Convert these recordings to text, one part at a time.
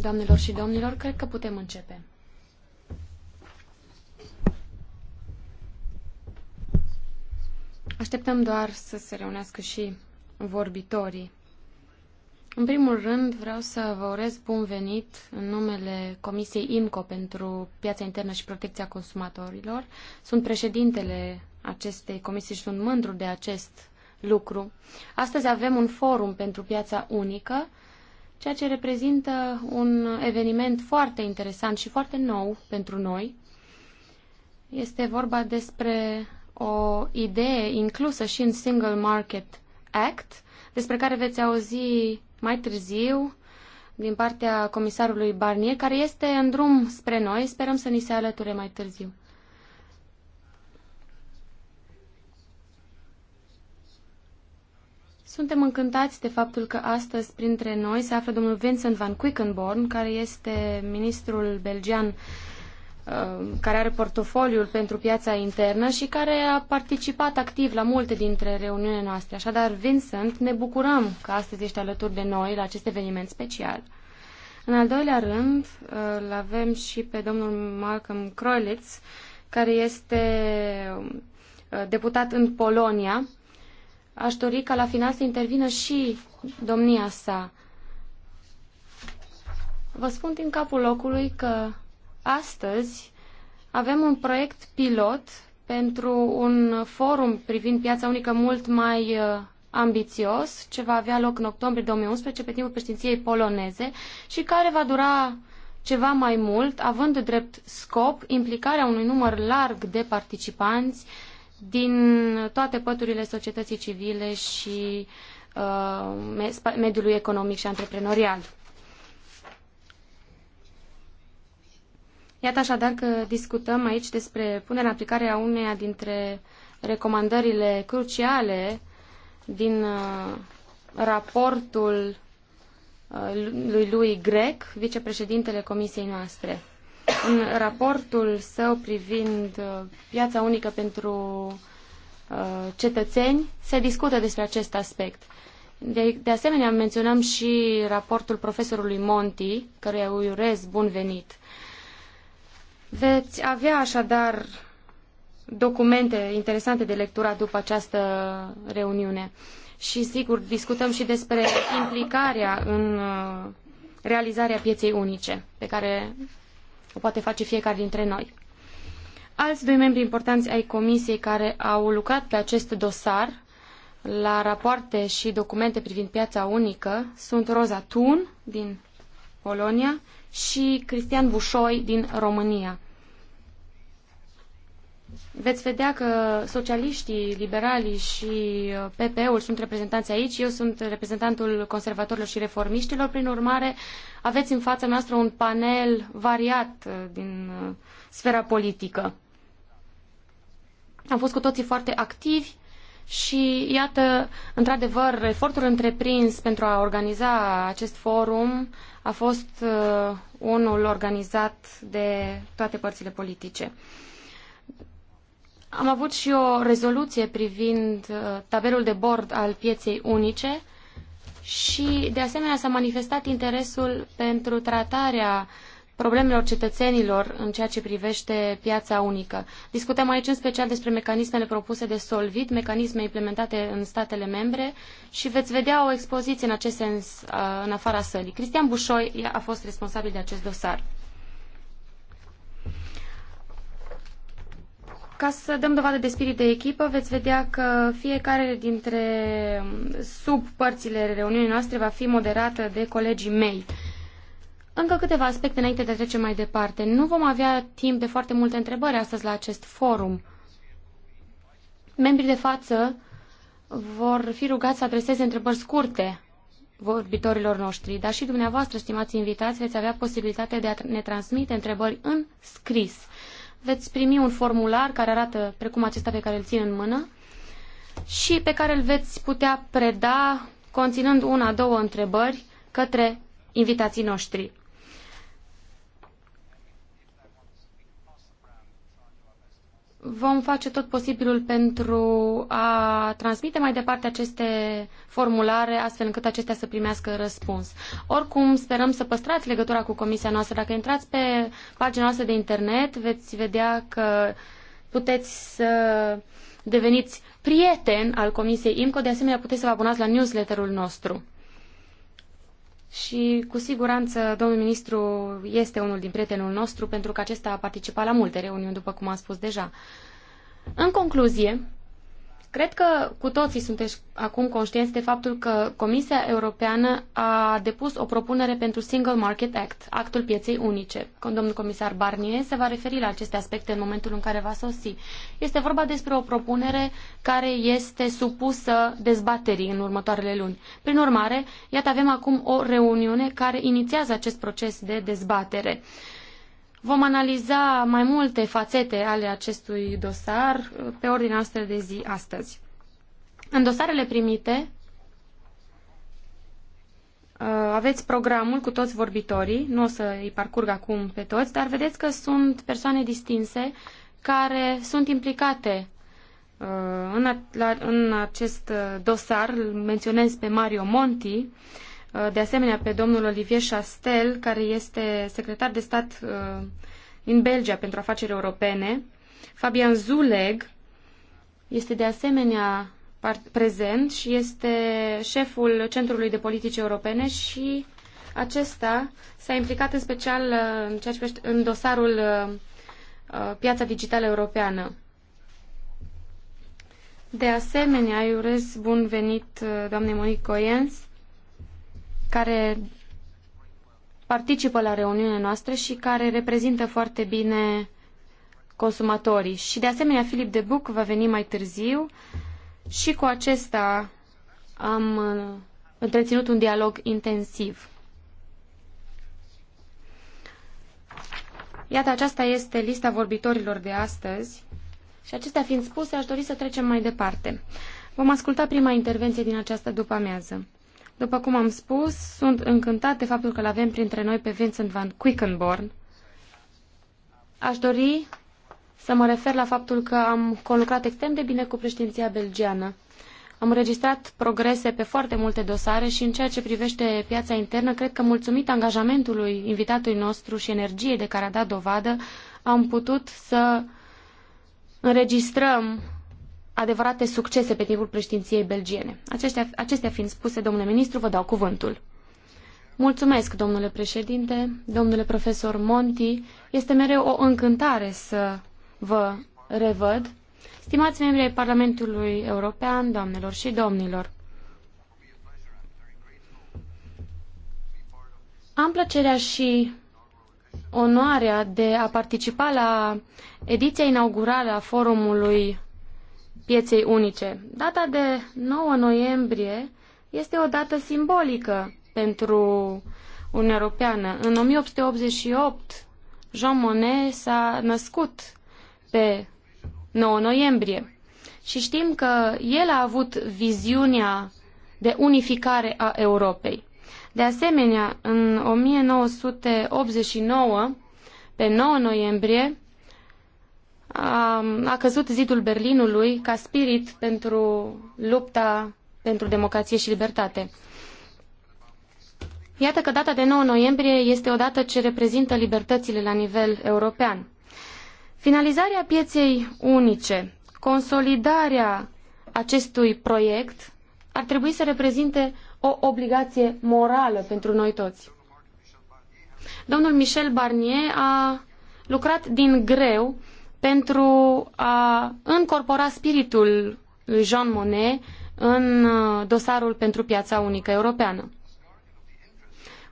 Doamnelor și domnilor, cred că putem începe. Așteptăm doar să se reunească și vorbitorii. În primul rând, vreau să vă urez bun venit în numele Comisiei IMCO pentru Piața Internă și Protecția Consumatorilor. Sunt președintele acestei comisii și sunt mândru de acest lucru. Astăzi avem un forum pentru piața unică, ceea ce reprezintă un eveniment foarte interesant și foarte nou pentru noi. Este vorba despre o idee inclusă și în Single Market Act, despre care veți auzi mai târziu din partea comisarului Barnier, care este în drum spre noi, sperăm să ni se alăture mai târziu. Suntem încântați de faptul că astăzi printre noi se află domnul Vincent van Quickenborn, care este ministrul belgian uh, care are portofoliul pentru piața internă și care a participat activ la multe dintre reuniunile noastre. Așadar, Vincent, ne bucurăm că astăzi ești alături de noi la acest eveniment special. În al doilea rând, uh, îl avem și pe domnul Malcolm Kroelitz, care este uh, deputat în Polonia Aș dori ca la final să intervină și domnia sa. Vă spun din capul locului că astăzi avem un proiect pilot pentru un forum privind piața unică mult mai uh, ambițios, ce va avea loc în octombrie 2011 pe timpul președinției poloneze și care va dura ceva mai mult, având drept scop implicarea unui număr larg de participanți din toate păturile societății civile și uh, mediului economic și antreprenorial. Iată așadar că discutăm aici despre punerea în aplicare a uneia dintre recomandările cruciale din uh, raportul uh, lui lui Grec, vicepreședintele comisiei noastre. În raportul său privind uh, piața unică pentru uh, cetățeni se discută despre acest aspect. De, de asemenea, menționăm și raportul profesorului Monti, căruia îi urez bun venit. Veți avea așadar documente interesante de lectura după această reuniune. Și sigur, discutăm și despre implicarea în uh, realizarea pieței unice, pe care o poate face fiecare dintre noi. Alți doi membri importanți ai comisiei care au lucrat pe acest dosar la rapoarte și documente privind piața unică sunt Roza Thun din Polonia și Cristian Bușoi din România veți vedea că socialiștii, liberalii și uh, pp ul sunt reprezentanți aici. Eu sunt reprezentantul conservatorilor și reformiștilor. Prin urmare, aveți în fața noastră un panel variat uh, din uh, sfera politică. Am fost cu toții foarte activi și iată, într-adevăr, efortul întreprins pentru a organiza acest forum a fost unul organizat de toate părțile politice. Am avut și o rezoluție privind uh, tabelul de bord al pieței unice și, de asemenea, s-a manifestat interesul pentru tratarea problemelor cetățenilor în ceea ce privește piața unică. Discutăm aici în special despre mecanismele propuse de Solvit, mecanisme implementate în statele membre și veți vedea o expoziție în acest sens uh, în afara sălii. Cristian Bușoi a fost responsabil de acest dosar. Ca să dăm dovadă de spirit de echipă, veți vedea că fiecare dintre um, subpărțile reuniunii noastre va fi moderată de colegii mei. Încă câteva aspecte înainte de a trece mai departe. Nu vom avea timp de foarte multe întrebări astăzi la acest forum. Membrii de față vor fi rugați să adreseze întrebări scurte vorbitorilor noștri, dar și dumneavoastră, stimați invitați, veți avea posibilitatea de a ne transmite întrebări în scris veți primi un formular care arată precum acesta pe care îl țin în mână și pe care îl veți putea preda conținând una, două întrebări către invitații noștri. vom face tot posibilul pentru a transmite mai departe aceste formulare, astfel încât acestea să primească răspuns. Oricum, sperăm să păstrați legătura cu comisia noastră. Dacă intrați pe pagina noastră de internet, veți vedea că puteți să deveniți prieten al comisiei IMCO. De asemenea, puteți să vă abonați la newsletterul nostru și cu siguranță domnul ministru este unul din prietenul nostru pentru că acesta a participat la multe reuniuni, după cum am spus deja. În concluzie, Cred că cu toții sunteți acum conștienți de faptul că Comisia Europeană a depus o propunere pentru Single Market Act, actul pieței unice. Domnul comisar Barnier se va referi la aceste aspecte în momentul în care va sosi. Este vorba despre o propunere care este supusă dezbaterii în următoarele luni. Prin urmare, iată avem acum o reuniune care inițiază acest proces de dezbatere. Uh, Vom analiza mai multe fațete ale acestui dosar uh, pe ordinea noastră de zi astăzi. În dosarele primite uh, aveți programul cu toți vorbitorii, nu o să îi parcurg acum pe toți, dar vedeți că sunt persoane distinse care sunt implicate uh, în, acest dosar, îl menționez pe Mario Monti, Uh, de asemenea pe domnul Olivier Chastel, care este secretar de stat uh, în Belgia pentru afaceri europene. Fabian Zuleg este de asemenea prezent și este șeful Centrului de Politici Europene și acesta s-a implicat în special uh, în, ceea ce în dosarul piața digitală europeană. De asemenea, îi urez bun venit doamnei Monique Coyens, care participă la reuniunea noastră și care reprezintă foarte bine consumatorii. Și de asemenea, Filip de Buc va veni mai târziu și cu acesta am uh, întreținut un dialog intensiv. Iată, aceasta este lista vorbitorilor de astăzi. Și acestea fiind spuse, aș dori să trecem mai departe. Vom asculta prima intervenție din această după-amiază. După cum am spus, sunt încântat de faptul că îl avem printre noi pe Vincent van Quickenborn. Aș dori să mă refer la faptul că am conlucrat extrem de bine cu președinția belgiană. Am înregistrat progrese pe foarte multe dosare și în ceea ce privește piața internă, cred că mulțumit angajamentului invitatului nostru și energiei de care a dat dovadă, am putut să înregistrăm adevărate succese pe timpul preștinției belgiene. Acestea, acestea fiind spuse, domnule ministru, vă dau cuvântul. Mulțumesc, domnule președinte, domnule profesor Monti. Este mereu o încântare să vă revăd. Stimați membri ai Parlamentului European, doamnelor și domnilor, am plăcerea și onoarea de a participa la ediția inaugurală a forumului pieței unice. Data de 9 noiembrie este o dată simbolică pentru Uniunea Europeană. În 1888, Jean Monnet s-a născut pe 9 noiembrie și știm că el a avut viziunea de unificare a Europei. De asemenea, în 1989, pe 9 noiembrie, a, a căzut zidul Berlinului ca spirit pentru lupta pentru democrație și libertate. Iată că data de 9 noiembrie este o dată ce reprezintă libertățile la nivel european. Finalizarea pieței unice, consolidarea acestui proiect ar trebui să reprezinte o obligație morală pentru noi toți. Domnul Michel Barnier a lucrat din greu pentru a încorpora spiritul lui Jean Monnet în uh, dosarul pentru piața unică europeană.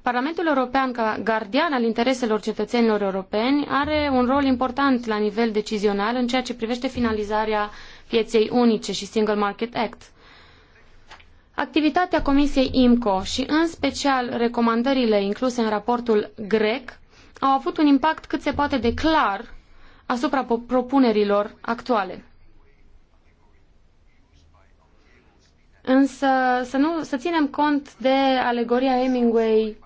Parlamentul European, ca gardian al intereselor cetățenilor europeni, are un rol important la nivel decizional în ceea ce privește finalizarea pieței unice și Single Market Act. Activitatea Comisiei IMCO și în special recomandările incluse în raportul GREC au avut un impact cât se poate de clar asupra propunerilor actuale. Însă să, nu, să ținem cont de alegoria Hemingway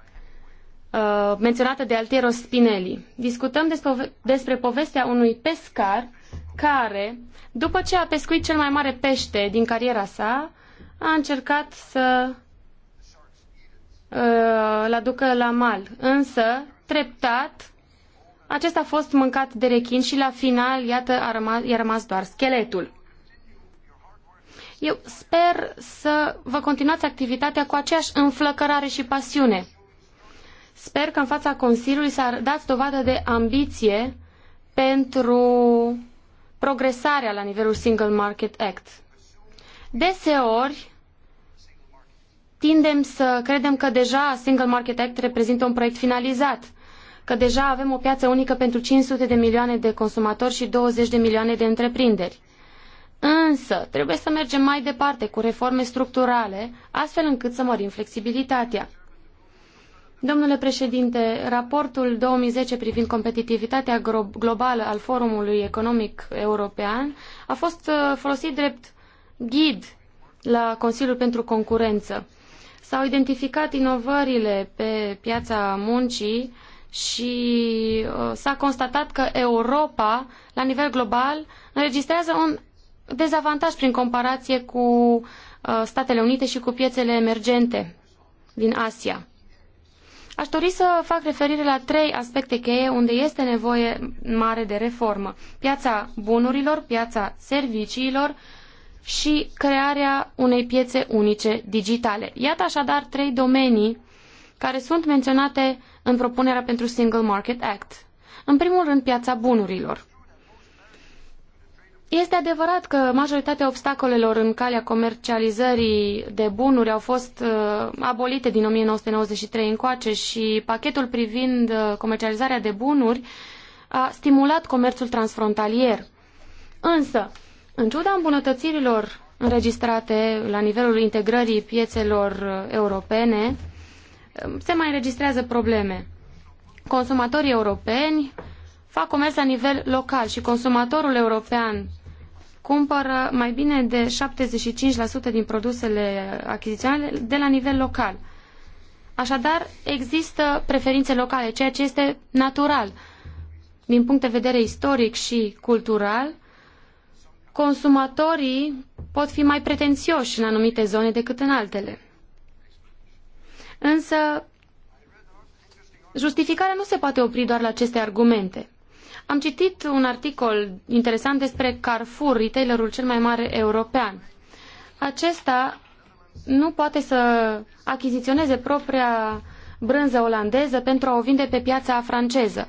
uh, menționată de Altiero Spinelli. Discutăm despre, despre povestea unui pescar care, după ce a pescuit cel mai mare pește din cariera sa, a încercat să uh, l aducă la mal. Însă, treptat, acesta a fost mâncat de rechin și la final, iată, a rămas, i-a rămas doar scheletul. Eu sper să vă continuați activitatea cu aceeași înflăcărare și pasiune. Sper că în fața Consiliului să dați dovadă de ambiție pentru progresarea la nivelul Single Market Act. Deseori tindem să credem că deja Single Market Act reprezintă un proiect finalizat – că deja avem o piață unică pentru 500 de milioane de consumatori și 20 de milioane de întreprinderi. Însă, trebuie să mergem mai departe cu reforme structurale, astfel încât să mărim flexibilitatea. Domnule președinte, raportul 2010 privind competitivitatea globală al Forumului Economic European a fost uh, folosit drept ghid la Consiliul pentru Concurență. S-au identificat inovările pe piața muncii și uh, s-a constatat că Europa, la nivel global, înregistrează un dezavantaj prin comparație cu uh, Statele Unite și cu piețele emergente din Asia. Aș dori să fac referire la trei aspecte cheie unde este nevoie mare de reformă. Piața bunurilor, piața serviciilor și crearea unei piețe unice digitale. Iată așadar trei domenii care sunt menționate în propunerea pentru Single Market Act. În primul rând, piața bunurilor. Este adevărat că majoritatea obstacolelor în calea comercializării de bunuri au fost uh, abolite din 1993 încoace și pachetul privind uh, comercializarea de bunuri a stimulat comerțul transfrontalier. Însă, în ciuda îmbunătățirilor înregistrate la nivelul integrării piețelor uh, europene, se mai înregistrează probleme. Consumatorii europeni fac comerț la nivel local și consumatorul european cumpără mai bine de 75% din produsele achiziționale de la nivel local. Așadar, există preferințe locale, ceea ce este natural. Din punct de vedere istoric și cultural, consumatorii pot fi mai pretențioși în anumite zone decât în altele. Însă, justificarea nu se poate opri doar la aceste argumente. Am citit un articol interesant despre Carrefour, retailerul cel mai mare european. Acesta nu poate să achiziționeze propria brânză olandeză pentru a o vinde pe piața franceză.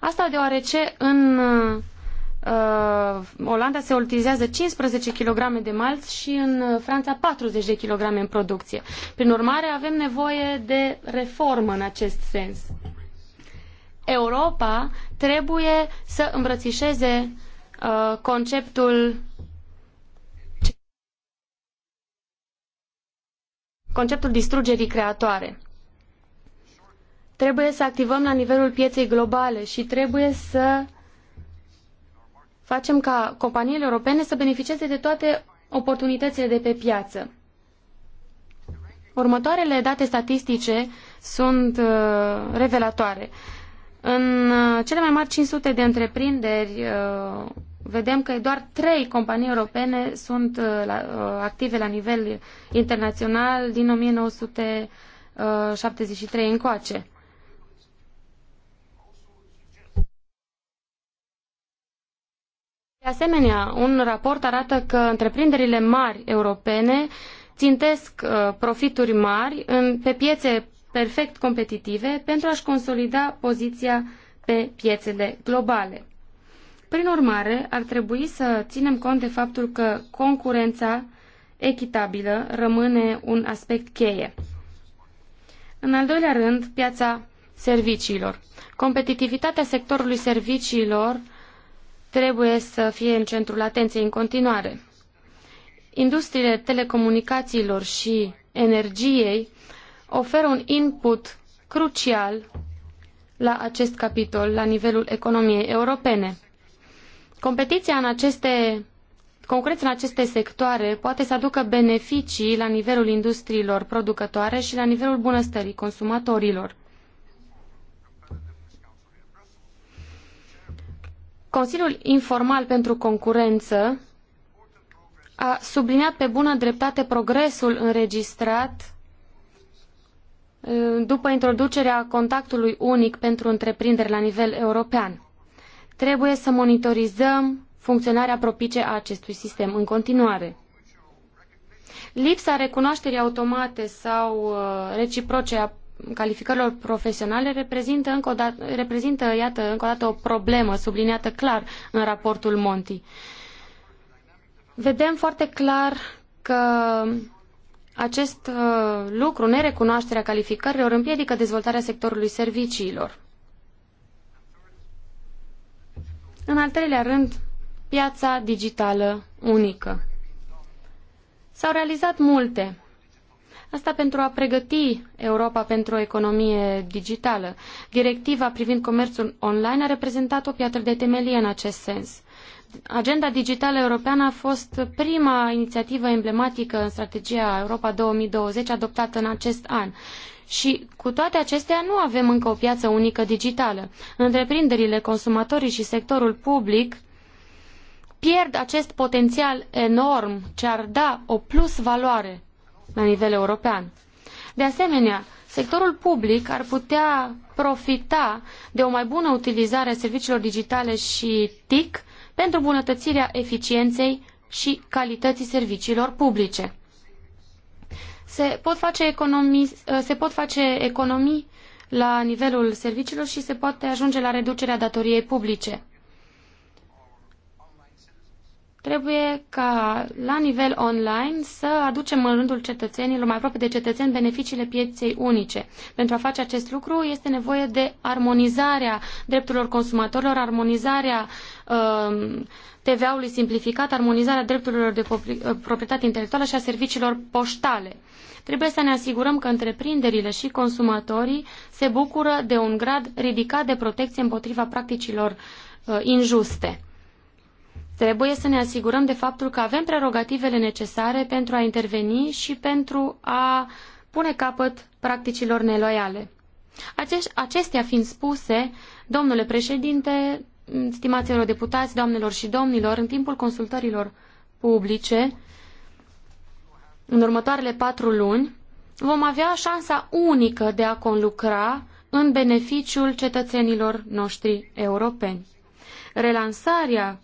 Asta deoarece în uh, Olanda se utilizează 15 kg de malț și în uh, Franța 40 de kg în producție. Prin urmare, avem nevoie de reformă în acest sens. Europa trebuie să îmbrățișeze uh, conceptul conceptul distrugerii creatoare. Trebuie să activăm la nivelul pieței globale și trebuie să facem ca companiile europene să beneficieze de toate oportunitățile de pe piață. Următoarele date statistice sunt uh, revelatoare. În uh, cele mai mari 500 de întreprinderi uh, vedem că doar trei companii europene sunt uh, active la nivel internațional din 1973 încoace. De asemenea, un raport arată că întreprinderile mari europene țintesc uh, profituri mari în, pe piețe perfect competitive pentru a-și consolida poziția pe piețele globale. Prin urmare, ar trebui să ținem cont de faptul că concurența echitabilă rămâne un aspect cheie. În al doilea rând, piața serviciilor. Competitivitatea sectorului serviciilor trebuie să fie în centrul atenției în continuare. Industriile telecomunicațiilor și energiei oferă un input crucial la acest capitol, la nivelul economiei europene. Competiția în aceste Concurența în aceste sectoare poate să aducă beneficii la nivelul industriilor producătoare și la nivelul bunăstării consumatorilor. Consiliul Informal pentru Concurență a subliniat pe bună dreptate progresul înregistrat uh, după introducerea contactului unic pentru întreprinderi la nivel european. Trebuie să monitorizăm funcționarea propice a acestui sistem în continuare. Lipsa recunoașterii automate sau uh, reciproce a calificărilor profesionale reprezintă, încă o dată, reprezintă iată, încă o dată o problemă subliniată clar în raportul Monti. Vedem foarte clar că acest uh, lucru, nerecunoașterea calificărilor, împiedică dezvoltarea sectorului serviciilor. În al treilea rând, piața digitală unică. S-au realizat multe Asta pentru a pregăti Europa pentru o economie digitală. Directiva privind comerțul online a reprezentat o piatră de temelie în acest sens. Agenda digitală europeană a fost prima inițiativă emblematică în strategia Europa 2020 adoptată în acest an. Și cu toate acestea nu avem încă o piață unică digitală. Întreprinderile, consumatorii și sectorul public pierd acest potențial enorm ce ar da o plus valoare la nivel european. De asemenea, sectorul public ar putea profita de o mai bună utilizare a serviciilor digitale și TIC pentru bunătățirea eficienței și calității serviciilor publice. Se pot face economii, se pot face economii la nivelul serviciilor și se poate ajunge la reducerea datoriei publice. Trebuie ca la nivel online să aducem în rândul cetățenilor, mai aproape de cetățeni, beneficiile pieței unice. Pentru a face acest lucru este nevoie de armonizarea drepturilor consumatorilor, armonizarea um, TVA-ului simplificat, armonizarea drepturilor de uh, proprietate intelectuală și a serviciilor poștale. Trebuie să ne asigurăm că întreprinderile și consumatorii se bucură de un grad ridicat de protecție împotriva practicilor uh, injuste. Trebuie să ne asigurăm de faptul că avem prerogativele necesare pentru a interveni și pentru a pune capăt practicilor neloiale. Acestea fiind spuse, domnule președinte, stimați eurodeputați, doamnelor și domnilor, în timpul consultărilor publice, în următoarele patru luni, vom avea șansa unică de a conlucra în beneficiul cetățenilor noștri europeni. Relansarea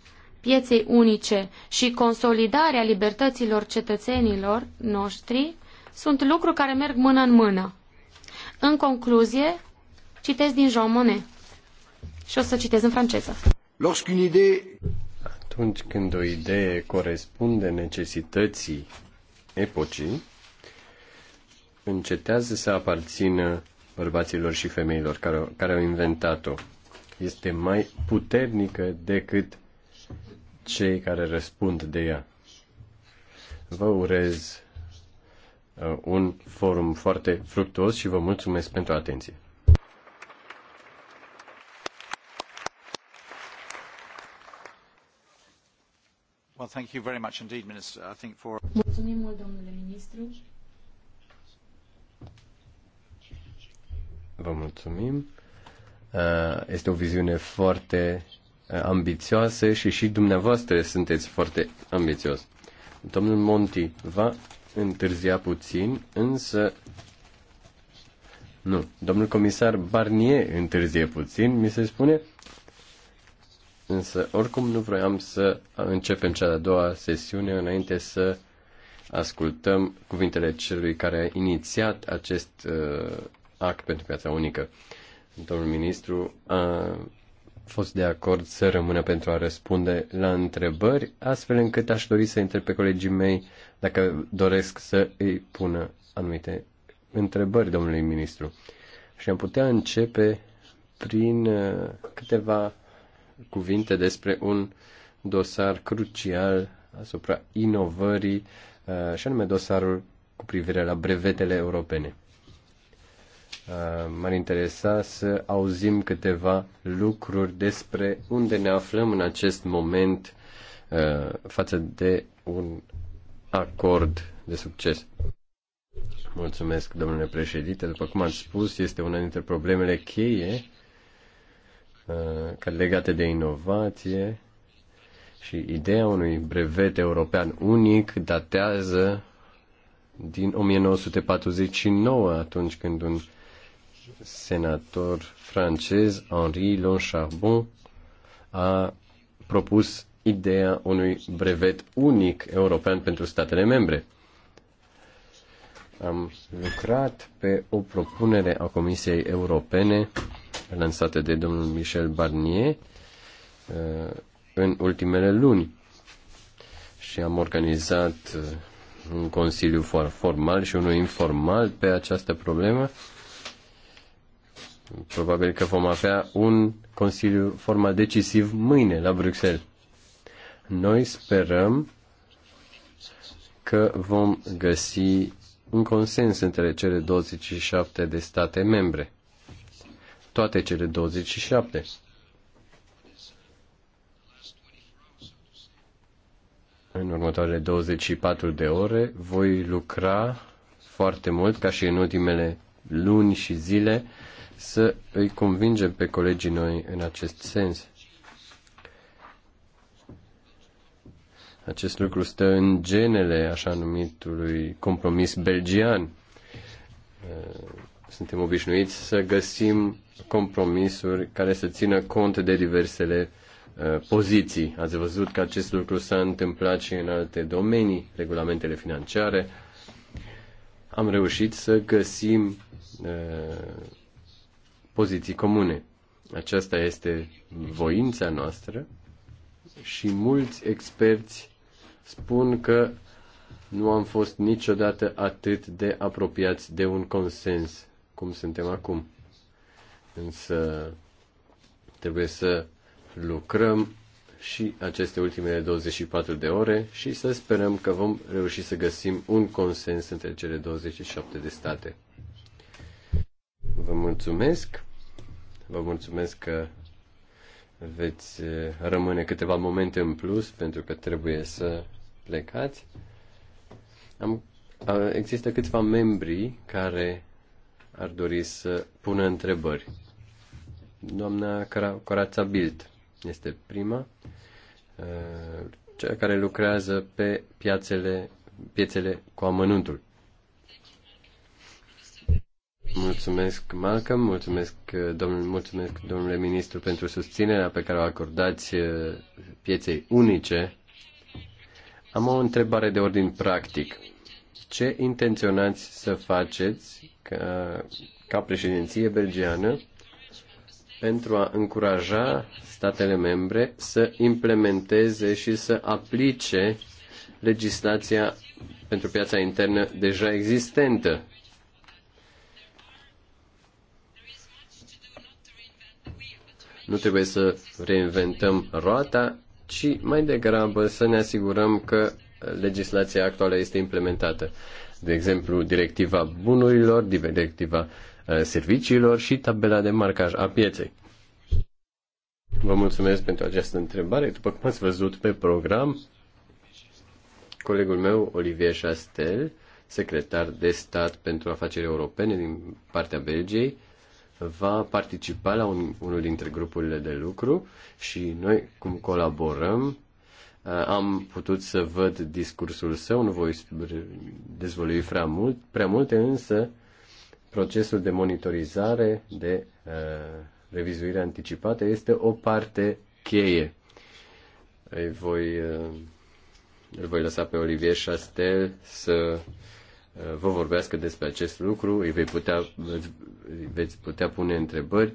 pieței unice și consolidarea libertăților cetățenilor noștri sunt lucruri care merg mână în mână. În concluzie, citesc din Jean Monnet și o să citez în franceză. Atunci când o idee corespunde necesității epocii, încetează să aparțină bărbaților și femeilor care, care au inventat-o. Este mai puternică decât cei care răspund de ea. Vă urez uh, un forum foarte fructuos și vă mulțumesc pentru atenție. Mulțumim mult, domnule ministru. Vă mulțumim. Uh, este o viziune foarte ambițioase și și dumneavoastră sunteți foarte ambițios. Domnul Monti va întârzia puțin, însă nu. Domnul comisar Barnier întârzie puțin, mi se spune. Însă, oricum, nu vroiam să începem cea de-a doua sesiune înainte să ascultăm cuvintele celui care a inițiat acest uh, act pentru piața unică. Domnul ministru a fost de acord să rămână pentru a răspunde la întrebări, astfel încât aș dori să întreb pe colegii mei dacă doresc să îi pună anumite întrebări domnului ministru. Și am putea începe prin uh, câteva cuvinte despre un dosar crucial asupra inovării, uh, și anume dosarul cu privire la brevetele europene. Uh, m-ar interesa să auzim câteva lucruri despre unde ne aflăm în acest moment uh, față de un acord de succes. Mulțumesc, domnule președinte. După cum ați spus, este una dintre problemele cheie uh, legate de inovație și ideea unui brevet european unic datează din 1949, atunci când un senator francez Henri Loncharbon a propus ideea unui brevet unic european pentru statele membre. Am lucrat pe o propunere a Comisiei Europene lansată de domnul Michel Barnier în ultimele luni și am organizat uh, un consiliu formal și unul informal pe această problemă Probabil că vom avea un Consiliu formal decisiv mâine la Bruxelles. Noi sperăm că vom găsi un consens între cele 27 de state membre. Toate cele 27. În următoarele 24 de ore voi lucra foarte mult, ca și în ultimele luni și zile, să îi convingem pe colegii noi în acest sens. Acest lucru stă în genele așa numitului compromis belgian. Uh, suntem obișnuiți să găsim compromisuri care să țină cont de diversele uh, poziții. Ați văzut că acest lucru s-a întâmplat și în alte domenii, regulamentele financiare. Am reușit să găsim uh, poziții comune. Aceasta este voința noastră și mulți experți spun că nu am fost niciodată atât de apropiați de un consens cum suntem acum. Însă trebuie să lucrăm și aceste ultimele 24 de ore și să sperăm că vom reuși să găsim un consens între cele 27 de state. Vă mulțumesc! Vă mulțumesc că veți eh, rămâne câteva momente în plus pentru că trebuie să plecați. Am, există câțiva membri care ar dori să pună întrebări. Doamna Corața Bild este prima, eh, cea care lucrează pe piațele, piețele cu amănuntul. Mulțumesc, Malcolm, mulțumesc, domnul, mulțumesc, domnule ministru, pentru susținerea pe care o acordați eh, pieței unice. Am o întrebare de ordin practic. Ce intenționați să faceți ca, ca președinție belgiană pentru a încuraja statele membre să implementeze și să aplice legislația pentru piața internă deja existentă Nu trebuie să reinventăm roata, ci mai degrabă să ne asigurăm că legislația actuală este implementată. De exemplu, directiva bunurilor, directiva uh, serviciilor și tabela de marcaj a pieței. Vă mulțumesc pentru această întrebare. După cum ați văzut pe program, colegul meu, Olivier Chastel, secretar de stat pentru afaceri europene din partea Belgiei, va participa la un, unul dintre grupurile de lucru și noi, cum colaborăm, uh, am putut să văd discursul său, nu voi dezvolui prea, mult, prea multe, însă procesul de monitorizare, de uh, revizuire anticipată este o parte cheie. Îi voi, uh, îl voi lăsa pe Olivier Chastel să uh, vă vorbească despre acest lucru, îi vei putea, veți putea pune întrebări.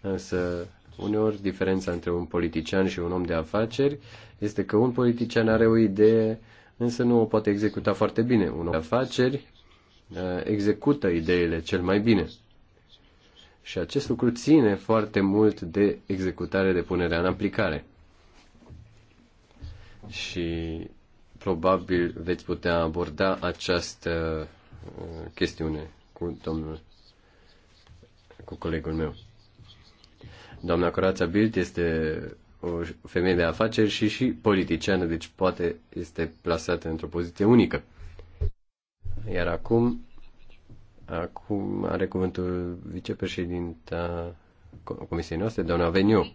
Însă, uneori, diferența între un politician și un om de afaceri este că un politician are o idee, însă nu o poate executa foarte bine. Un om de afaceri uh, execută ideile cel mai bine. Și acest lucru ține foarte mult de executare, de punerea în aplicare. Și probabil veți putea aborda această uh, chestiune cu domnul, cu colegul meu. Doamna Corața Bild este o femeie de afaceri și și politiciană, deci poate este plasată într-o poziție unică. Iar acum, acum are cuvântul vicepreședinta Comisiei noastre, doamna Veniu.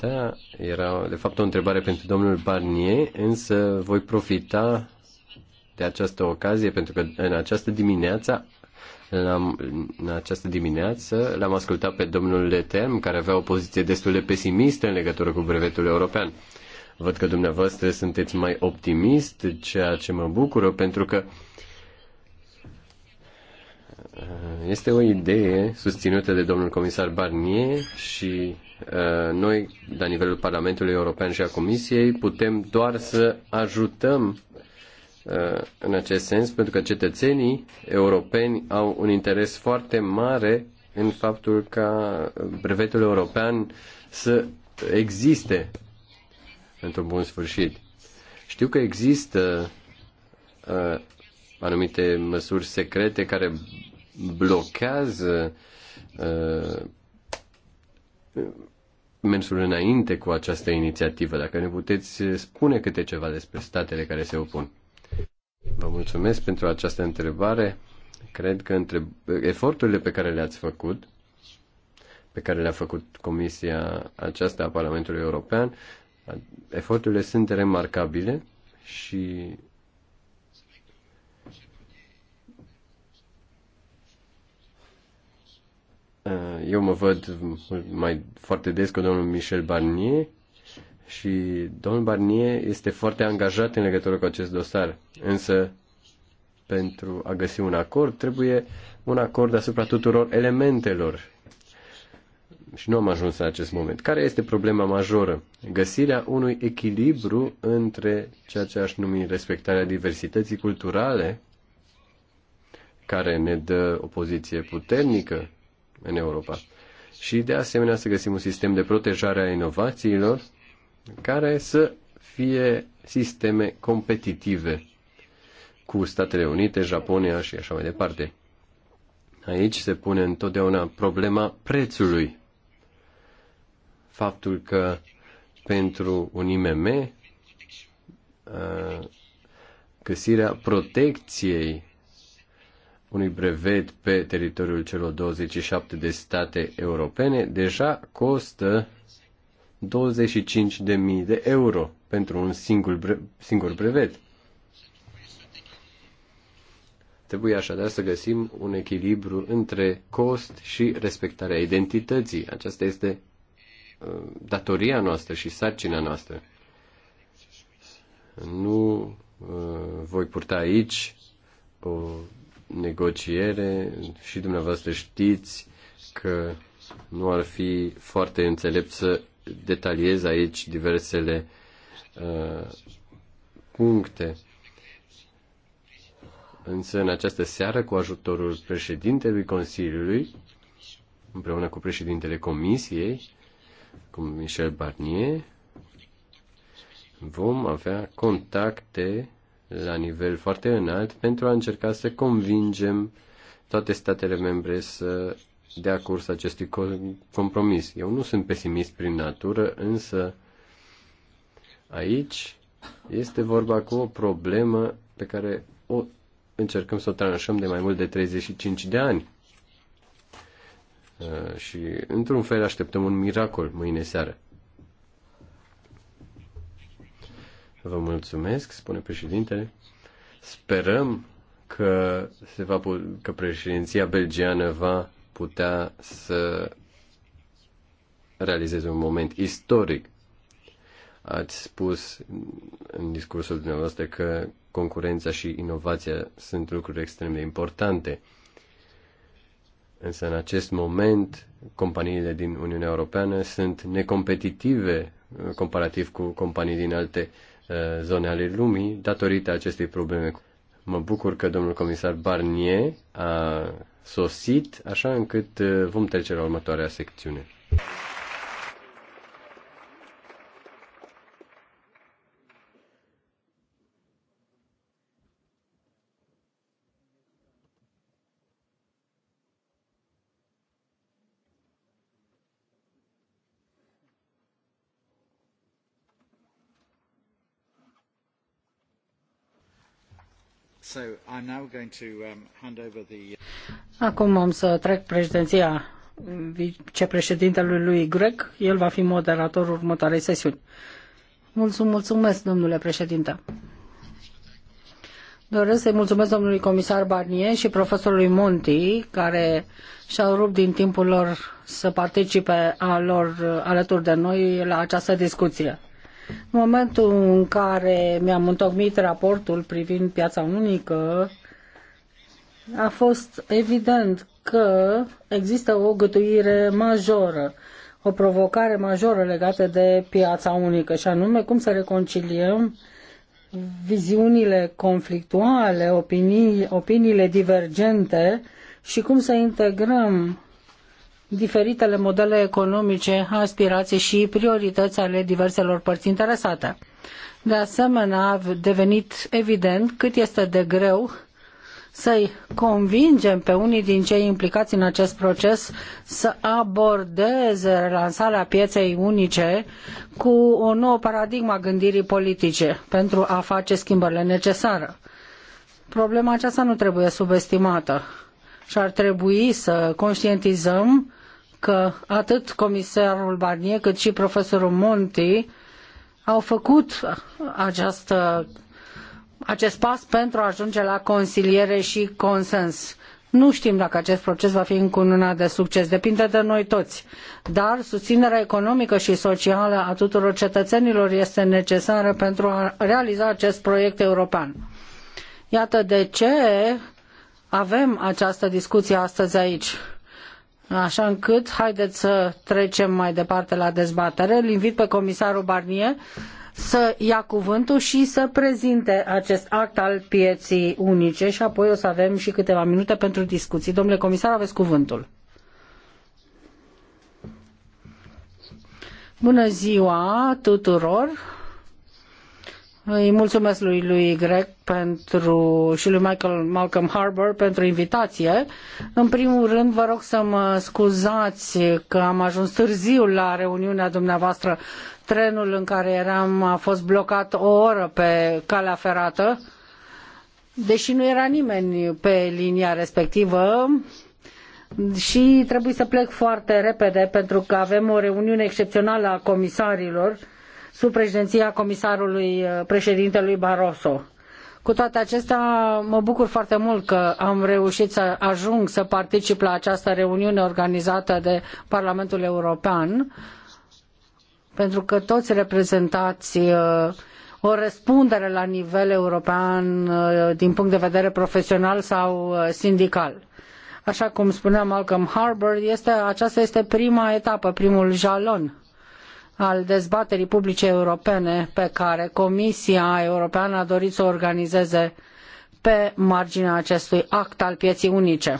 Da, era de fapt o întrebare pentru domnul Barnier, însă voi profita de această ocazie pentru că în această dimineață l-am, în această dimineață l-am ascultat pe domnul Letem, care avea o poziție destul de pesimistă în legătură cu brevetul european. Văd că dumneavoastră sunteți mai optimist, ceea ce mă bucură, pentru că uh, este o idee susținută de domnul comisar Barnier și uh, noi, la nivelul Parlamentului European și a Comisiei, putem doar să ajutăm uh, în acest sens, pentru că cetățenii europeni au un interes foarte mare în faptul ca brevetul european să existe într-un bun sfârșit. Știu că există uh, anumite măsuri secrete care blochează uh, mersul înainte cu această inițiativă. Dacă ne puteți spune câte ceva despre statele care se opun. Vă mulțumesc pentru această întrebare. Cred că între... eforturile pe care le-ați făcut, pe care le-a făcut Comisia aceasta a Parlamentului European, eforturile sunt remarcabile și Eh, eu mă văd mai foarte des cu domnul Michel Barnier și domnul Barnier este foarte angajat în legătură cu acest dosar, însă pentru a găsi un acord trebuie un acord asupra tuturor elementelor. Și nu am ajuns în acest moment. Care este problema majoră? Găsirea unui echilibru între ceea ce aș numi respectarea diversității culturale, care ne dă o poziție puternică în Europa. Și de asemenea să găsim un sistem de protejare a inovațiilor care să fie sisteme competitive cu Statele Unite, Japonia și așa mai departe. Aici se pune întotdeauna problema prețului. Faptul că pentru un IMM uh, găsirea protecției unui brevet pe teritoriul celor 27 de state europene deja costă 25.000 de euro pentru un singur, bre- singur brevet. Trebuie așadar să găsim un echilibru între cost și respectarea identității. Aceasta este uh, datoria noastră și sarcina noastră. Nu uh, voi purta aici o negociere și dumneavoastră știți că nu ar fi foarte înțelept să detaliez aici diversele uh, puncte. Însă în această seară, cu ajutorul președintelui Consiliului, împreună cu președintele Comisiei, cu Michel Barnier, vom avea contacte la nivel foarte înalt pentru a încerca să convingem toate statele membre să dea curs acestui compromis. Eu nu sunt pesimist prin natură, însă aici este vorba cu o problemă pe care o încercăm să o tranșăm de mai mult de 35 de ani. Uh, și, într-un fel, așteptăm un miracol mâine seară. Vă mulțumesc, spune președintele. Sperăm că, se va, că președinția belgiană va putea să realizeze un moment istoric. Ați spus în discursul dumneavoastră că concurența și inovația sunt lucruri extrem de importante. Însă în acest moment companiile din Uniunea Europeană sunt necompetitive uh, comparativ cu companii din alte uh, Uh, zone ale lumii datorită acestei probleme. Mă bucur că domnul comisar Barnier a sosit, așa încât uh, vom trece la următoarea secțiune. Um, uh, Acum am să trec președinția vicepreședintelui lui Greg. El va fi moderatorul următoarei sesiuni. Mulțum, mulțumesc, domnule președinte. Doresc să-i mulțumesc domnului comisar Barnier și profesorului Monti, care și-au rupt din timpul lor să participe alături de noi la această discuție. În momentul în care mi-am întocmit raportul privind piața unică, a fost evident că există o gătuire majoră, o provocare majoră legată de piața unică, și anume cum să reconciliem viziunile conflictuale, opinii, opiniile divergente și cum să integrăm diferitele modele economice, aspirații și priorități ale diverselor părți interesate. De asemenea, a devenit evident cât este de greu să-i convingem pe unii din cei implicați în acest proces să abordeze relansarea pieței unice cu o nouă paradigmă a gândirii politice pentru a face schimbările necesare. Problema aceasta nu trebuie subestimată și ar trebui să conștientizăm că atât comisarul Barnier cât și profesorul Monti au făcut această, acest pas pentru a ajunge la consiliere și consens. Nu știm dacă acest proces va fi încununat de succes, depinde de noi toți. Dar susținerea economică și socială a tuturor cetățenilor este necesară pentru a realiza acest proiect european. Iată de ce avem această discuție astăzi aici. Așa încât, haideți să trecem mai departe la dezbatere. Îl invit pe comisarul Barnier să ia cuvântul și să prezinte acest act al pieții unice și apoi o să avem și câteva minute pentru discuții. Domnule comisar, aveți cuvântul. Bună ziua tuturor! Îi mulțumesc lui lui Greg pentru, și lui Michael Malcolm Harbour pentru invitație. În primul rând, vă rog să mă scuzați că am ajuns târziu la reuniunea dumneavoastră. Trenul în care eram a fost blocat o oră pe calea ferată, deși nu era nimeni pe linia respectivă și trebuie să plec foarte repede pentru că avem o reuniune excepțională a comisarilor sub președinția comisarului eh, președintelui Barroso. Cu toate acestea, mă bucur foarte mult că am reușit să ajung să particip la această reuniune organizată de Parlamentul European, pentru că toți reprezentați eh, o răspundere la nivel european eh, din punct de vedere profesional sau sindical. Așa cum spunea Malcolm Harbour, este, aceasta este prima etapă, primul jalon al dezbaterii publice europene pe care Comisia Europeană a dorit să o organizeze pe marginea acestui act al pieții unice.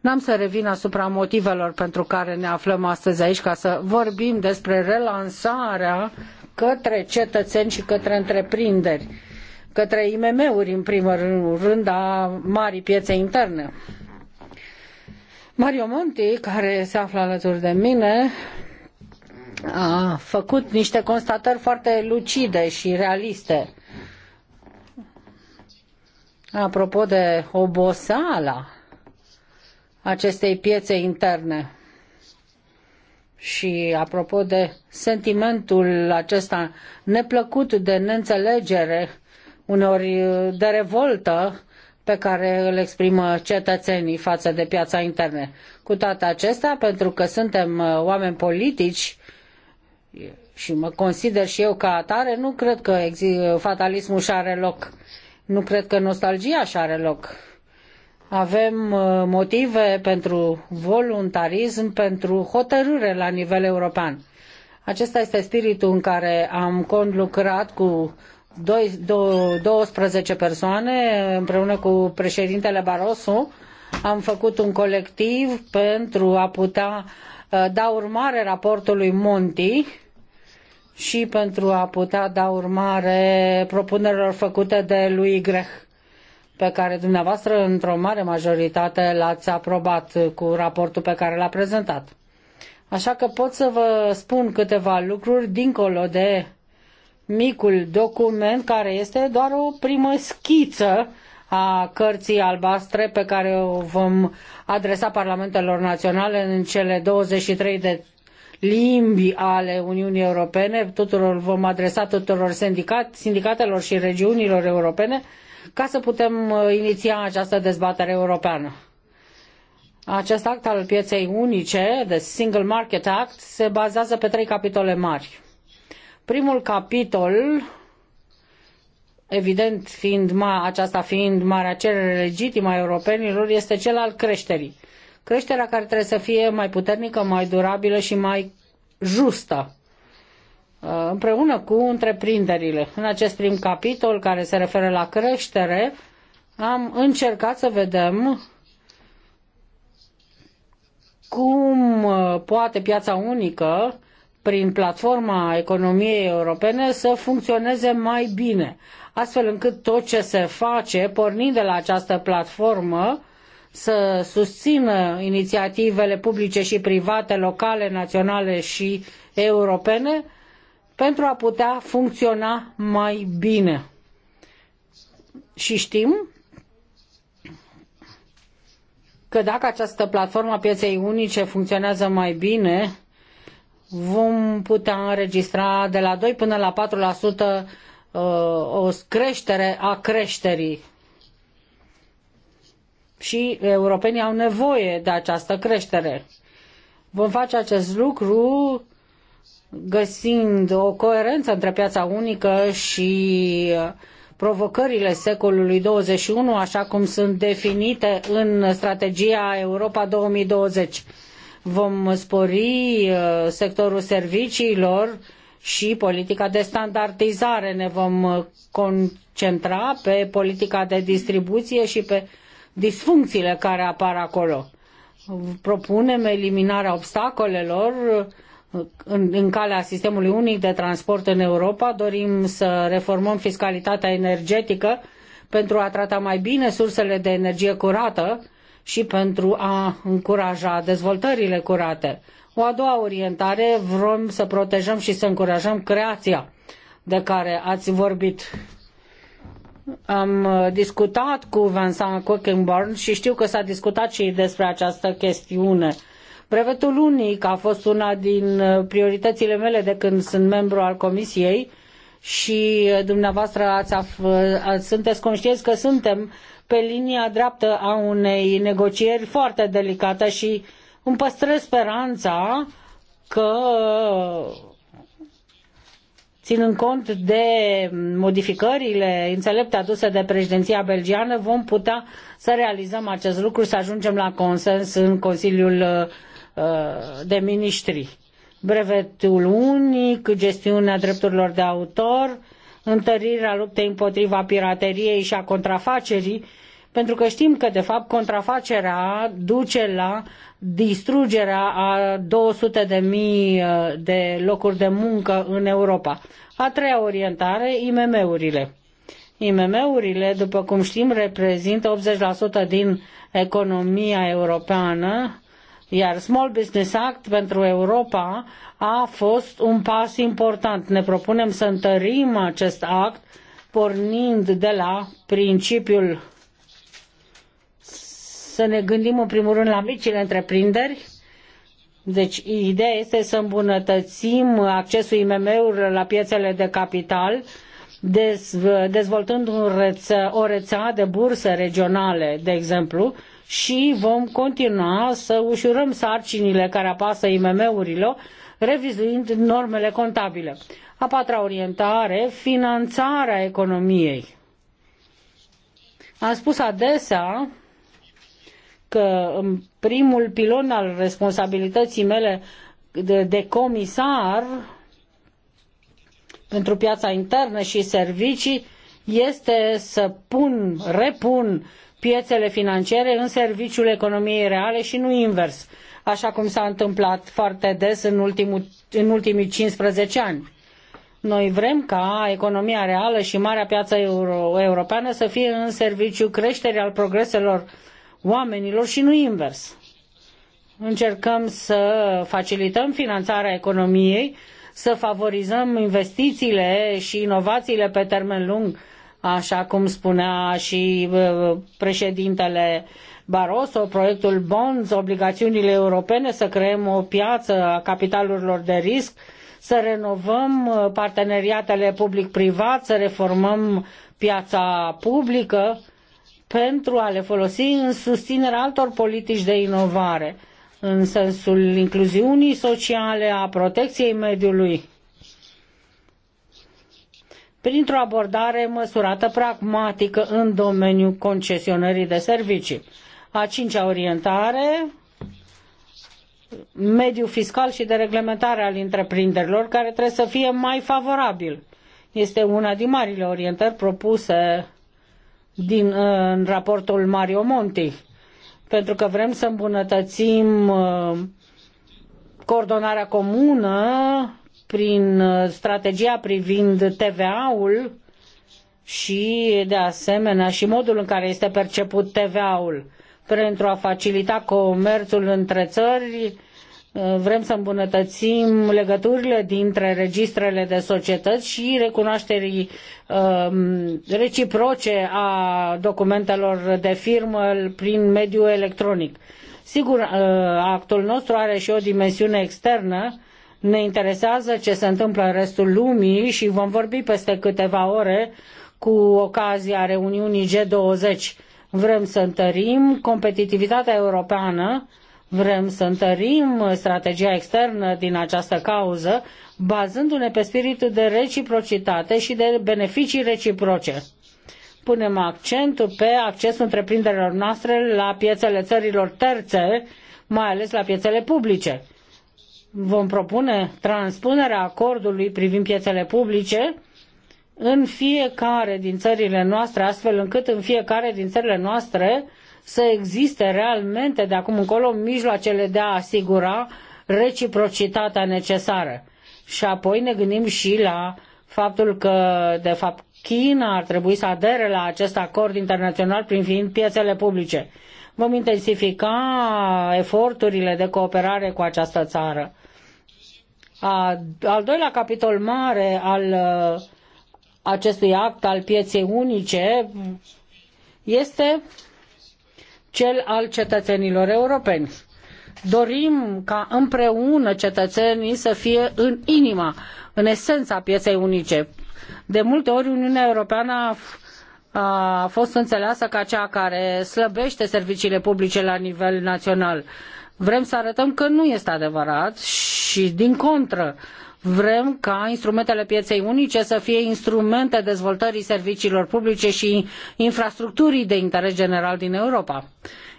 N-am să revin asupra motivelor pentru care ne aflăm astăzi aici ca să vorbim despre relansarea către cetățeni și către întreprinderi, către IMM-uri în primul rând a marii piețe interne. Mario Monti, care se află alături de mine, a făcut niște constatări foarte lucide și realiste. Apropo de oboseala acestei piețe interne și apropo de sentimentul acesta neplăcut de neînțelegere, uneori uh, de revoltă, pe care îl exprimă cetățenii față de piața interne. Cu toate acestea, pentru că suntem uh, oameni politici, și mă consider și eu ca atare, nu cred că fatalismul și are loc. Nu cred că nostalgia și are loc. Avem uh, motive pentru voluntarism, pentru hotărâre la nivel european. Acesta este spiritul în care am conlucrat cu 12 persoane împreună cu președintele Barosu, Am făcut un colectiv pentru a putea uh, da urmare raportului Monti și pentru a putea da urmare propunerilor făcute de lui Greh, pe care dumneavoastră, într-o mare majoritate, l-ați aprobat cu raportul pe care l-a prezentat. Așa că pot să vă spun câteva lucruri dincolo de micul document care este doar o primă schiță a cărții albastre pe care o vom adresa parlamentelor naționale în cele 23 de limbi ale Uniunii Europene, tuturor vom adresa tuturor sindicat, sindicatelor și regiunilor europene, ca să putem uh, iniția această dezbatere europeană. Acest act al pieței unice, the Single Market Act, se bazează pe trei capitole mari. Primul capitol, evident fiind ma, aceasta fiind marea cerere legitimă a europenilor, este cel al creșterii creșterea care trebuie să fie mai puternică, mai durabilă și mai justă uh, împreună cu întreprinderile. În acest prim capitol care se referă la creștere, am încercat să vedem cum uh, poate piața unică prin platforma economiei europene să funcționeze mai bine, astfel încât tot ce se face, pornind de la această platformă, să susțină inițiativele publice și private, locale, naționale și europene, pentru a putea funcționa mai bine. Și știm că dacă această platformă a pieței unice funcționează mai bine, vom putea înregistra de la 2 până la 4% uh, o creștere a creșterii și europenii au nevoie de această creștere. Vom face acest lucru găsind o coerență între piața unică și uh, provocările secolului 21, așa cum sunt definite în strategia Europa 2020. Vom spori uh, sectorul serviciilor și politica de standardizare. Ne vom uh, concentra pe politica de distribuție și pe disfuncțiile care apar acolo. Propunem eliminarea obstacolelor în, în calea sistemului unic de transport în Europa. Dorim să reformăm fiscalitatea energetică pentru a trata mai bine sursele de energie curată și pentru a încuraja dezvoltările curate. O a doua orientare, vrem să protejăm și să încurajăm creația de care ați vorbit am uh, discutat cu Vincent Cockenborn și știu că s-a discutat și despre această chestiune. Brevetul unic a fost una din uh, prioritățile mele de când sunt membru al Comisiei și uh, dumneavoastră ați af- sunteți conștienți că suntem pe linia dreaptă a unei negocieri foarte delicate și îmi păstrez speranța că ținând cont de modificările înțelepte aduse de președinția belgiană, vom putea să realizăm acest lucru, să ajungem la consens în Consiliul uh, de Ministri. Brevetul unic, gestiunea drepturilor de autor, întărirea luptei împotriva pirateriei și a contrafacerii, pentru că știm că, de fapt, contrafacerea duce la distrugerea a 200 de mii uh, de locuri de muncă în Europa. A treia orientare, IMM-urile. IMM-urile, după cum știm, reprezintă 80% din economia europeană, iar Small Business Act pentru Europa a fost un pas important. Ne propunem să întărim acest act pornind de la principiul să ne gândim în primul rând la micile întreprinderi. Deci ideea este să îmbunătățim accesul IMM-urilor la piețele de capital, dezvoltând un reță, o rețea de burse regionale, de exemplu, și vom continua să ușurăm sarcinile care apasă IMM-urilor, revizuind normele contabile. A patra orientare, finanțarea economiei. Am spus adesea că în primul pilon al responsabilității mele de, de comisar pentru piața internă și servicii este să pun, repun piețele financiare în serviciul economiei reale și nu invers, așa cum s-a întâmplat foarte des în, ultimul, în ultimii 15 ani. Noi vrem ca economia reală și marea piață euro, europeană să fie în serviciu creșterii al progreselor oamenilor și nu invers. Încercăm să facilităm finanțarea economiei, să favorizăm investițiile și inovațiile pe termen lung, așa cum spunea și președintele Barroso, proiectul Bonds, obligațiunile europene, să creăm o piață a capitalurilor de risc, să renovăm parteneriatele public-privat, să reformăm piața publică, pentru a le folosi în susținerea altor politici de inovare, în sensul incluziunii sociale, a protecției mediului, printr-o abordare măsurată pragmatică în domeniul concesionării de servicii. A cincea orientare, mediul fiscal și de reglementare al întreprinderilor, care trebuie să fie mai favorabil. Este una din marile orientări propuse din uh, în raportul Mario Monti, pentru că vrem să îmbunătățim uh, coordonarea comună prin uh, strategia privind TVA-ul și, de asemenea, și modul în care este perceput TVA-ul pentru a facilita comerțul între țări, Vrem să îmbunătățim legăturile dintre registrele de societăți și recunoașterii um, reciproce a documentelor de firmă prin mediul electronic. Sigur, uh, actul nostru are și o dimensiune externă, ne interesează ce se întâmplă în restul lumii și vom vorbi peste câteva ore cu ocazia reuniunii G20. Vrem să întărim competitivitatea europeană Vrem să întărim strategia externă din această cauză, bazându-ne pe spiritul de reciprocitate și de beneficii reciproce. Punem accentul pe accesul întreprinderilor noastre la piețele țărilor terțe, mai ales la piețele publice. Vom propune transpunerea acordului privind piețele publice în fiecare din țările noastre, astfel încât în fiecare din țările noastre să existe realmente de acum încolo mijloacele de a asigura reciprocitatea necesară. Și apoi ne gândim și la faptul că, de fapt, China ar trebui să adere la acest acord internațional fiind piețele publice. Vom intensifica eforturile de cooperare cu această țară. A, al doilea capitol mare al uh, acestui act al pieței unice este cel al cetățenilor europeni. Dorim ca împreună cetățenii să fie în inima, în esența pieței unice. De multe ori Uniunea Europeană a fost înțeleasă ca cea care slăbește serviciile publice la nivel național. Vrem să arătăm că nu este adevărat și, din contră, uh, Vrem ca instrumentele pieței unice să fie instrumente dezvoltării serviciilor publice și infrastructurii de interes general din Europa.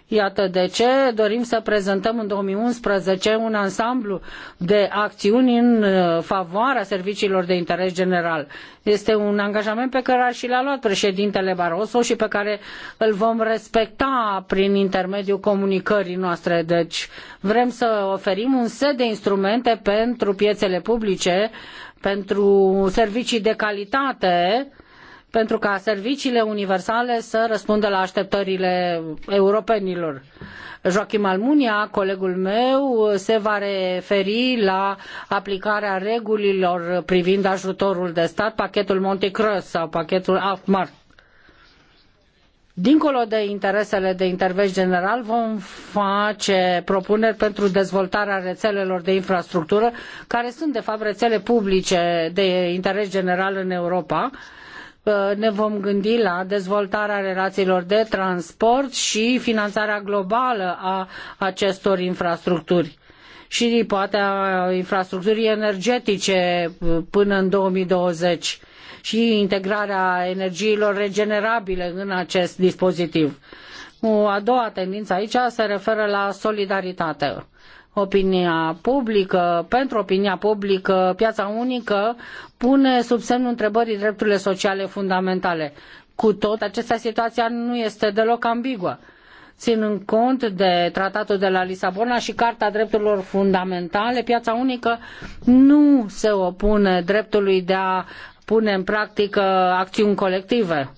Iată de ce dorim să prezentăm în 2011 un ansamblu de acțiuni în uh, favoarea serviciilor de interes general. Este un angajament pe care și l-a luat președintele Barroso și pe care îl vom respecta prin intermediul comunicării noastre. Deci vrem să oferim un set de instrumente pentru piețele publice, pentru servicii de calitate, pentru ca serviciile universale să răspundă la așteptările europenilor. Joachim Almunia, colegul meu, se va referi la aplicarea regulilor privind ajutorul de stat, pachetul Monte Cross sau pachetul Altmark. Dincolo de interesele de interes general, vom face propuneri pentru dezvoltarea rețelelor de infrastructură, care sunt, de fapt, rețele publice de interes general în Europa, uh, Ă, ne vom gândi la dezvoltarea relațiilor de transport și finanțarea globală a acestor infrastructuri și poate a infrastructurii energetice ă, până în 2020 și integrarea energiilor regenerabile în acest dispozitiv. O a doua tendință aici se referă la solidaritate opinia publică, pentru opinia publică, piața unică pune sub semnul întrebării drepturile sociale fundamentale. Cu tot, acesta situația nu este deloc ambiguă ținând cont de tratatul de la Lisabona și Carta Drepturilor Fundamentale, piața unică nu se opune dreptului de a pune în practică acțiuni colective.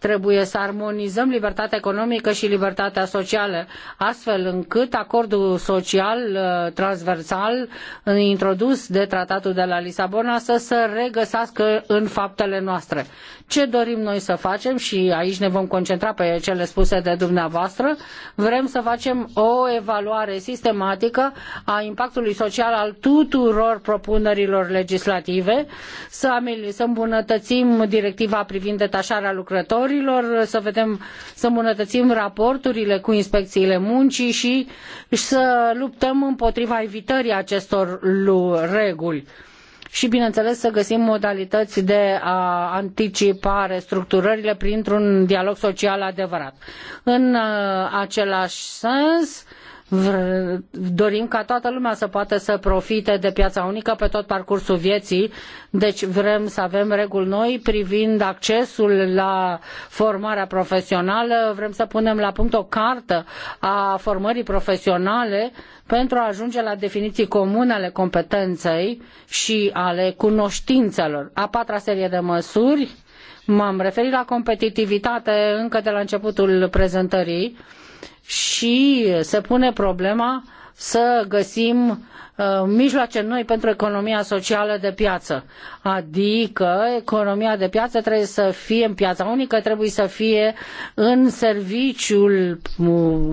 Trebuie să armonizăm libertatea economică și libertatea socială, astfel încât acordul social uh, transversal introdus de tratatul de la Lisabona să se regăsească în faptele noastre ce dorim noi să facem și aici ne vom concentra pe cele spuse de dumneavoastră. Vrem să facem o evaluare sistematică a impactului social al tuturor propunerilor legislative, să, să îmbunătățim directiva privind detașarea lucrătorilor, să vedem, să îmbunătățim raporturile cu inspecțiile muncii și să luptăm împotriva evitării acestor reguli și, bineînțeles, să găsim modalități de a anticipa restructurările printr-un dialog social adevărat. În uh, același sens, dorim ca toată lumea să poată să profite de piața unică pe tot parcursul vieții, deci vrem să avem reguli noi privind accesul la formarea profesională, vrem să punem la punct o cartă a formării profesionale pentru a ajunge la definiții comune ale competenței și ale cunoștințelor. A patra serie de măsuri, m-am referit la competitivitate încă de la începutul prezentării, și se pune problema uh, să găsim uh, mijloace noi pentru economia socială de piață. Adică economia de piață trebuie să fie în piața unică, trebuie să fie în serviciul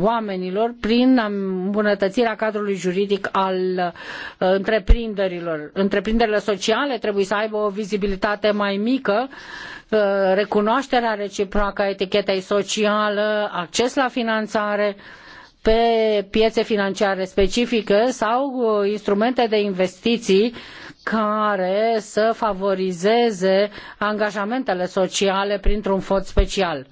oamenilor prin îmbunătățirea cadrului juridic al uh, întreprinderilor. Întreprinderile sociale trebuie să aibă o vizibilitate mai mică, uh, recunoașterea reciprocă a etichetei sociale, acces la finanțare, pe piețe financiare specifice sau uh, instrumente de investiții care să favorizeze angajamentele sociale printr-un fond special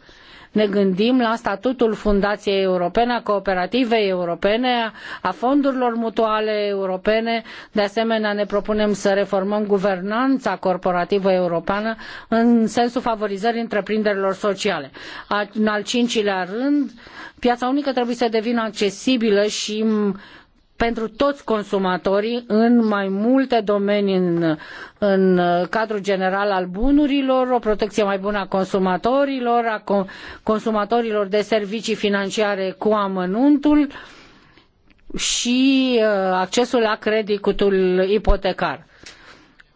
ne gândim la statutul Fundației Europene, a Cooperativei Europene, a fondurilor mutuale europene. De asemenea, ne propunem să reformăm guvernanța corporativă europeană în sensul favorizării întreprinderilor sociale. În al cincilea rând, piața unică trebuie să devină accesibilă și pentru toți consumatorii în mai multe domenii în, în cadrul general al bunurilor, o protecție mai bună a consumatorilor, a consumatorilor de servicii financiare cu amănuntul și uh, accesul la creditul ipotecar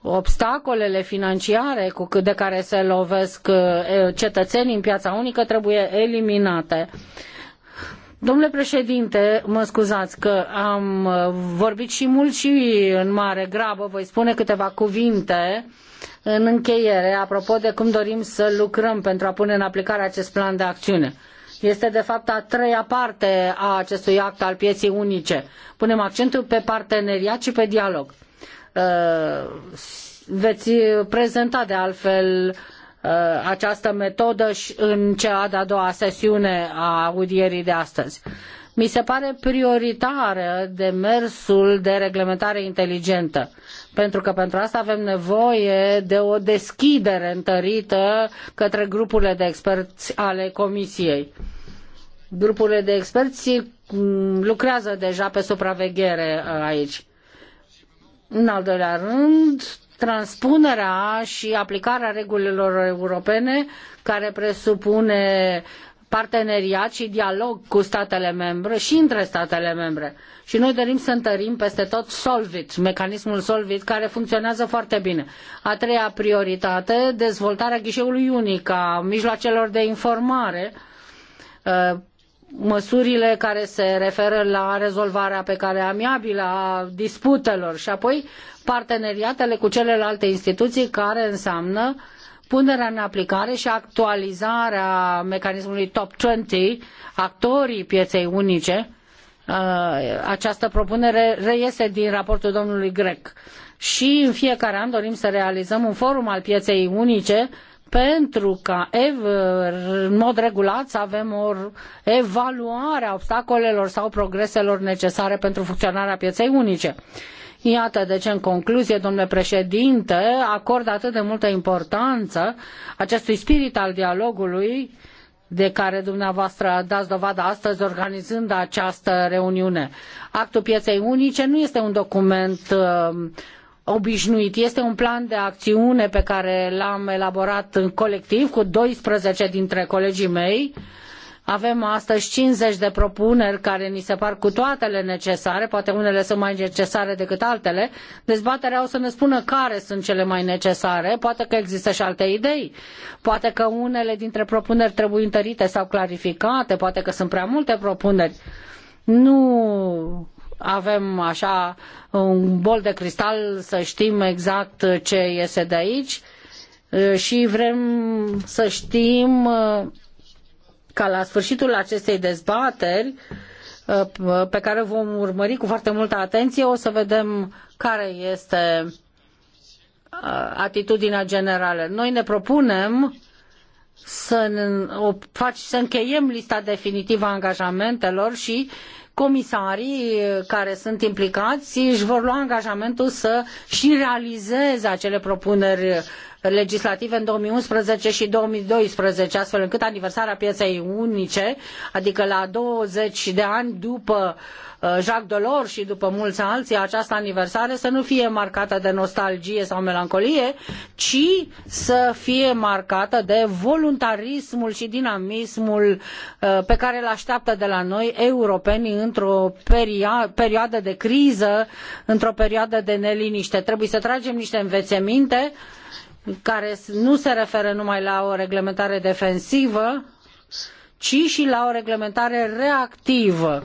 obstacolele financiare de care se lovesc uh, cetățenii în piața unică trebuie eliminate. Uh, Domnule președinte, mă scuzați că am uh, vorbit și mult și în mare grabă, voi spune câteva cuvinte în încheiere apropo de cum dorim să lucrăm pentru a pune în aplicare acest plan de acțiune. Este de fapt a treia parte a acestui act al pieței unice. Punem accentul pe parteneriat și pe dialog. Uh, veți prezenta de altfel Uh, această metodă și în cea de-a doua sesiune a audierii de astăzi. Mi se pare prioritară demersul de reglementare inteligentă, pentru că pentru asta avem nevoie de o deschidere întărită către grupurile de experți ale Comisiei. Grupurile de experți mm, lucrează deja pe supraveghere uh, aici. În al doilea rând, transpunerea și aplicarea regulilor europene care presupune parteneriat și dialog cu statele membre și între statele membre. Și noi dorim să întărim peste tot Solvit, mecanismul Solvit, care funcționează foarte bine. A treia prioritate, dezvoltarea ghișeului unic a mijloacelor de informare măsurile care se referă la rezolvarea pe care amiabilă a disputelor și apoi parteneriatele cu celelalte instituții care înseamnă punerea în aplicare și actualizarea mecanismului Top 20, actorii pieței unice. Uh, această propunere reiese din raportul domnului Grec. Și în fiecare an dorim să realizăm un forum al pieței unice uh, pentru ca în mod regulat să avem o evaluare a obstacolelor sau progreselor necesare pentru funcționarea pieței unice. Iată de ce, în concluzie, domnule președinte, acord atât de multă importanță acestui spirit al dialogului de care dumneavoastră dați dovadă astăzi organizând această reuniune. Actul pieței unice nu este un document uh, obișnuit. Este un plan de acțiune pe care l-am elaborat în colectiv cu 12 dintre colegii mei. Avem astăzi 50 de propuneri care ni se par cu toatele necesare, poate unele sunt mai necesare decât altele. Dezbaterea o să ne spună care sunt cele mai necesare, poate că există și alte idei, poate că unele dintre propuneri trebuie întărite sau clarificate, poate că sunt prea multe propuneri. Nu avem așa un bol de cristal să știm exact ce iese de aici și vrem să știm ca la sfârșitul acestei dezbateri pe care vom urmări cu foarte multă atenție, o să vedem care este uh, atitudinea generală. Noi ne propunem să, o faci, să încheiem lista definitivă a angajamentelor și comisarii eh, care sunt implicați își vor lua angajamentul să și realizeze acele propuneri eh, legislative în 2011 și 2012, astfel încât aniversarea pieței unice, adică la 20 de ani după uh, Jacques Delors și după mulți alții, această aniversare să nu fie marcată de nostalgie sau melancolie, ci să fie marcată de voluntarismul și dinamismul uh, pe care îl așteaptă de la noi europenii într-o perioadă de criză, într-o perioadă de neliniște. Trebuie să tragem niște învețăminte care nu se referă numai la o reglementare defensivă, ci și la o reglementare reactivă.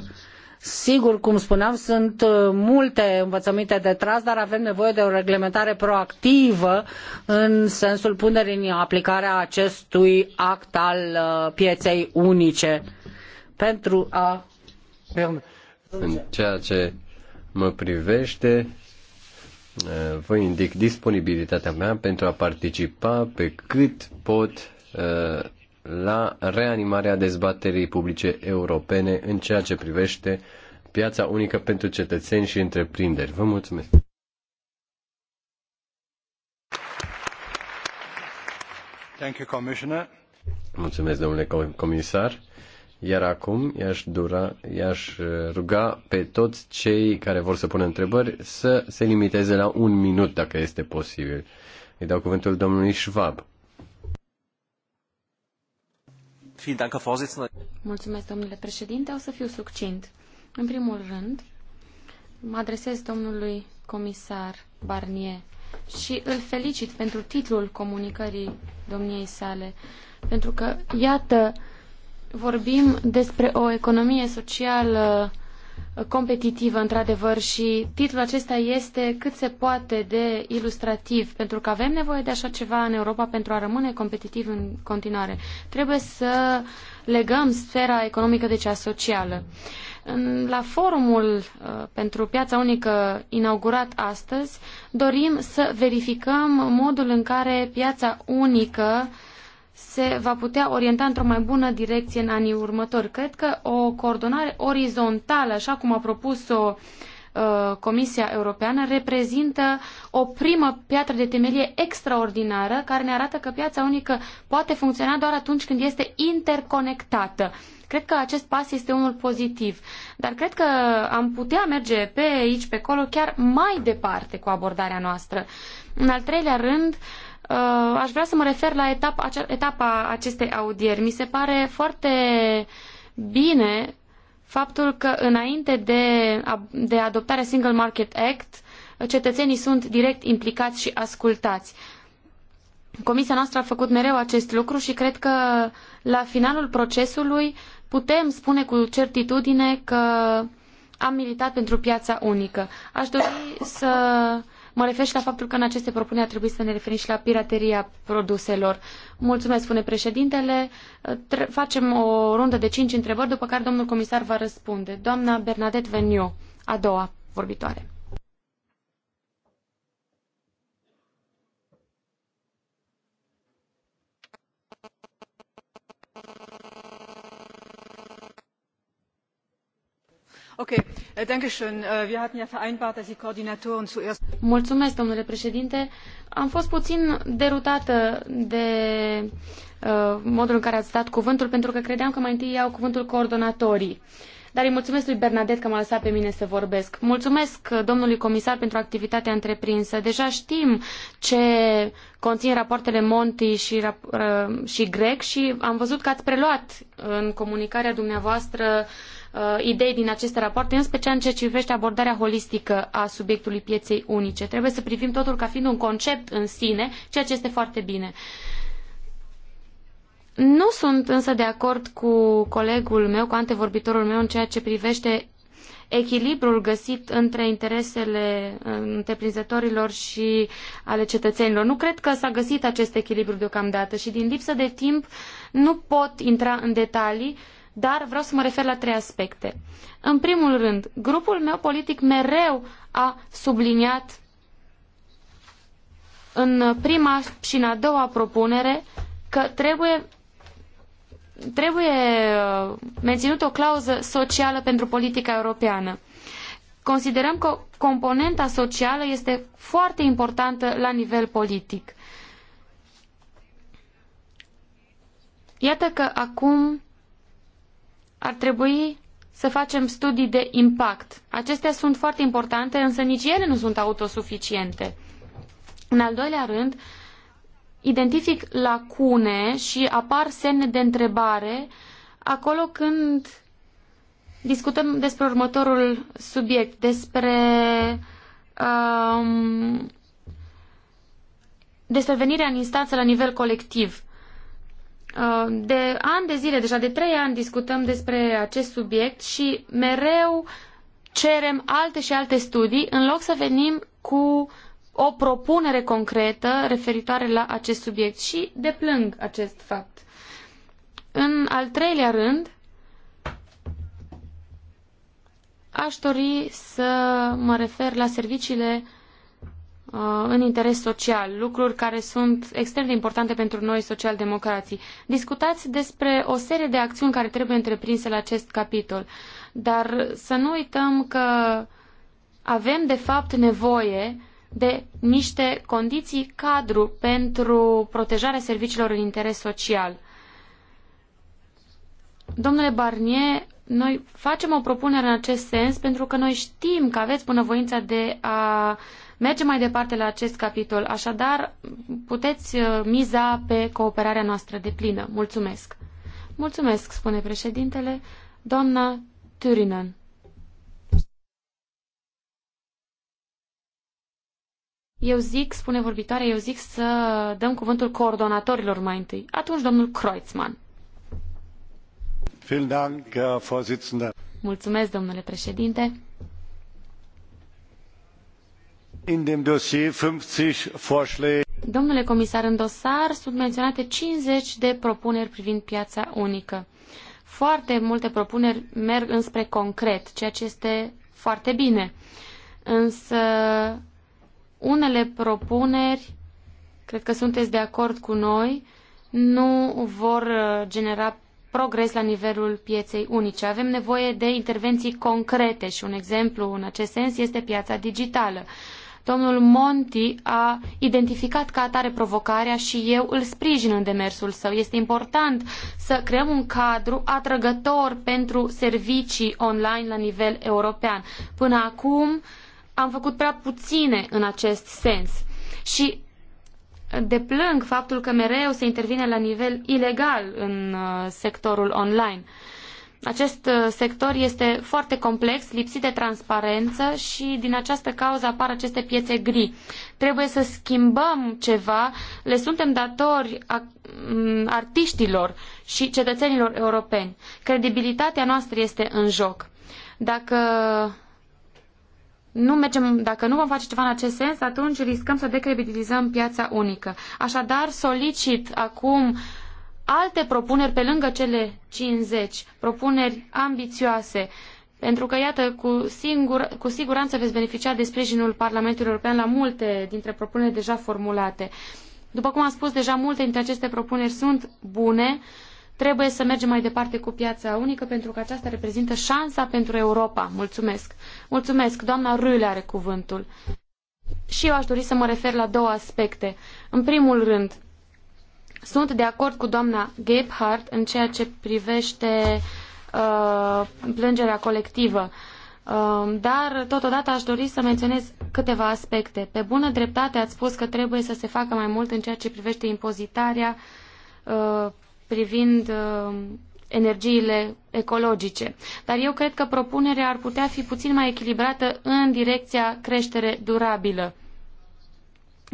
Sigur, cum spuneam, sunt uh, multe învățăminte de tras, dar avem nevoie de o reglementare proactivă în sensul punerii în aplicare a acestui act al uh, pieței unice pentru a. În ceea ce mă privește, Eh, vă indic disponibilitatea mea pentru a participa pe cât pot eh, la reanimarea dezbaterii publice europene în ceea ce privește piața unică pentru cetățeni și întreprinderi. Vă mulțumesc! Thank you, Commissioner. Mulțumesc, domnule comisar. Iar acum i-aș, dura, i-aș ruga pe toți cei care vor să pună întrebări să se limiteze la un minut, dacă este posibil. Îi dau cuvântul domnului Schwab. Mulțumesc, domnule președinte. O să fiu succint. În primul rând, mă adresez domnului comisar Barnier și îl felicit pentru titlul comunicării domniei sale, pentru că, iată, vorbim despre o economie socială uh, competitivă, într-adevăr, și titlul acesta este cât se poate de ilustrativ, pentru că avem nevoie de așa ceva în Europa pentru a rămâne competitiv în continuare. Trebuie să legăm sfera economică de deci cea socială. La forumul uh, pentru piața unică inaugurat astăzi, dorim să verificăm modul în care piața unică se va putea orienta într-o mai bună direcție în anii următori. Cred că o coordonare orizontală, așa cum a propus-o uh, Comisia Europeană, reprezintă o primă piatră de temelie extraordinară care ne arată că piața unică poate funcționa doar atunci când este interconectată. Cred că acest pas este unul pozitiv, dar cred că am putea merge pe aici, pe acolo, chiar mai departe cu abordarea noastră. În al treilea rând, uh, Uh, aș vrea să mă refer la etapa, etapa acestei audieri. Mi se pare foarte bine faptul că înainte de, de adoptarea Single Market Act, cetățenii sunt direct implicați și ascultați. Comisia noastră a făcut mereu acest lucru și cred că la finalul procesului putem spune cu certitudine că am militat pentru piața unică. Aș dori să Mă refer și la faptul că în aceste propuneri ar trebui să ne referim și la pirateria produselor. Mulțumesc, spune președintele. Facem o rundă de cinci întrebări, după care domnul comisar va răspunde. Doamna Bernadette Veniu, a doua vorbitoare. Äh, äh, mulțumesc, domnule președinte. Am fost puțin derutată de uh, modul în care ați dat cuvântul, pentru că credeam că mai întâi iau cuvântul coordonatorii. Dar îi mulțumesc lui Bernadette că m-a lăsat pe mine să vorbesc. Mulțumesc domnului comisar pentru activitatea întreprinsă. Deja știm ce conțin rapoartele Monti și, uh, grech și am văzut că ați preluat în comunicarea dumneavoastră Uh, idei din aceste rapoarte, în special în ceea ce privește abordarea holistică a subiectului pieței unice. Trebuie să privim totul ca fiind un concept în sine, ceea ce este foarte bine. Nu sunt însă de acord cu colegul meu, cu antevorbitorul meu, în ceea ce privește echilibrul găsit între interesele uh, întreprinzătorilor și ale cetățenilor. Nu cred că s-a găsit acest echilibru deocamdată și din lipsă de timp nu pot intra în detalii uh, dar vreau să mă refer la trei aspecte. În primul rând, grupul meu politic mereu a subliniat în prima și în a doua propunere că trebuie trebuie uh, menținut o clauză socială pentru politica europeană. Considerăm că componenta socială este foarte importantă la nivel politic. Iată că acum ar trebui să facem studii de impact. Acestea sunt foarte importante, însă nici ele nu sunt autosuficiente. În al doilea rând, identific lacune și apar semne de întrebare acolo când discutăm despre următorul subiect, despre um, despre venirea în instanță la nivel colectiv. Uh, de ani de zile, deja de trei ani discutăm despre acest subiect și mereu cerem alte și alte studii în loc să venim cu o propunere concretă referitoare la acest subiect și deplâng acest fapt. În al treilea rând, aș dori să mă refer la serviciile Uh, în interes social, lucruri care sunt extrem de importante pentru noi socialdemocrații. Discutați despre o serie de acțiuni care trebuie întreprinse la acest capitol, dar să nu uităm că avem de fapt nevoie de niște condiții cadru pentru protejarea serviciilor în interes social. Domnule Barnier, noi facem o propunere în acest sens pentru că noi știm că aveți bunăvoința de a uh, Mergem mai departe la acest capitol, așadar puteți uh, miza pe cooperarea noastră de plină. Mulțumesc! Mulțumesc, spune președintele, doamna Turinen. Eu zic, spune vorbitoarea, eu zic să dăm cuvântul coordonatorilor mai întâi. Atunci, domnul Kreutzmann. Mulțumesc, domnule președinte dem dossier 50 Domnule comisar, în dosar sunt menționate 50 de propuneri privind piața unică. Foarte multe propuneri merg înspre concret, ceea ce este foarte bine. Însă unele propuneri, cred că sunteți de acord cu noi, nu vor uh, genera progres la nivelul pieței unice. Avem nevoie de intervenții concrete și un exemplu în acest sens este piața digitală. Domnul Monti a identificat ca atare provocarea și eu îl sprijin în demersul său. Este important să creăm un cadru atrăgător pentru servicii online la nivel european. Până acum am făcut prea puține în acest sens. Și deplâng faptul că mereu se intervine la nivel ilegal în uh, sectorul online. Acest uh, sector este foarte complex, lipsit de transparență și din această cauză apar aceste piețe gri. Trebuie să schimbăm ceva, le suntem datori a, mm, artiștilor și cetățenilor europeni. Credibilitatea noastră este în joc. Dacă nu mergem, dacă nu vom face ceva în acest sens, atunci riscăm să decredibilizăm piața unică. Așadar, solicit acum uh, alte propuneri pe lângă cele 50, propuneri ambițioase, pentru că, iată, cu, singur, cu siguranță veți beneficia de sprijinul Parlamentului European la multe dintre propuneri deja formulate. După cum am spus, deja multe dintre aceste propuneri sunt bune, trebuie să mergem mai departe cu piața unică pentru că aceasta reprezintă șansa pentru Europa. Mulțumesc. Mulțumesc. Doamna Râle are cuvântul. Și eu aș dori să mă refer la două aspecte. În primul rând, sunt de acord cu doamna Gebhardt în ceea ce privește uh, plângerea colectivă, uh, dar totodată aș dori să menționez câteva aspecte. Pe bună dreptate ați spus că trebuie să se facă mai mult în ceea ce privește impozitarea uh, privind uh, energiile ecologice. Dar eu cred că propunerea ar putea fi puțin mai echilibrată în direcția creștere durabilă.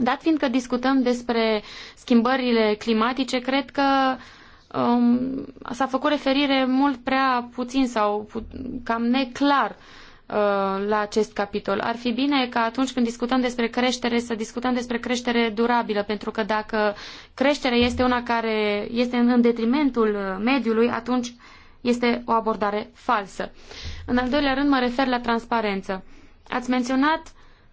Dat fiind că discutăm despre schimbările climatice, cred că um, s-a făcut referire mult prea puțin sau pu cam neclar uh, la acest capitol. Ar fi bine ca atunci când discutăm despre creștere să discutăm despre creștere durabilă, pentru că dacă creșterea este una care este în detrimentul mediului, atunci este o abordare falsă. În al doilea rând mă refer la transparență. Ați menționat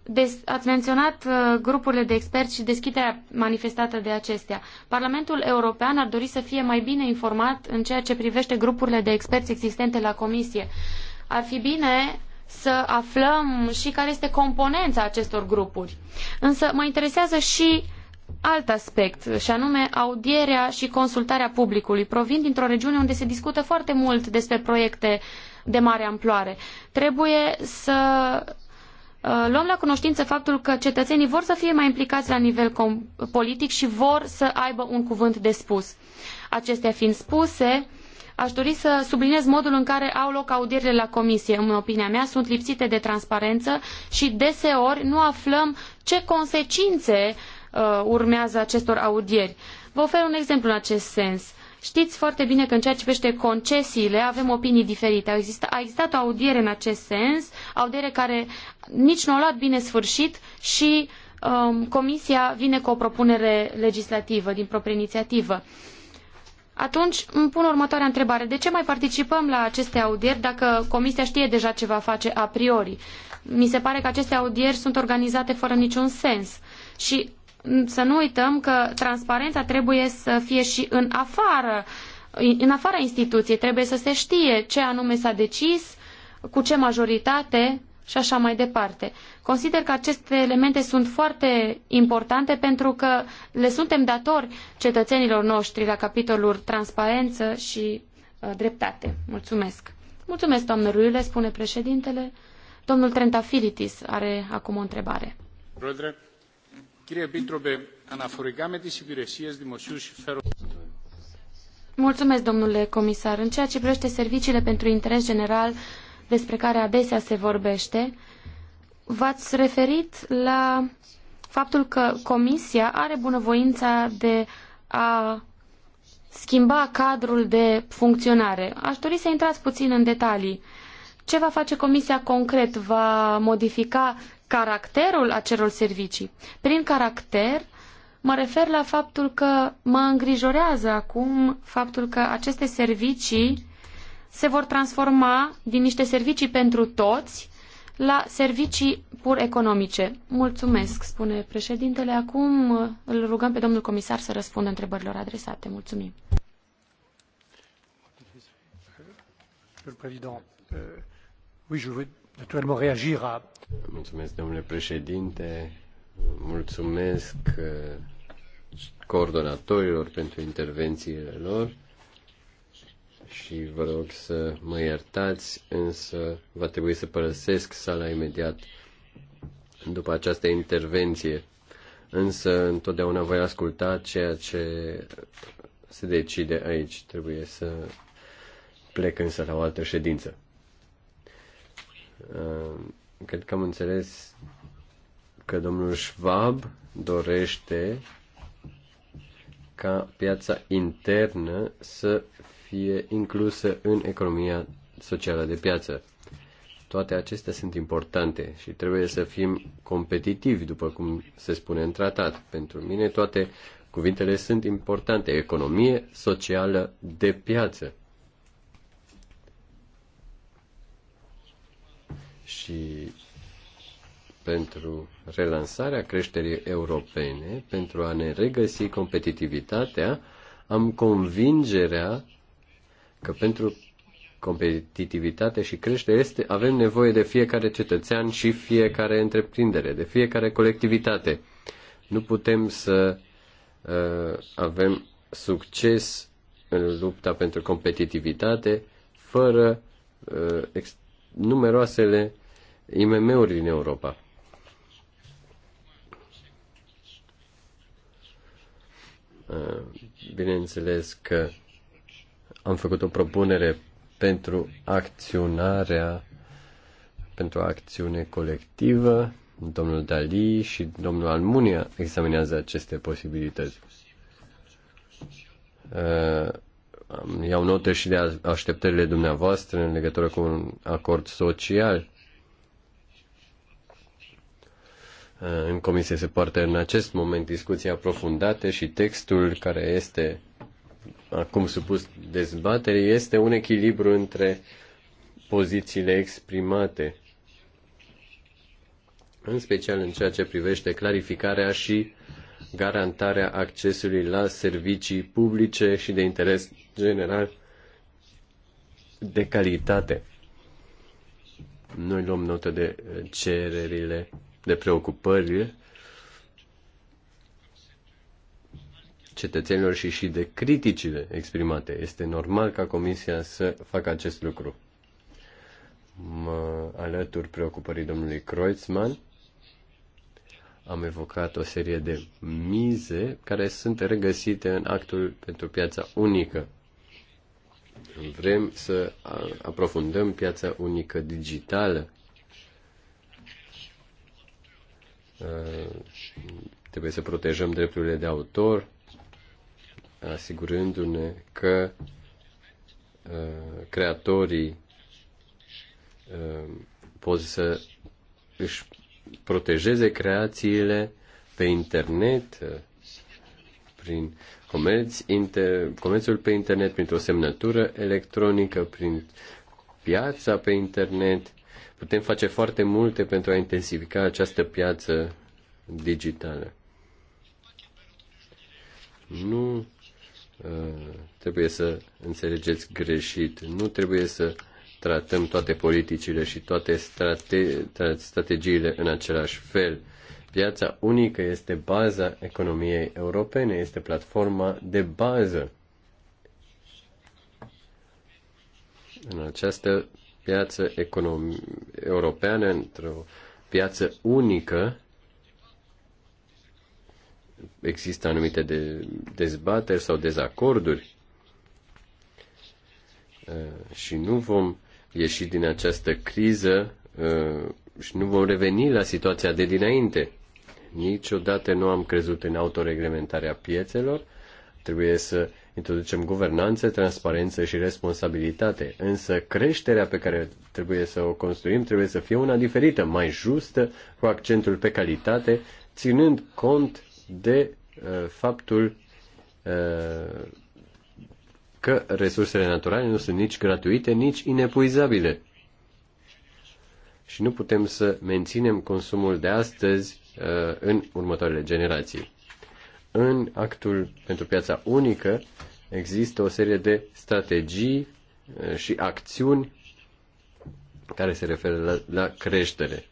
Des, ați menționat uh, grupurile de experți și deschiderea manifestată de acestea. Parlamentul European ar dori să fie mai bine informat în ceea ce privește grupurile de experți existente la Comisie. Ar fi bine să aflăm și care este componența acestor grupuri. Însă mă interesează și alt aspect, și anume audierea și consultarea publicului. Provin dintr-o regiune unde se discută foarte mult despre proiecte de mare amploare. Trebuie să Uh, luăm la cunoștință faptul că cetățenii vor să fie mai implicați la nivel politic și vor să aibă un cuvânt de spus. Acestea fiind spuse, aș dori să subliniez modul în care au loc audierile la comisie. În opinia mea, sunt lipsite de transparență și deseori nu aflăm ce consecințe uh, urmează acestor audieri. Vă ofer un exemplu în acest sens. Știți foarte bine că în ceea ce privește concesiile avem opinii diferite. A existat, a existat o audiere în acest sens, audiere care nici nu a luat bine sfârșit și um, Comisia vine cu o propunere legislativă din proprie inițiativă. Atunci îmi pun următoarea întrebare. De ce mai participăm la aceste audieri dacă Comisia știe deja ce va face a priori? Mi se pare că aceste audieri sunt organizate fără niciun sens. Și să nu uităm că transparența trebuie să fie și în afară, în afara instituției. Trebuie să se știe ce anume s-a decis, cu ce majoritate și așa mai departe. Consider că aceste elemente sunt foarte importante pentru că le suntem datori cetățenilor noștri la capitolul transparență și uh, dreptate. Mulțumesc. Mulțumesc, doamnă Ruiule, spune președintele. Domnul Trentafilitis are acum o întrebare. Rodre. Mulțumesc, domnule comisar. În ceea ce privește serviciile pentru interes general despre care adesea se vorbește, v ai referit la faptul că Comisia are bunăvoina de a schimba cadrul de funcționare. a dori să intrai puțin în detalii. Ce va face Comisia concret? Va modifica caracterul acelor servicii. Prin caracter mă refer la faptul că mă îngrijorează acum faptul că aceste servicii se vor transforma din niște servicii pentru toți la servicii pur economice. Mulțumesc, spune președintele. Acum îl rugăm pe domnul comisar să răspundă întrebărilor adresate. Mulțumim. Monsieur le Président, euh, oui, je veux naturellement réagir à, Mulțumesc, domnule președinte. Mulțumesc eh, coordonatorilor pentru intervențiile lor și vă rog să mă iertați, însă va trebui să părăsesc sala imediat după această intervenție. Însă întotdeauna voi asculta ceea ce se decide aici. Trebuie să plec însă la o altă ședință. Eh, Cred că am înțeles că domnul Schwab dorește ca piața internă să fie inclusă în economia socială de piață. Toate acestea sunt importante și trebuie să fim competitivi, după cum se spune în tratat. Pentru mine toate cuvintele sunt importante. Economie socială de piață. și pentru relansarea creșterii europene, pentru a ne regăsi competitivitatea, am convingerea că pentru competitivitate și creștere este, avem nevoie de fiecare cetățean și fiecare întreprindere, de fiecare colectivitate. Nu putem să uh, avem succes în lupta pentru competitivitate fără uh, numeroasele IMM-uri din Europa. Eh, bineînțeles că am făcut o propunere pentru acționarea, pentru acțiune colectivă. Domnul Dali și domnul Almunia examinează aceste posibilități eh, iau note și de așteptările dumneavoastră în legătură cu un acord social. În comisie se poartă în acest moment discuții aprofundate și textul care este acum supus dezbaterii este un echilibru între pozițiile exprimate, în special în ceea ce privește clarificarea și uh, garantarea accesului la servicii publice și de interes general de calitate. Noi luăm notă de cererile, de preocupările cetățenilor și și de criticile exprimate. Este normal ca Comisia să facă acest lucru. Mă alătur preocupării domnului Kreutzmann am evocat o serie de mize care sunt regăsite în actul pentru piața unică. Vrem să aprofundăm piața unică digitală. Trebuie să protejăm drepturile de autor, asigurându-ne că creatorii pot să își protejeze creațiile pe internet, uh, prin comerț, inter, comerțul pe internet, printr-o semnătură electronică, prin piața pe internet. Putem face foarte multe pentru a intensifica această piață digitală. Nu uh, trebuie să înțelegeți greșit, nu trebuie să uh, tratăm toate politicile și toate strate- strategiile în același fel. Piața unică este baza economiei europene, este platforma de bază. În această piață europeană, într-o piață unică, există anumite de, dezbateri sau dezacorduri uh, și nu vom ieși din această criză uh, și nu vom reveni la situația de dinainte. Niciodată nu am crezut în autoreglementarea piețelor. Trebuie să introducem guvernanță, transparență și responsabilitate. Însă creșterea pe care trebuie să o construim trebuie să fie una diferită, mai justă, cu accentul pe calitate, ținând cont de uh, faptul uh, că resursele naturale nu sunt nici gratuite, nici inepuizabile. Și nu putem să menținem consumul de astăzi uh, în următoarele generații. În actul pentru piața unică există o serie de strategii uh, și acțiuni care se referă la, la creștere.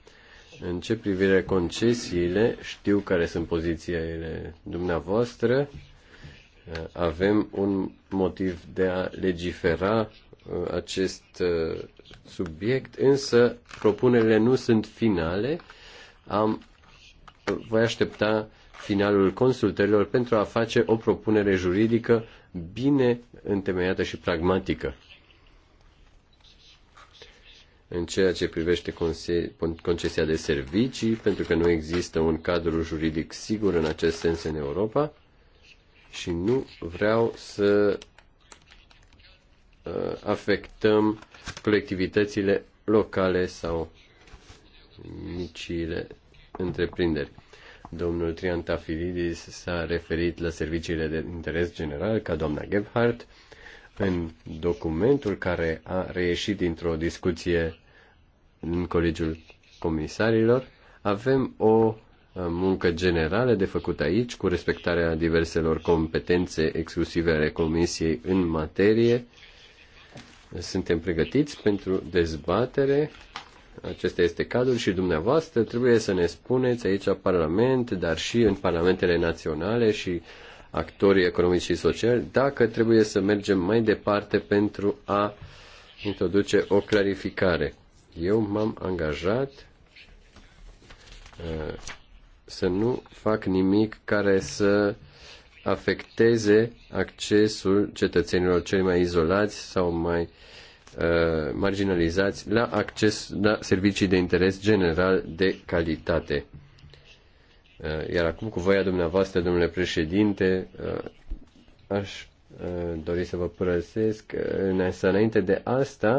În ce privire concesiile, știu care sunt pozițiile dumneavoastră. Uh, avem un motiv de a legifera uh, acest uh, subiect, însă propunerile nu sunt finale. Am, voi aștepta finalul consultărilor pentru a face o propunere juridică bine întemeiată și pragmatică. În ceea ce privește concesia de servicii, pentru că nu există un cadru juridic sigur în acest sens în Europa, și nu vreau să uh, afectăm colectivitățile locale sau micile întreprinderi. Domnul Tafilidis s-a referit la serviciile de interes general ca doamna Gebhardt în documentul care a reieșit dintr-o discuție în Colegiul Comisarilor, avem o muncă generală de făcut aici, cu respectarea diverselor competențe exclusive ale Comisiei în materie. Suntem pregătiți pentru dezbatere. Acesta este cadrul și dumneavoastră trebuie să ne spuneți aici la Parlament, dar și în Parlamentele naționale și actorii economici și sociali, dacă trebuie să mergem mai departe pentru a introduce o clarificare. Eu m-am angajat uh, să nu fac nimic care să afecteze accesul cetățenilor cei mai izolați sau mai uh, marginalizați la acces la servicii de interes general de calitate. Uh, iar acum, cu voia dumneavoastră, domnule președinte, uh, aș uh, dori să vă părăsesc. Uh, înainte de asta,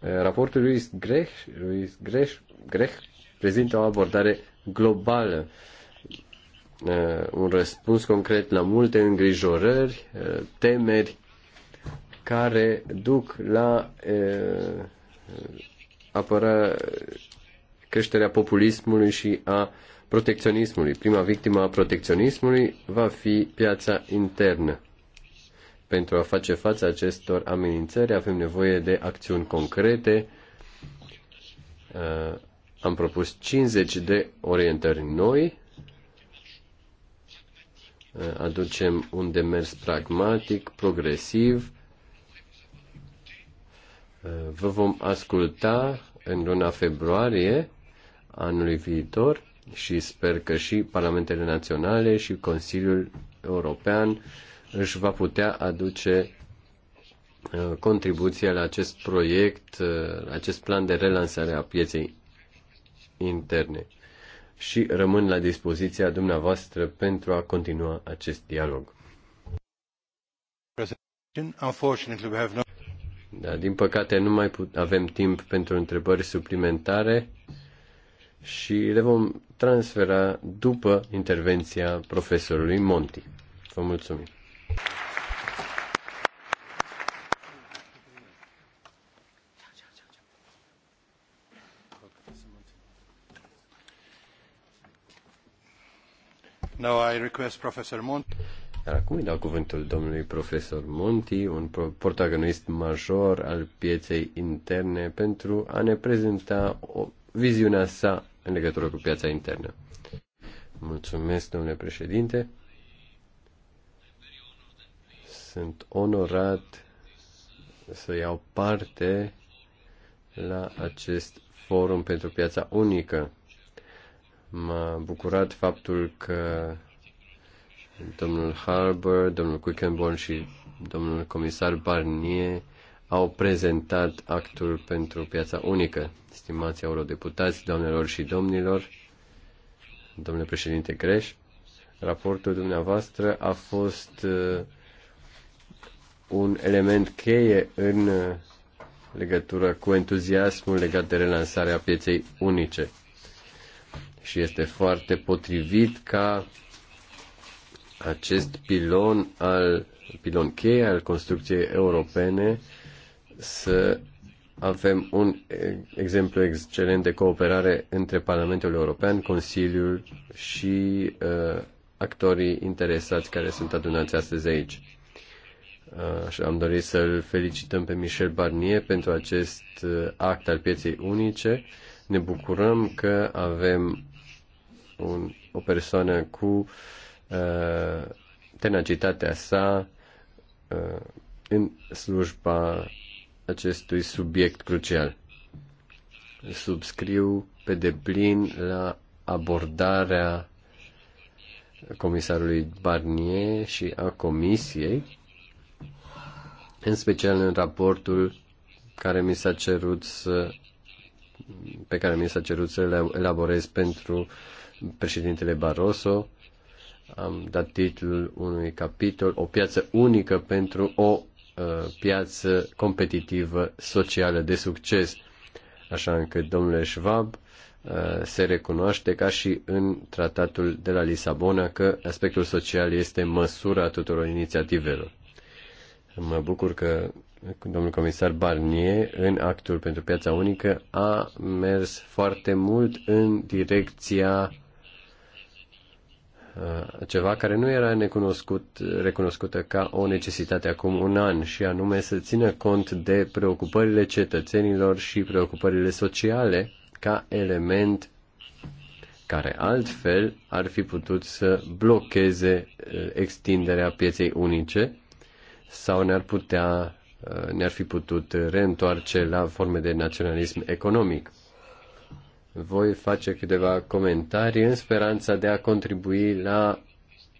uh, raportul lui greș, lui greș, greș. prezintă o abordare globală, uh, un răspuns concret la multe îngrijorări, uh, temeri care duc la uh, apărarea creșterea populismului și a protecționismului. Prima victimă a protecționismului va fi piața internă. Pentru a face față acestor amenințări avem nevoie de acțiuni concrete am propus 50 de orientări noi. Aducem un demers pragmatic, progresiv. Vă vom asculta în luna februarie anului viitor și sper că și Parlamentele Naționale și Consiliul European își va putea aduce uh, contribuția la acest proiect, uh, la acest plan de relansare a pieței interne și rămân la dispoziția dumneavoastră pentru a continua acest dialog. Da, din păcate nu mai put, avem timp pentru întrebări suplimentare și le vom transfera după intervenția profesorului Monti. Vă mulțumim. Now I request Professor Monti. Iar acum îi dau cuvântul domnului profesor Monti, un protagonist major al pieței interne, pentru a ne prezenta o viziunea sa în legătură cu piața internă. Mulțumesc, domnule președinte. Sunt onorat să iau parte la acest forum pentru piața unică M-a bucurat faptul că domnul Harbour, domnul Quickenborn și domnul comisar Barnier au prezentat actul pentru piața unică. Stimați eurodeputați, doamnelor și domnilor, domnule președinte Greș, raportul dumneavoastră a fost uh, un element cheie în uh, legătură cu entuziasmul legat de relansarea pieței unice și este foarte potrivit ca acest pilon al pilon cheie al construcției europene să avem un exemplu excelent de cooperare între Parlamentul European, Consiliul și uh, actorii interesați care sunt adunați astăzi aici. Uh, și am dorit să-l felicităm pe Michel Barnier pentru acest uh, act al pieței unice. Ne bucurăm că avem un, o persoană cu uh, tenacitatea sa uh, în slujba acestui subiect crucial. Subscriu pe deplin la abordarea comisarului Barnier și a comisiei, în special în raportul care mi s-a cerut să, pe care mi s-a cerut să le elaborez pentru președintele Barroso, am dat titlul unui capitol, o piață unică pentru o uh, piață competitivă socială de succes, așa încât domnule Schwab uh, se recunoaște ca și în tratatul de la Lisabona că aspectul social este măsura tuturor inițiativelor. Mă bucur că domnul comisar Barnier în actul pentru piața unică a mers foarte mult în direcția Uh, ceva care nu era necunoscut, recunoscută ca o necesitate acum un an, și anume să țină cont de preocupările cetățenilor și preocupările sociale ca element care altfel ar fi putut să blocheze uh, extinderea pieței unice sau ne-ar putea uh, ne-ar fi putut reîntoarce la forme de naționalism economic voi face câteva comentarii în speranța de a contribui la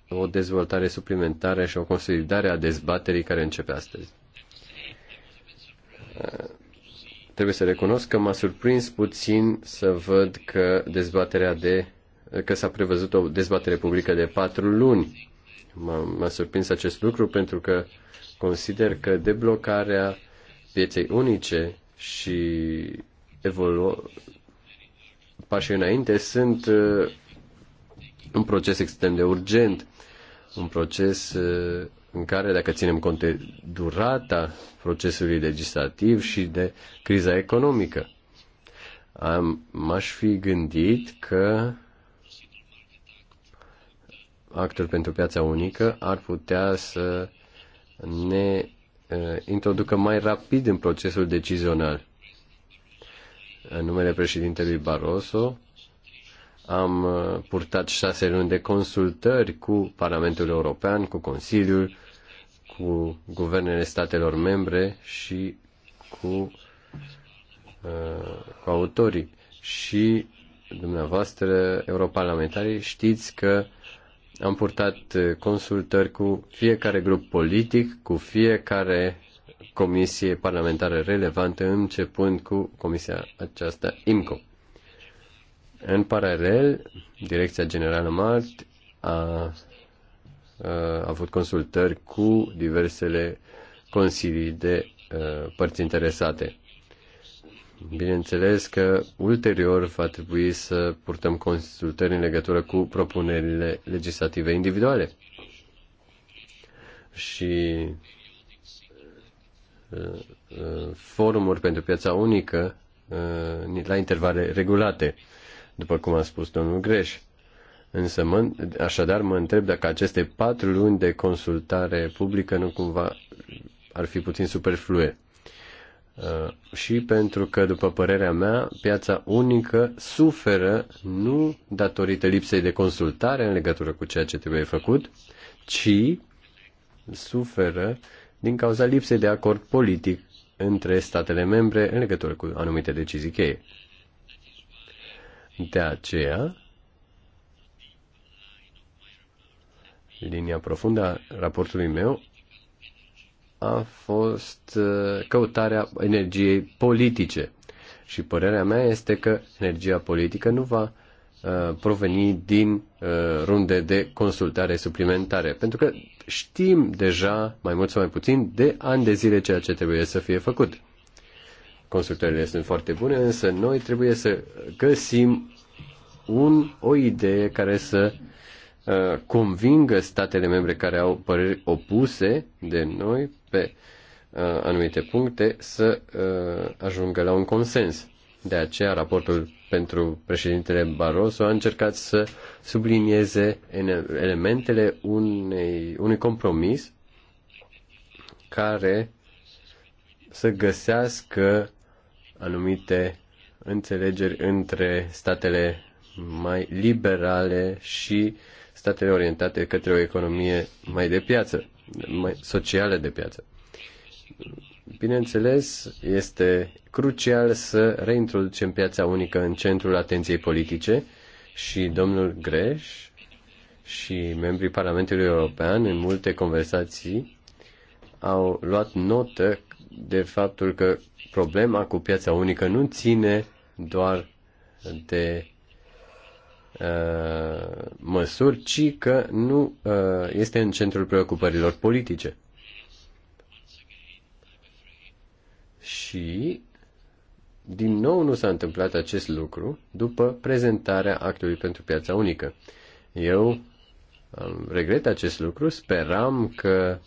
o dezvoltare suplimentară și o consolidare a dezbaterii care începe astăzi. Trebuie să recunosc că m-a surprins puțin să văd că dezbaterea de că s-a prevăzut o dezbatere publică de patru luni. M-a, surprins acest lucru pentru că consider că deblocarea pieței unice și evolu- pași înainte sunt uh, un proces extrem de urgent, un proces uh, în care, dacă ținem cont de durata procesului legislativ și de criza economică, am, m-aș fi gândit că actul pentru piața unică ar putea să ne uh, introducă mai rapid în procesul decizional. În numele președintelui Barroso am uh, purtat șase luni de consultări cu Parlamentul European, cu Consiliul, cu guvernele statelor membre și cu, uh, cu autorii. Și dumneavoastră, europarlamentarii, știți că am purtat uh, consultări cu fiecare grup politic, cu fiecare comisie parlamentară relevantă, începând cu comisia aceasta IMCO. În paralel, Direcția Generală Mart a, a, a avut consultări cu diversele consilii de a, părți interesate. Bineînțeles că ulterior va trebui să purtăm consultări în legătură cu propunerile legislative individuale. Și Uh, forumuri pentru piața unică uh, la intervale regulate, după cum a spus domnul Greș. Însă, mă, așadar, mă întreb dacă aceste patru luni de consultare publică nu cumva ar fi puțin superflue. Uh, și pentru că, după părerea mea, piața unică suferă nu datorită lipsei de consultare în legătură cu ceea ce trebuie făcut, ci suferă uh, din cauza lipsei de acord politic între statele membre în legătură cu anumite decizii cheie. De aceea, linia profundă a raportului meu a fost uh, căutarea energiei politice. Și părerea mea este că energia politică nu va Uh, proveni din uh, runde de consultare suplimentare, pentru că știm deja, mai mult sau mai puțin, de ani de zile ceea ce trebuie să fie făcut. Consultările sunt foarte bune, însă noi trebuie să găsim un, o idee care să uh, convingă statele membre care au păreri opuse de noi pe uh, anumite puncte să uh, ajungă la un consens. De aceea, raportul pentru președintele Barroso a încercat să sublinieze elementele unei, unui compromis care să găsească anumite înțelegeri între statele mai liberale și statele orientate către o economie mai de piață, mai socială de piață. Bineînțeles, este crucial să reintroducem piața unică în centrul atenției politice și domnul Greș și membrii Parlamentului European în multe conversații au luat notă de faptul că problema cu piața unică nu ține doar de uh, măsuri, ci că nu uh, este în centrul preocupărilor politice. și din nou nu s-a întâmplat acest lucru după prezentarea actului pentru piața unică. Eu regret acest lucru, speram că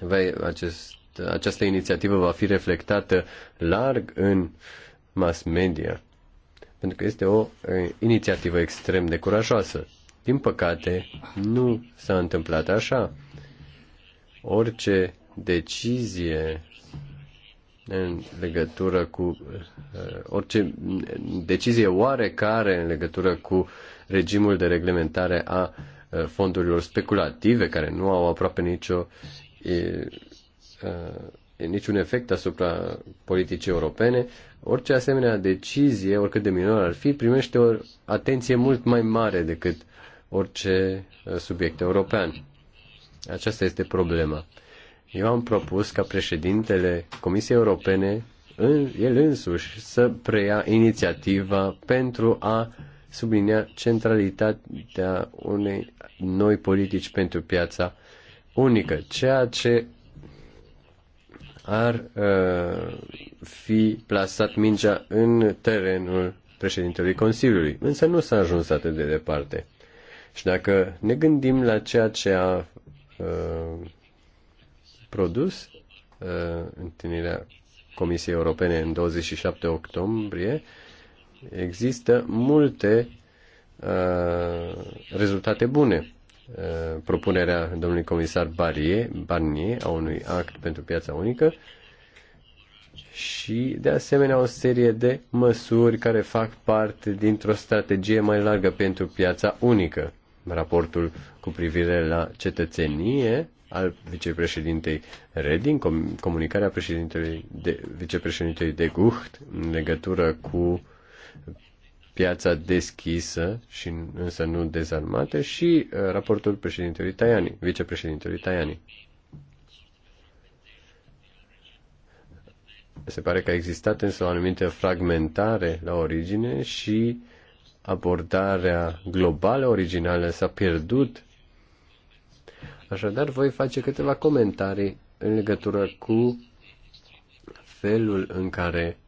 vei, acest, această inițiativă va fi reflectată larg în mass media, pentru că este o inițiativă extrem de curajoasă. Din păcate, nu s-a întâmplat așa. Orice decizie în legătură cu uh, orice decizie oarecare în legătură cu regimul de reglementare a uh, fondurilor speculative care nu au aproape nicio uh, niciun efect asupra politicii europene, orice asemenea decizie, oricât de minor ar fi, primește o atenție mult mai mare decât orice subiect european. Aceasta este problema. Eu am propus ca președintele Comisiei Europene, în, el însuși, să preia inițiativa pentru a sublinia centralitatea unei noi politici pentru piața unică, ceea ce ar uh, fi plasat mingea în terenul președintelui Consiliului. Însă nu s-a ajuns atât de departe. Și dacă ne gândim la ceea ce a uh, produs uh, întâlnirea Comisiei Europene în 27 octombrie, există multe uh, rezultate bune. Uh, propunerea domnului comisar Barnier, Barnier a unui act pentru piața unică și, de asemenea, o serie de măsuri care fac parte dintr-o strategie mai largă pentru piața unică. Raportul cu privire la cetățenie al vicepreședintei com- comunicarea președintelui de, vicepreședintelui de Gucht în legătură cu piața deschisă și însă nu dezarmată și uh, raportul președintelui Tajani, vicepreședintelui Tajani. Se pare că a existat însă o anumită fragmentare la origine și abordarea globală originală s-a pierdut Așadar, voi face câteva comentarii în legătură cu felul în care,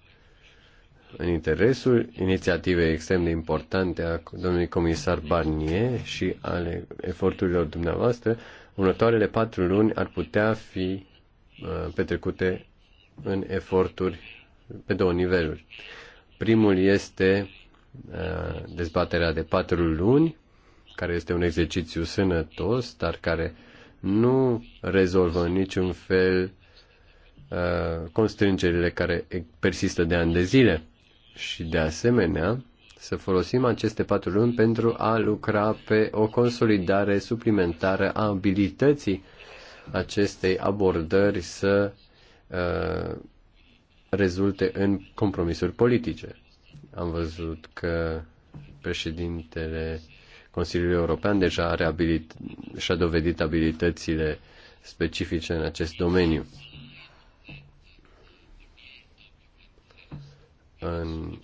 în interesul inițiativei extrem de importante a domnului comisar Barnier și ale eforturilor dumneavoastră, următoarele patru luni ar putea fi uh, petrecute în eforturi pe două niveluri. Primul este uh, dezbaterea de patru luni, care este un exercițiu sănătos, dar care uh, nu rezolvă în niciun fel uh, constrângerile care persistă de ani de zile. Și de asemenea, să folosim aceste patru luni pentru a lucra pe o consolidare suplimentară a abilității acestei abordări să uh, rezulte în compromisuri politice. Am văzut că președintele Consiliul European deja are abilit- și-a dovedit abilitățile specifice în acest domeniu. În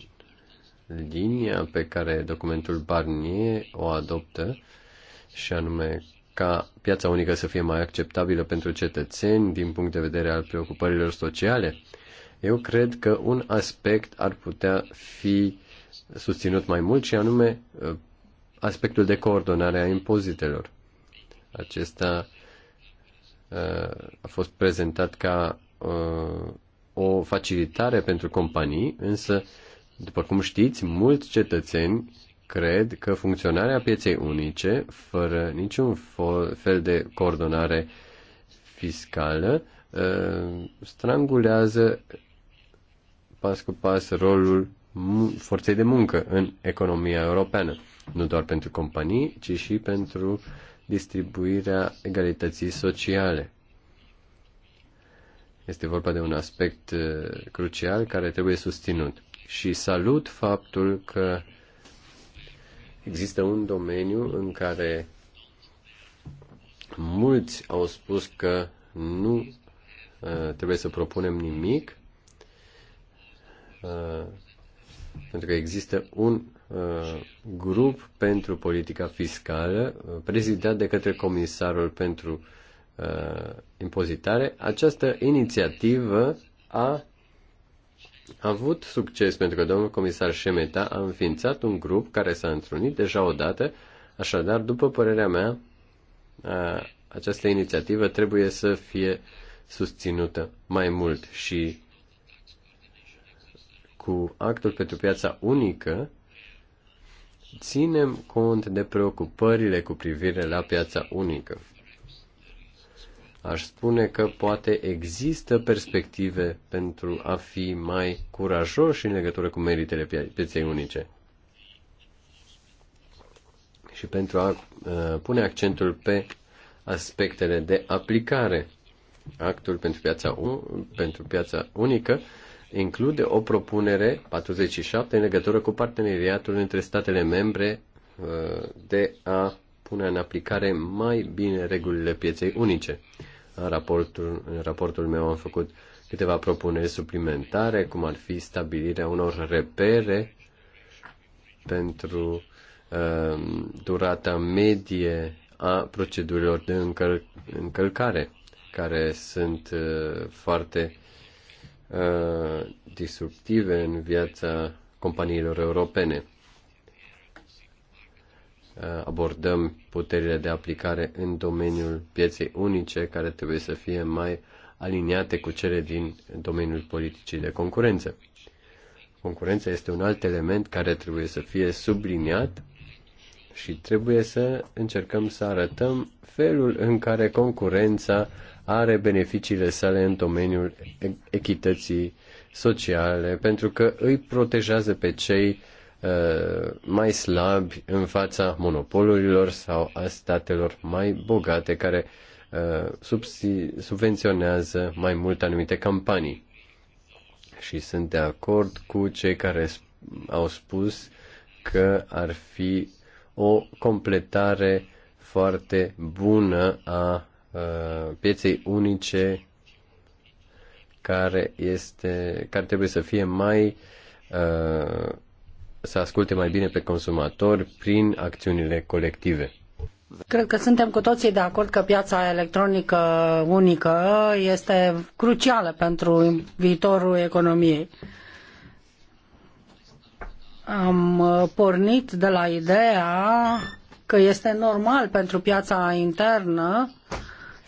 linia pe care documentul Barnier o adoptă, și anume ca piața unică să fie mai acceptabilă pentru cetățeni din punct de vedere al preocupărilor sociale, eu cred că un aspect ar putea fi susținut mai mult și anume aspectul de coordonare a impozitelor. Acesta uh, a fost prezentat ca uh, o facilitare pentru companii, însă, după cum știți, mulți cetățeni cred că funcționarea pieței unice, fără niciun fel de coordonare fiscală, uh, strangulează pas cu pas rolul forței de muncă în economia europeană nu doar pentru companii, ci și pentru distribuirea egalității sociale. Este vorba de un aspect uh, crucial care trebuie susținut. Și salut faptul că există un domeniu în care mulți au spus că nu uh, trebuie să propunem nimic, uh, pentru că există un Uh, grup pentru politica fiscală uh, prezidat de către Comisarul pentru uh, Impozitare. Această inițiativă a avut succes pentru că domnul comisar Șemeta a înființat un grup care s-a întrunit deja odată, așadar, după părerea mea, această inițiativă trebuie să fie susținută mai mult și cu actul pentru piața unică ținem cont de preocupările cu privire la piața unică. Aș spune că poate există perspective pentru a fi mai curajoși în legătură cu meritele pieței unice și pentru a uh, pune accentul pe aspectele de aplicare. Actul pentru piața, pentru piața unică include o propunere 47 în legătură cu parteneriatul între statele membre uh, de a pune în aplicare mai bine regulile pieței unice. În raportul, în raportul meu am făcut câteva propuneri suplimentare, cum ar fi stabilirea unor repere pentru uh, durata medie a procedurilor de încăl- încălcare, care sunt uh, foarte Uh, disruptive în viața companiilor europene. Uh, abordăm puterile de aplicare în domeniul pieței unice, care trebuie să fie mai aliniate cu cele din domeniul politicii de concurență. Concurența este un alt element care trebuie să fie subliniat și trebuie să încercăm să arătăm felul în care concurența are beneficiile sale în domeniul echității sociale, pentru că îi protejează pe cei uh, mai slabi în fața monopolurilor sau a statelor mai bogate care uh, subvenționează mai mult anumite campanii. Și sunt de acord cu cei care au spus că ar fi o completare foarte bună a Uh, pieței unice care este care trebuie să fie mai uh, să asculte mai bine pe consumatori prin acțiunile colective. Cred că suntem cu toții de acord că piața electronică unică este crucială pentru viitorul economiei. Am uh, pornit de la ideea că este normal pentru piața internă uh,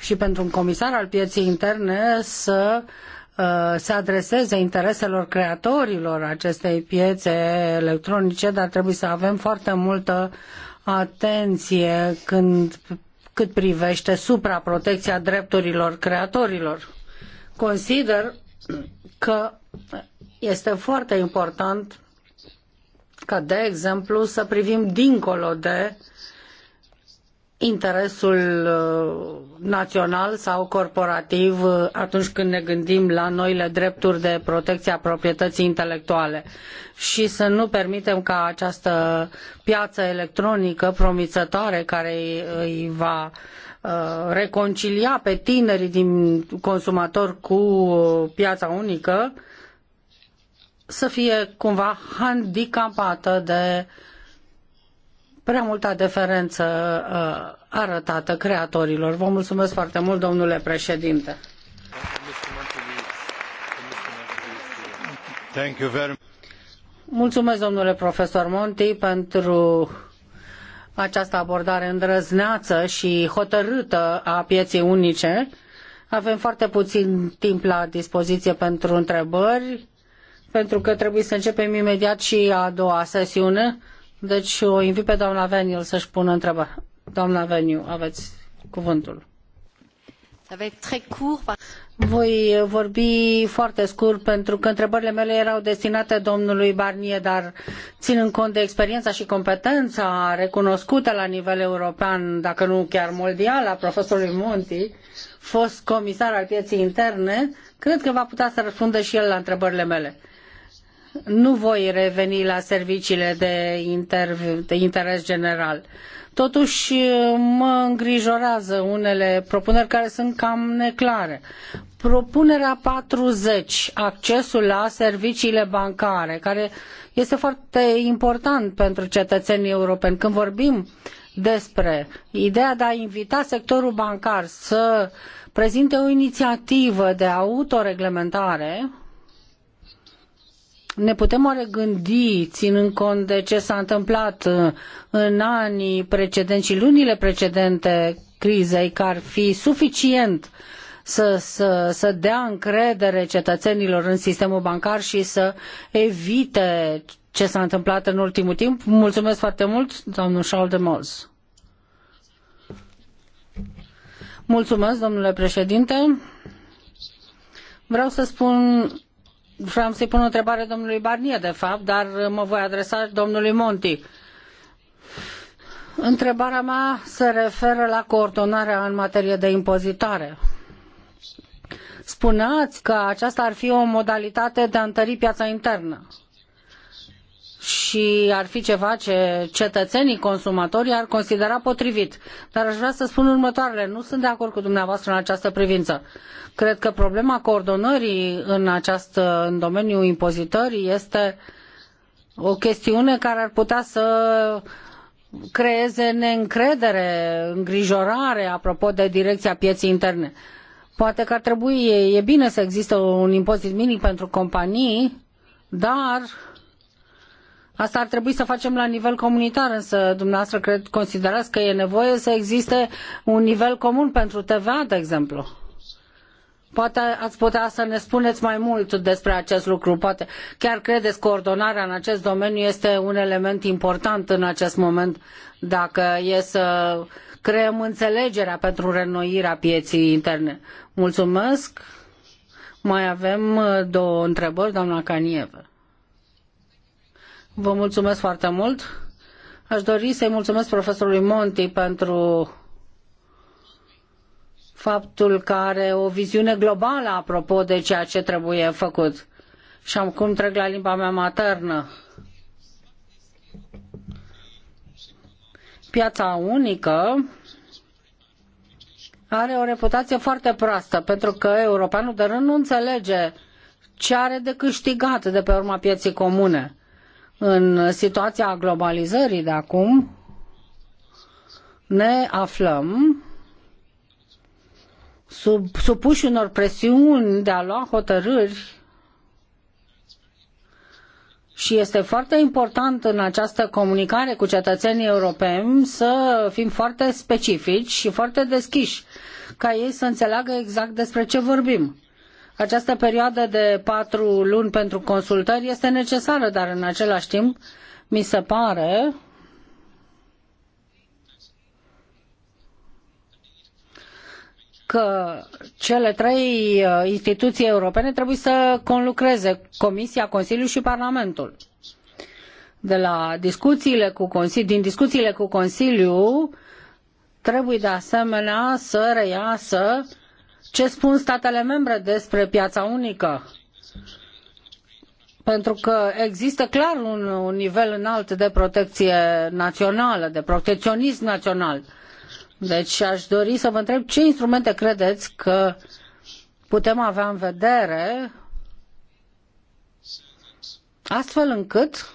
și pentru un comisar al pieței interne să uh, se adreseze intereselor creatorilor acestei piețe electronice, dar trebuie să avem foarte multă atenție când, cât privește supraprotecția drepturilor creatorilor. Consider că este foarte important ca, de exemplu, să privim dincolo de uh, interesul uh, național sau corporativ uh, atunci când ne gândim la noile drepturi de protecție a proprietății intelectuale și să nu permitem ca această piață electronică promițătoare care îi va uh, reconcilia pe tinerii din consumatori cu piața unică să fie cumva handicapată de uh, prea multă deferență uh, arătată creatorilor. Vă mulțumesc foarte mult, domnule președinte. Mulțumesc, domnule profesor Monti, pentru această abordare îndrăzneață și hotărâtă a pieței unice. Avem foarte puțin timp la dispoziție pentru întrebări, pentru că trebuie să începem imediat și a doua sesiune. Deci o invit pe doamna Veniu să-și pună întrebarea. Doamna Veniu, aveți cuvântul. Voi vorbi foarte scurt pentru că întrebările mele erau destinate domnului Barnier, dar ținând cont de experiența și competența recunoscută la nivel european, dacă nu chiar mondial, a profesorului Monti, fost comisar al pieței interne, cred că va putea să răspundă și el la întrebările mele. Nu voi reveni la serviciile de, inter, de interes general. Totuși mă îngrijorează unele propuneri care sunt cam neclare. Propunerea 40, accesul la serviciile bancare, care este foarte important pentru cetățenii europeni. Când vorbim despre ideea de a invita sectorul bancar să prezinte o inițiativă de autoreglementare, ne putem oare gândi, ținând cont de ce s-a întâmplat uh, în anii precedenți și lunile precedente crizei, că ar fi suficient să, să, să dea încredere cetățenilor în sistemul bancar și să evite ce s-a întâmplat în ultimul timp. Mulțumesc foarte mult, domnul Charles de Moz. Mulțumesc, domnule președinte. Vreau să spun Vreau să-i pun o întrebare domnului Barnier, de fapt, dar mă voi adresa domnului Monti. Întrebarea mea se referă la coordonarea în materie de impozitare. Spuneați că aceasta ar fi o modalitate de a întări piața internă și ar fi ceva ce cetățenii consumatorii ar considera potrivit. Dar aș vrea să spun următoarele. Nu sunt de acord cu dumneavoastră în această privință. Cred că problema coordonării în, acest în domeniul impozitării este o chestiune care ar putea să creeze neîncredere, îngrijorare apropo de direcția pieței interne. Poate că ar trebui, e bine să existe un impozit minim pentru companii, dar Asta ar trebui să facem la nivel comunitar, însă dumneavoastră cred, considerați că e nevoie să existe un nivel comun pentru TVA, de exemplu. Poate ați putea să ne spuneți mai mult despre acest lucru. Poate chiar credeți că coordonarea în acest domeniu este un element important în acest moment dacă e să creăm înțelegerea pentru renoirea pieții interne. Mulțumesc. Mai avem uh, două întrebări, doamna Canieve. Vă mulțumesc foarte mult. Aș dori să-i mulțumesc profesorului Monti pentru faptul că are o viziune globală apropo de ceea ce trebuie făcut. Și acum trec la limba mea maternă. Piața unică are o reputație foarte proastă, pentru că europeanul de rând nu înțelege ce are de câștigat de pe urma pieței comune. În situația globalizării de acum ne aflăm sub, supuși unor presiuni de a lua hotărâri și este foarte important în această comunicare cu cetățenii europeni să fim foarte specifici și foarte deschiși, ca ei să înțeleagă exact despre ce vorbim. Această perioadă de patru luni pentru consultări este necesară, dar în același timp mi se pare că cele trei uh, instituții europene trebuie să conlucreze, Comisia, Consiliul și Parlamentul. De la discuțiile cu Consiliu, din discuțiile cu Consiliu trebuie de asemenea să reiasă ce spun statele membre despre piața unică. Pentru că există clar un, un nivel înalt de protecție națională, de protecționism național. Deci aș dori să vă întreb ce instrumente credeți că putem avea în vedere astfel încât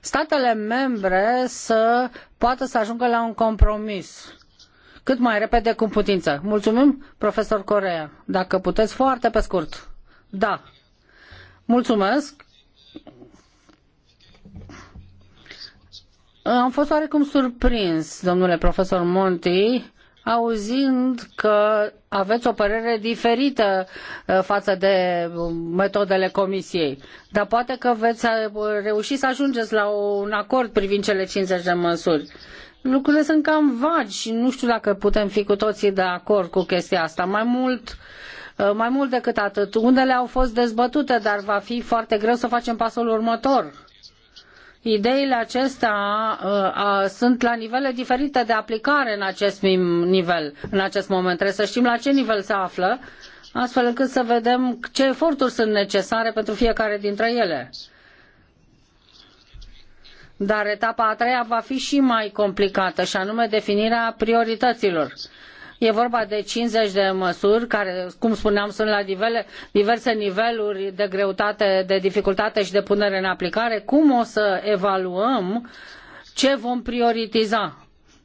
statele membre să poată să ajungă la un compromis cât mai repede cu putință. Mulțumim, profesor Corea. Dacă puteți, foarte pe scurt. Da. Mulțumesc. Am fost oarecum surprins, domnule profesor Monti, auzind că aveți o părere diferită uh, față de um, metodele comisiei. Dar poate că veți uh, reuși să ajungeți la un acord privind cele 50 de măsuri lucrurile sunt cam vagi și nu știu dacă putem fi cu toții de acord cu chestia asta. Mai mult, uh, mai mult decât atât, unele au fost dezbătute, dar va fi foarte greu să facem pasul următor. Ideile acestea uh, sunt la nivele diferite de aplicare în acest nivel, în acest moment. Trebuie să știm la ce nivel se află, astfel încât să vedem ce eforturi sunt necesare pentru fiecare dintre ele. Uh, dar etapa a treia va fi și mai complicată, și anume definirea priorităților. E vorba de 50 de măsuri care, cum spuneam, sunt la nivele, diverse niveluri de greutate, de dificultate și de punere în aplicare. Cum o să evaluăm ce vom prioritiza?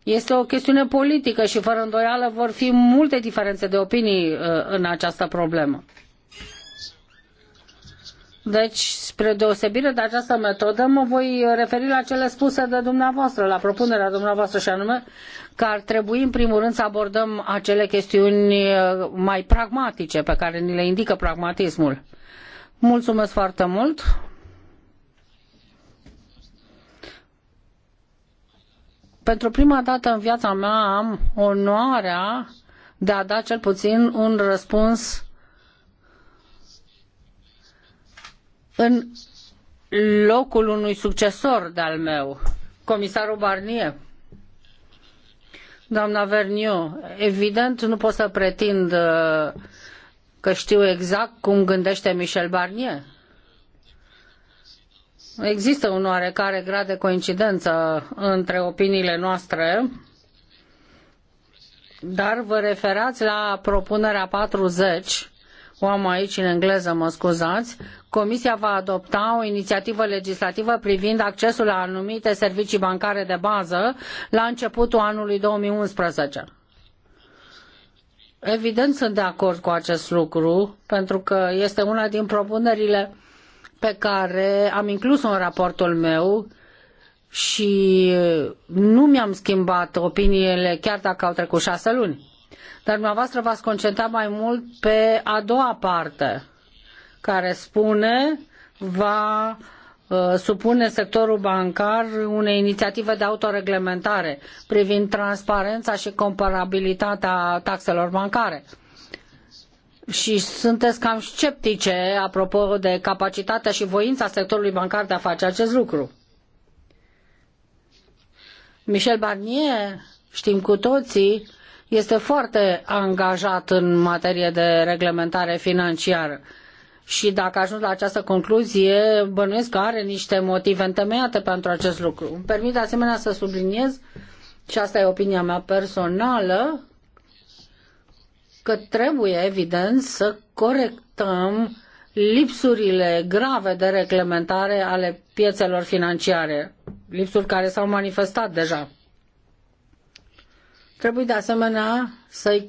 Este o chestiune politică și fără îndoială vor fi multe diferențe de opinii uh, în această problemă. Deci, spre deosebire de această metodă, mă voi referi la cele spuse de dumneavoastră, la propunerea dumneavoastră și anume că ar trebui, în primul rând, să abordăm acele chestiuni uh, mai pragmatice pe care ni le indică pragmatismul. Mulțumesc foarte mult! Pentru prima dată în viața mea am onoarea de a da cel puțin un răspuns în locul unui succesor de-al meu, comisarul Barnier. Doamna Verniu, evident nu pot să pretind uh, că știu exact cum gândește Michel Barnier. Există un oarecare grad de coincidență între opiniile noastre, dar vă referați la propunerea 40 o am aici în engleză, mă scuzați, Comisia va adopta o inițiativă legislativă privind accesul la anumite servicii bancare de bază la începutul anului 2011. Evident sunt de acord cu acest lucru, pentru că este una din propunerile pe care am inclus-o în raportul meu și nu mi-am schimbat opiniile chiar dacă au trecut șase luni dar dumneavoastră v-ați concentrat mai mult pe a doua parte, care spune va uh, supune sectorul bancar unei inițiative de autoreglementare privind transparența și comparabilitatea taxelor bancare. Și sunteți cam sceptice apropo de capacitatea și voința sectorului bancar de a face acest lucru. Michel Barnier, știm cu toții, este foarte angajat în materie de reglementare financiară. Și dacă ajung la această concluzie, bănuiesc că are niște motive întemeiate pentru acest lucru. Îmi permit de asemenea să subliniez, și asta e opinia mea personală, că trebuie, evident, să corectăm lipsurile grave de reglementare ale piețelor financiare, lipsuri care s-au manifestat deja. Trebuie de asemenea să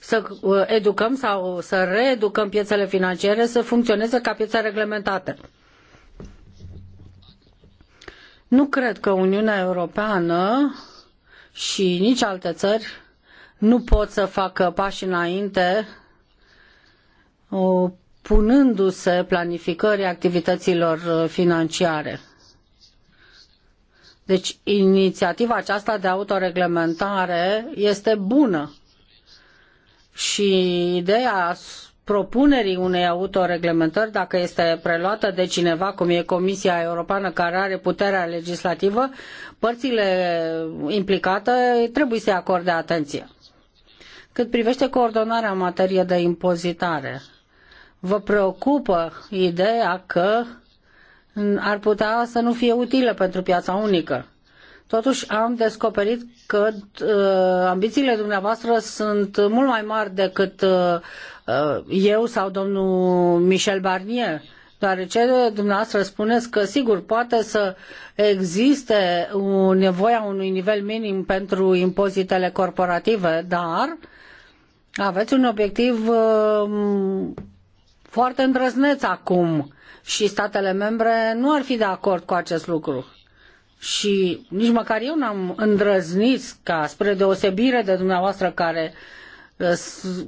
să uh, educăm sau să reeducăm piețele financiare să funcționeze ca piețe reglementate. Nu cred că Uniunea Europeană și nici alte țări nu pot să facă pași înainte uh, punându-se planificării activităților uh, financiare. Deci inițiativa aceasta de autoreglementare este bună și ideea propunerii unei autoreglementări, dacă este preluată de cineva, cum e Comisia Europeană care are puterea legislativă, părțile implicate trebuie să-i acorde atenție. Cât privește coordonarea în materie de impozitare, vă preocupă ideea că ar putea să nu fie utilă pentru piața unică. Totuși am descoperit că uh, ambițiile dumneavoastră sunt mult mai mari decât uh, uh eu sau domnul Michel Barnier, deoarece dumneavoastră spuneți că sigur poate să existe o a unui nivel minim pentru impozitele corporative, dar aveți un obiectiv uh, foarte îndrăzneț acum și statele membre nu ar fi de acord cu acest lucru. Și nici măcar eu n-am îndrăznit ca, spre deosebire de dumneavoastră care uh,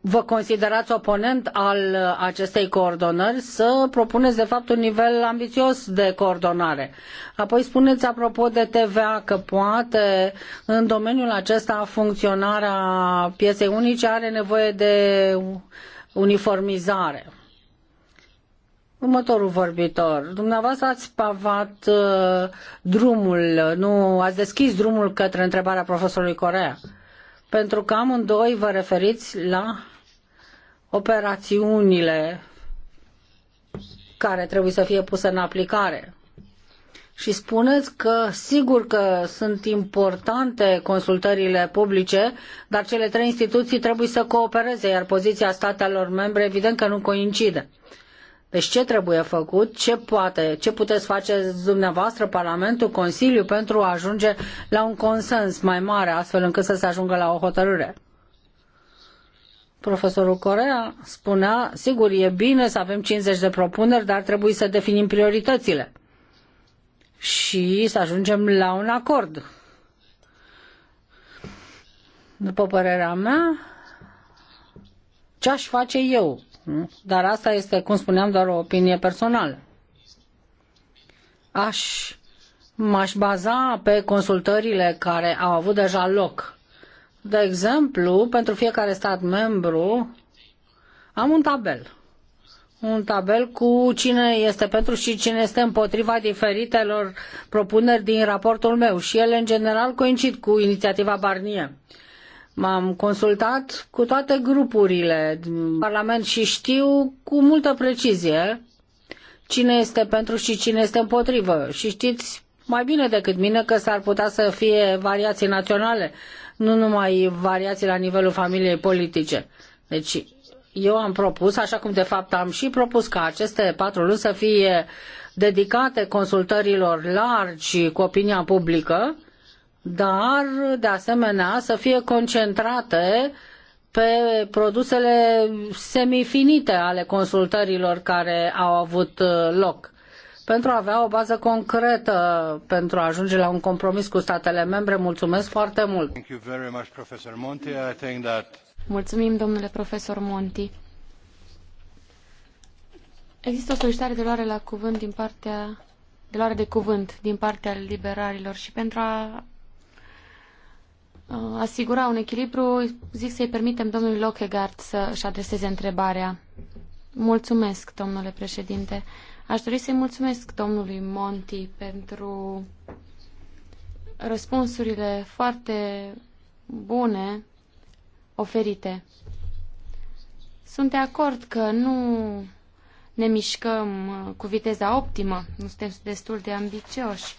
vă considerați oponent al uh, acestei coordonări, să propuneți de fapt un nivel ambițios de coordonare. Apoi spuneți apropo de TVA că poate în domeniul acesta funcționarea pieței unice are nevoie de uniformizare. Următorul vorbitor, dumneavoastră ați pavat uh, drumul, nu ați deschis drumul către întrebarea profesorului Corea, pentru că amândoi vă referiți la operațiunile care trebuie să fie puse în aplicare și spuneți că sigur că sunt importante consultările publice, dar cele trei instituții trebuie să coopereze, iar poziția statelor membre evident că nu coincide. Deci ce trebuie făcut, ce poate, ce puteți face dumneavoastră, Parlamentul, Consiliu, pentru a ajunge la un consens mai mare, astfel încât să se ajungă la o hotărâre? Profesorul Corea spunea, sigur, e bine să avem 50 de propuneri, dar trebuie să definim prioritățile și să ajungem la un acord. După părerea mea, ce aș face eu? Dar asta este, cum spuneam, doar o opinie personală. Aș, m-aș baza pe consultările care au avut deja loc. De exemplu, pentru fiecare stat membru am un tabel un tabel cu cine este pentru și cine este împotriva diferitelor propuneri din raportul meu și ele în general coincid cu inițiativa Barnier. M-am consultat cu toate grupurile din Parlament și știu cu multă precizie cine este pentru și cine este împotrivă. Și știți mai bine decât mine că s-ar putea să fie variații naționale, nu numai variații la nivelul familiei politice. Deci eu am propus, așa cum de fapt am și propus ca aceste patru luni să fie dedicate consultărilor largi cu opinia publică, dar de asemenea să fie concentrate pe produsele semifinite ale consultărilor care au avut uh, loc pentru a avea o bază concretă pentru a ajunge la un compromis cu statele membre. Mulțumesc foarte mult! Mulțumim, profesor Monti. Există o solicitare de luare la cuvânt din partea de luare de cuvânt din partea liberalilor și pentru a asigura un echilibru, zic să-i permitem domnului Lockegaard să-și adreseze întrebarea. Mulțumesc, domnule președinte. Aș dori să-i mulțumesc domnului Monti pentru răspunsurile foarte bune oferite. Sunt de acord că nu ne mișcăm uh, cu viteza optimă, nu suntem destul de ambicioși.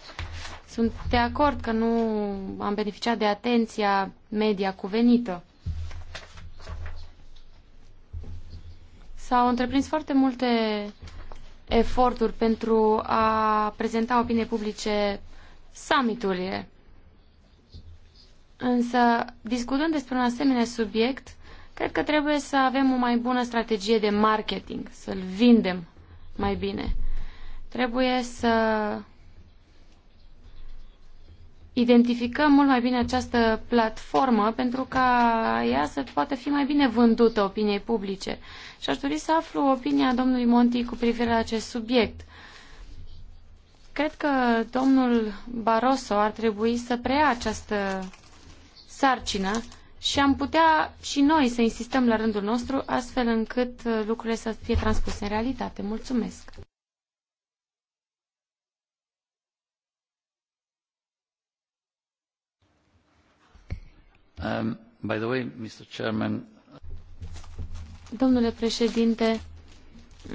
Sunt de acord că nu am beneficiat de atenția media cuvenită. S-au întreprins foarte multe eforturi pentru a prezenta opinie publice summiturile Însă, discutând despre un asemenea subiect, cred că trebuie să avem o mai bună strategie de marketing, să-l vindem mai bine. Trebuie să identificăm mult mai bine această platformă pentru ca ea să poată fi mai bine vândută opiniei publice. Și aș dori să aflu opinia domnului Monti cu privire la acest subiect. Cred că domnul Barroso ar trebui să preia această sarcină și am putea și noi să insistăm la rândul nostru astfel încât uh, lucrurile să fie transpuse în realitate. Mulțumesc! Um, by the way, Mr. Chairman... Domnule președinte,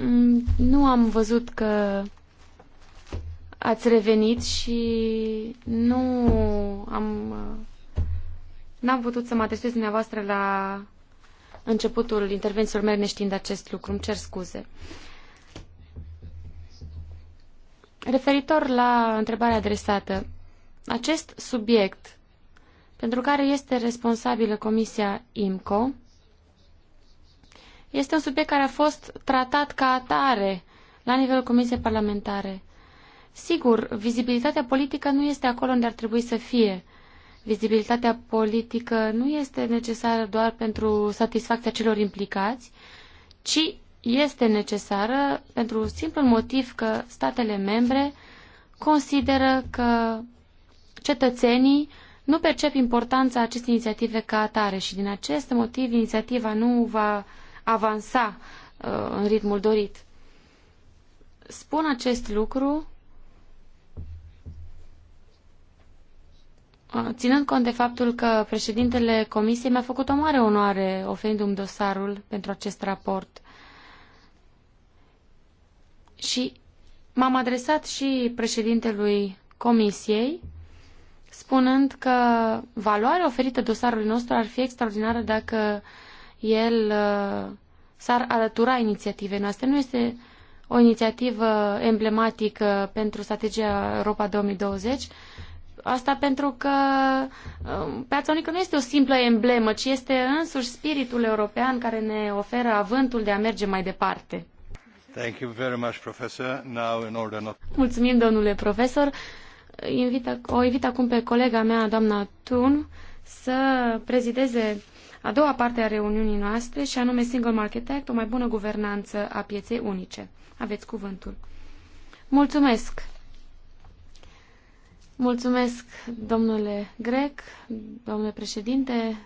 mm, nu am văzut că ați revenit și nu am uh, N-am putut să mă adresez dumneavoastră la începutul intervențiilor mele neștiind acest lucru. Îmi cer scuze. Referitor la întrebarea adresată, acest subiect pentru care este responsabilă Comisia IMCO este un subiect care a fost tratat ca atare la nivelul Comisiei Parlamentare. Sigur, vizibilitatea politică nu este acolo unde ar trebui să fie, Vizibilitatea politică nu este necesară doar pentru satisfacția celor implicați, ci este necesară pentru simplul motiv că statele membre consideră că cetățenii nu percep importanța acestei inițiative ca atare și din acest motiv inițiativa nu va avansa uh, în ritmul dorit. Spun acest lucru Ținând cont de faptul că președintele Comisiei mi-a făcut o mare onoare oferindu-mi dosarul pentru acest raport și m-am adresat și președintelui Comisiei spunând că valoarea oferită dosarului nostru ar fi extraordinară dacă el uh, s-ar alătura inițiativei noastre. Nu este o inițiativă emblematică pentru strategia Europa 2020, Asta pentru că um, piața unică nu este o simplă emblemă, ci este însuși spiritul european care ne oferă avântul de a merge mai departe. Thank you very much, professor. Now, in order not... Mulțumim, domnule profesor. Invit, o invit acum pe colega mea, doamna Tun, să prezideze a doua parte a reuniunii noastre, și anume Single Market Act, o mai bună guvernanță a pieței unice. Aveți cuvântul. Mulțumesc! Mulțumesc, domnule Grec, domnule președinte,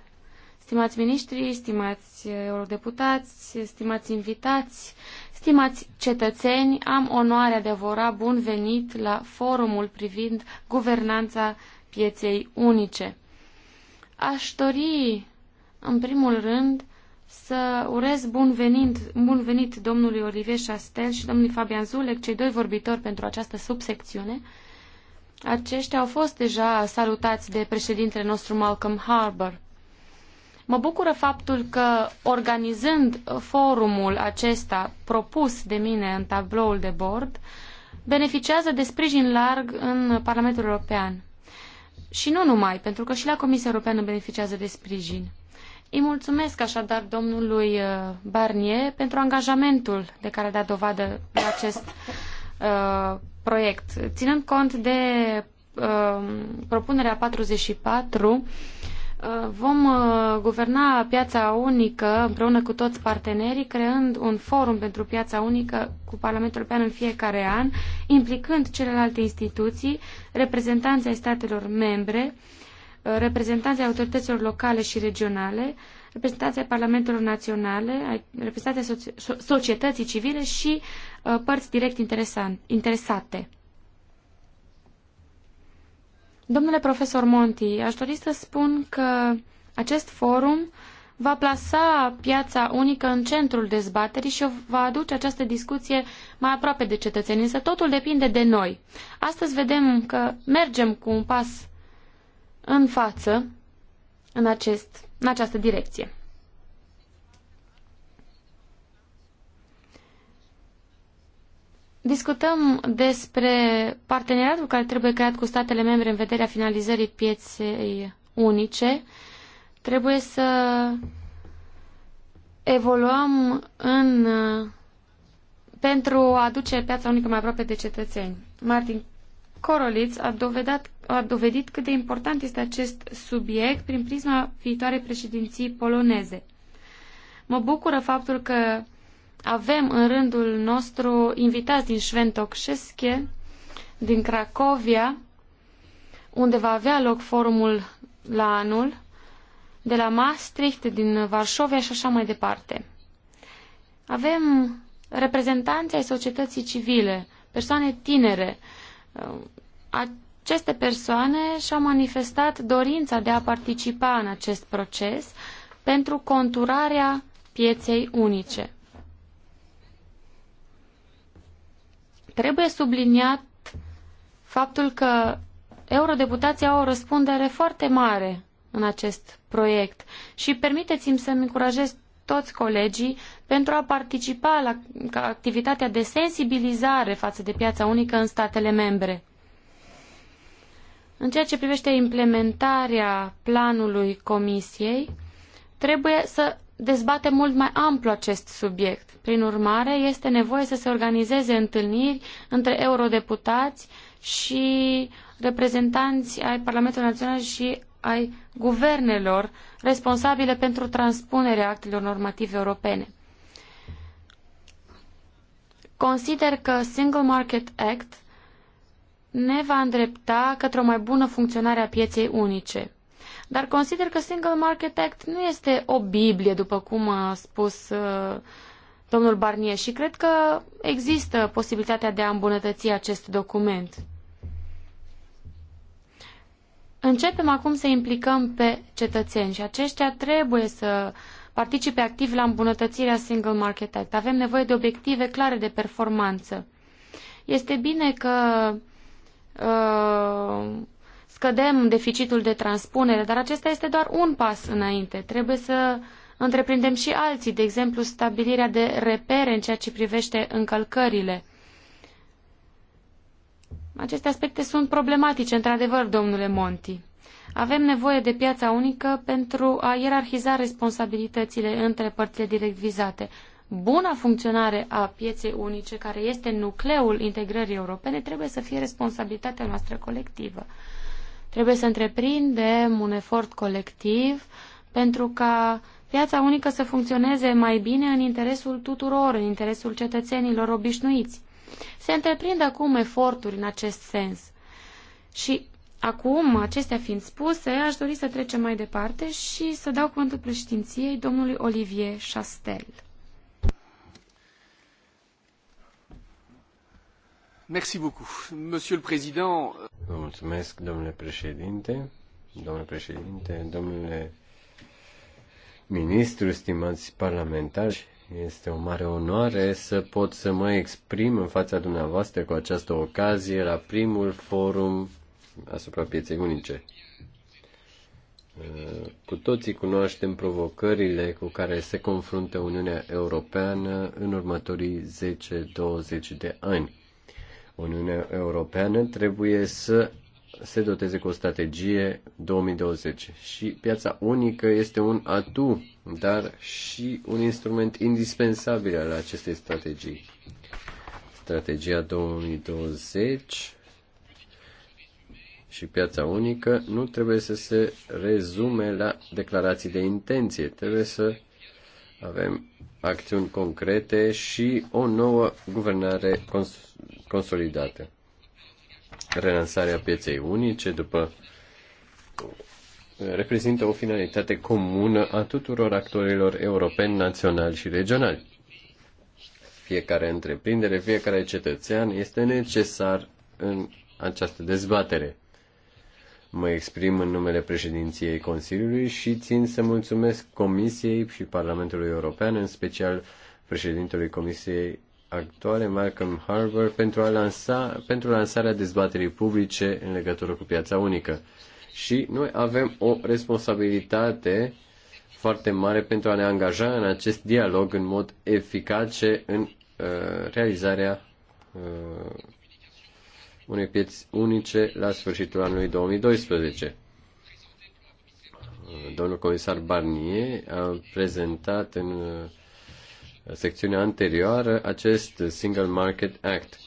stimați miniștri, stimați eurodeputați, stimați invitați, stimați cetățeni, am onoarea de a vă bun venit la forumul privind guvernanța pieței unice. Aș dori, în primul rând, să urez bun venit, bun venit domnului Olivier Chastel și domnului Fabian Zulec, cei doi vorbitori pentru această subsecțiune, aceștia au fost deja salutați de președintele nostru Malcolm Harbour. Mă bucură faptul că, organizând forumul acesta propus de mine în tabloul de bord, beneficiază de sprijin larg în Parlamentul European. Și nu numai, pentru că și la Comisia Europeană beneficiază de sprijin. Îi mulțumesc așadar domnului uh, Barnier pentru angajamentul de care a dat dovadă la acest uh, proiect. Ținând cont de uh, propunerea 44, uh, vom uh, guverna piața unică împreună cu toți partenerii, creând un forum pentru piața unică cu Parlamentul European în fiecare an, implicând celelalte instituții, reprezentanții ai statelor membre, reprezentanții autorităților locale și regionale, reprezentanții Parlamentelor Naționale, reprezentanții societății civile și Uh, părți direct interesate. Domnule profesor Monti, aș dori să spun că acest forum va plasa piața unică în centrul dezbaterii și va aduce această discuție mai aproape de cetățeni, însă totul depinde de noi. Astăzi vedem că mergem cu un pas în față în, acest, în această direcție. Discutăm despre parteneriatul care trebuie creat cu statele membre în vederea finalizării pieței unice. Trebuie să evoluăm în, pentru a aduce piața unică mai aproape de cetățeni. Martin Coroliț a, dovedat, a dovedit cât de important este acest subiect prin prisma viitoarei președinții poloneze. Mă bucură faptul că avem în rândul nostru invitați din Sventokșesche, din Cracovia, unde va avea loc forumul la anul, de la Maastricht, din Varșovia și așa mai departe. Avem reprezentanții ai societății civile, persoane tinere. Aceste persoane și-au manifestat dorința de a participa în acest proces pentru conturarea pieței unice. Trebuie subliniat faptul că eurodeputații au o răspundere foarte mare în acest proiect și permiteți-mi să-mi încurajez toți colegii pentru a participa la activitatea de sensibilizare față de piața unică în statele membre. În ceea ce privește implementarea planului Comisiei, trebuie să dezbate mult mai amplu acest subiect. Prin urmare, este nevoie să se organizeze întâlniri între eurodeputați și reprezentanți ai Parlamentului Național și ai guvernelor responsabile pentru transpunerea actelor normative europene. Consider că Single Market Act ne va îndrepta către o mai bună funcționare a pieței unice. Dar consider că Single Market Act nu este o Biblie, după cum a spus uh, domnul Barnier, și cred că există posibilitatea de a îmbunătăți acest document. Începem acum să implicăm pe cetățeni și aceștia trebuie să participe activ la îmbunătățirea Single Market Act. Avem nevoie de obiective clare de performanță. Este bine că uh, scădem deficitul de transpunere, dar acesta este doar un pas înainte. Trebuie să întreprindem și alții, de exemplu stabilirea de repere în ceea ce privește încălcările. Aceste aspecte sunt problematice, într-adevăr, domnule Monti. Avem nevoie de piața unică pentru a ierarhiza responsabilitățile între părțile direct vizate. Buna funcționare a pieței unice, care este nucleul integrării europene, trebuie să fie responsabilitatea noastră colectivă. Trebuie să întreprindem un efort colectiv pentru ca piața unică să funcționeze mai bine în interesul tuturor, în interesul cetățenilor obișnuiți. Se întreprind acum eforturi în acest sens. Și acum, acestea fiind spuse, aș dori să trecem mai departe și să dau cuvântul președinției domnului Olivier Chastel. Merci beaucoup. Monsieur le Président. Euh, Vă mulțumesc, domnule președinte, domnule președinte, domnule ministru, stimați parlamentari. Este o mare onoare să pot să mă exprim în fața dumneavoastră cu această ocazie la primul forum asupra pieței unice. Uh, cu toții cunoaștem provocările cu care se confruntă Uniunea Europeană în următorii 10-20 de ani. Uniunea Europeană trebuie să se doteze cu o strategie 2020 și piața unică este un atu, dar și un instrument indispensabil al acestei strategii. Strategia 2020 și piața unică nu trebuie să se rezume la declarații de intenție, trebuie să avem acțiuni concrete și o nouă guvernare cons- consolidată. Relansarea pieței unice după reprezintă o finalitate comună a tuturor actorilor europeni, naționali și regionali. Fiecare întreprindere, fiecare cetățean este necesar în această dezbatere. Mă exprim în numele președinției Consiliului și țin să mulțumesc Comisiei și Parlamentului European, în special președintelui Comisiei actuale, Malcolm Harbour, pentru, a lansa, pentru lansarea dezbaterii publice în legătură cu piața unică. Și noi avem o responsabilitate foarte mare pentru a ne angaja în acest dialog în mod eficace în uh, realizarea uh, unei pieți unice la sfârșitul anului 2012. Domnul comisar Barnier a prezentat în uh, secțiunea anterioară acest Single Market Act.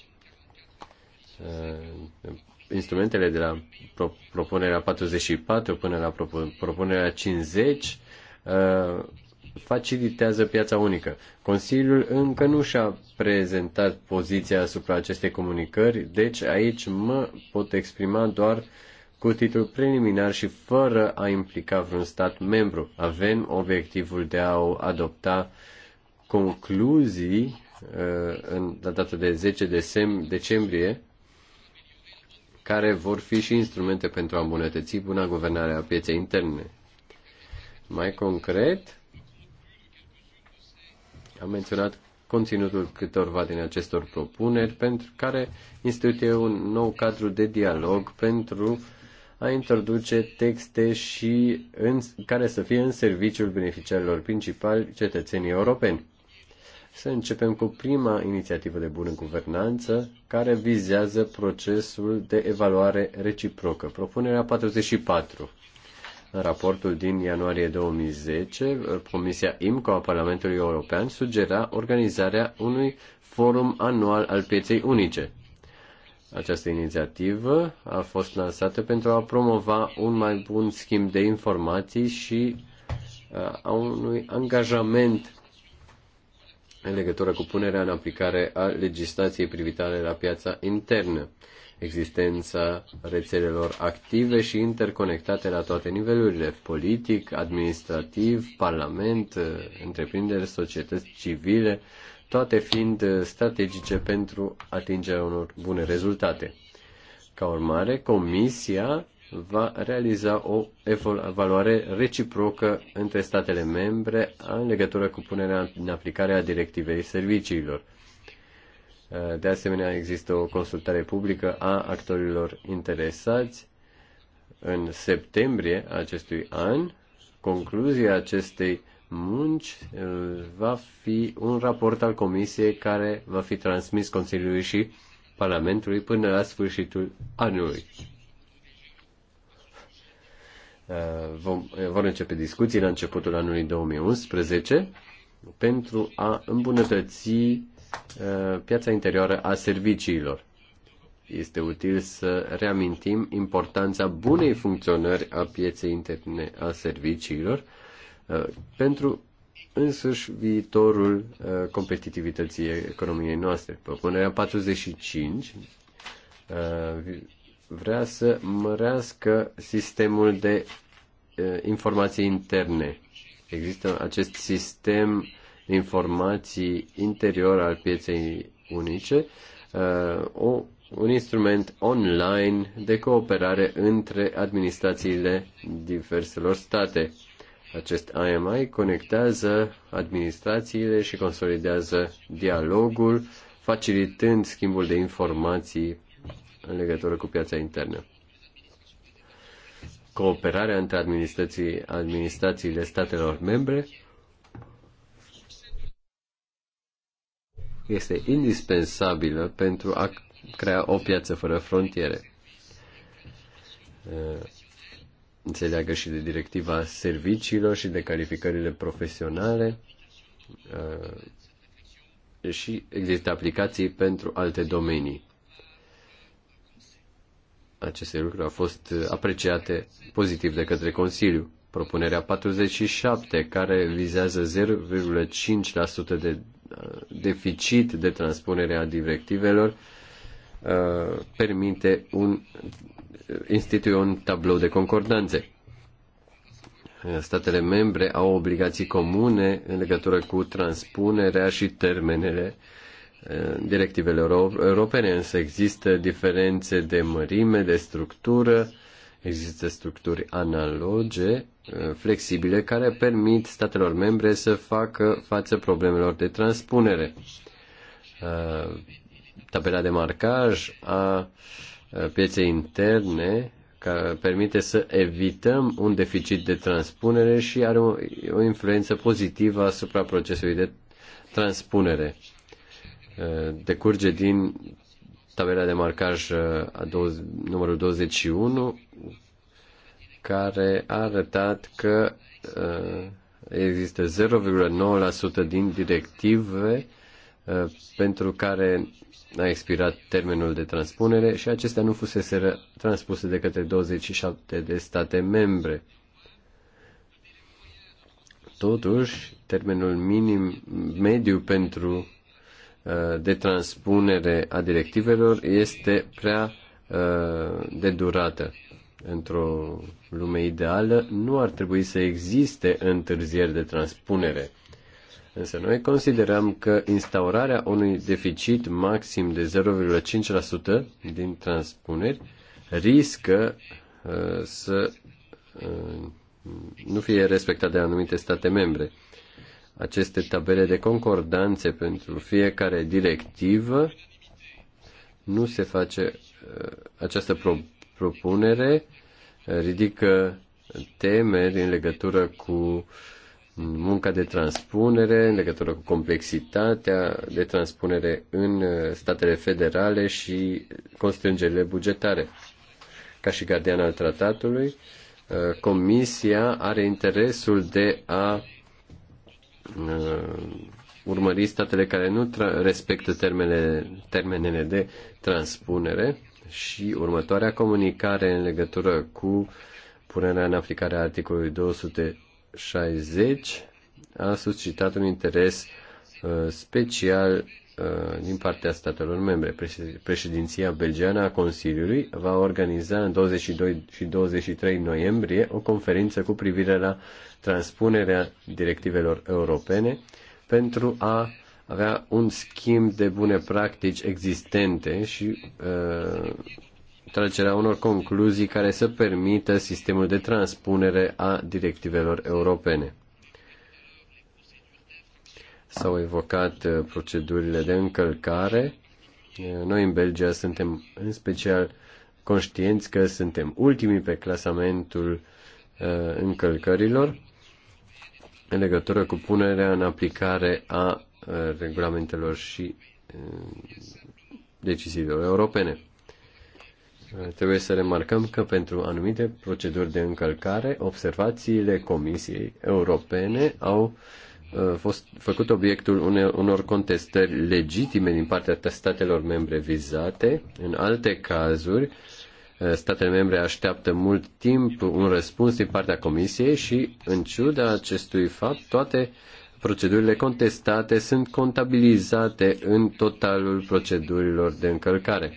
Uh, instrumentele de la propunerea 44 până la propunerea 50 facilitează piața unică. Consiliul încă nu și-a prezentat poziția asupra acestei comunicări, deci aici mă pot exprima doar cu titlul preliminar și fără a implica vreun stat membru. Avem obiectivul de a adopta concluzii uh, în data de 10 decembrie care vor fi și instrumente pentru a îmbunătăți buna guvernare a pieței interne. Mai concret, am menționat conținutul câtorva din acestor propuneri pentru care instituie un nou cadru de dialog pentru a introduce texte și în, care să fie în serviciul beneficiarilor principali cetățenii europeni. Să începem cu prima inițiativă de bună guvernanță care vizează procesul de evaluare reciprocă, propunerea 44 raportul din ianuarie 2010, Comisia IMCO a Parlamentului European sugera organizarea unui forum anual al pieței unice. Această inițiativă a fost lansată pentru a promova un mai bun schimb de informații și uh, a unui angajament în legătură cu punerea în aplicare a legislației privitare la piața internă existența rețelelor active și interconectate la toate nivelurile, politic, administrativ, parlament, eh, întreprinderi, societăți civile, toate fiind eh, strategice pentru atingerea unor bune rezultate. Ca urmare, Comisia va realiza o evaluare reciprocă între statele membre în legătură cu punerea în aplicare a directivei serviciilor. Uh, de asemenea, există o consultare publică a actorilor interesați în septembrie acestui an. Concluzia acestei munci uh, va fi un raport al Comisiei care va fi transmis Consiliului și Parlamentului până la sfârșitul anului. Uh, vom, vor începe discuții la începutul anului 2011 pentru a îmbunătăți Uh, piața interioară a serviciilor. Este util să reamintim importanța bunei funcționări a pieței interne a serviciilor uh, pentru însuși viitorul uh, competitivității economiei noastre. Propunerea 45 vrea să mărească sistemul de informații interne. Există acest sistem informații interior al pieței unice, uh, o, un instrument online de cooperare între administrațiile diverselor state. Acest IMI conectează administrațiile și consolidează dialogul, facilitând schimbul de informații în legătură cu piața internă. Cooperarea între administrații, administrațiile statelor membre este indispensabilă pentru a crea o piață fără frontiere. Uh, înțeleagă și de directiva serviciilor și de calificările profesionale uh, și există aplicații pentru alte domenii. Aceste lucruri au fost apreciate pozitiv de către Consiliu. Propunerea 47, care vizează 0,5% de deficit de transpunere a directivelor uh, permite un instituie un tablou de concordanțe. Uh, statele membre au obligații comune în legătură cu transpunerea și termenele uh, directivele europene, însă există diferențe de mărime, de structură, există structuri analoge Eh, flexibile care permit statelor membre să facă față problemelor de transpunere. Eh, tabela de marcaj a eh, pieței interne care permite să evităm un deficit de transpunere și are o, o influență pozitivă asupra procesului de transpunere. Decurge din tabela de marcaj a 20, numărul 21, care a arătat că uh, există 0,9% din directive uh, pentru care a expirat termenul de transpunere și acestea nu fusese transpuse de către 27 de state membre. Totuși, termenul minim mediu pentru uh, de transpunere a directivelor este prea de durată într-o lume ideală, nu ar trebui să existe întârzieri de transpunere. Însă noi considerăm că instaurarea unui deficit maxim de 0,5% din transpuneri riscă uh, să uh, nu fie respectat de anumite state membre. Aceste tabele de concordanțe pentru fiecare directivă nu se face uh, această propunere propunere ridică temeri în legătură cu munca de transpunere, în legătură cu complexitatea de transpunere în statele federale și constrângerile bugetare. Ca și gardian al tratatului, Comisia are interesul de a uh, urmări statele care nu respectă termenele, termenele de transpunere și următoarea comunicare în legătură cu punerea în aplicare a articolului 260 a suscitat un interes uh, special uh, din partea statelor membre. Președinția belgeană a Consiliului va organiza în 22 și 23 noiembrie o conferință cu privire la transpunerea directivelor europene pentru a avea un schimb de bune practici existente și uh, tracerea unor concluzii care să permită sistemul de transpunere a directivelor europene. S-au evocat uh, procedurile de încălcare. Uh, noi în Belgia suntem în special conștienți că suntem ultimii pe clasamentul uh, încălcărilor în legătură cu punerea în aplicare a Uh, regulamentelor și uh, deciziilor europene. Uh, trebuie să remarcăm că pentru anumite proceduri de încălcare, observațiile Comisiei Europene au fost făcut obiectul unor contestări legitime din partea statelor membre vizate. În alte cazuri, statele membre așteaptă mult timp un răspuns din partea Comisiei și, în ciuda acestui fapt, toate uh, procedurile contestate sunt contabilizate în totalul procedurilor de încălcare.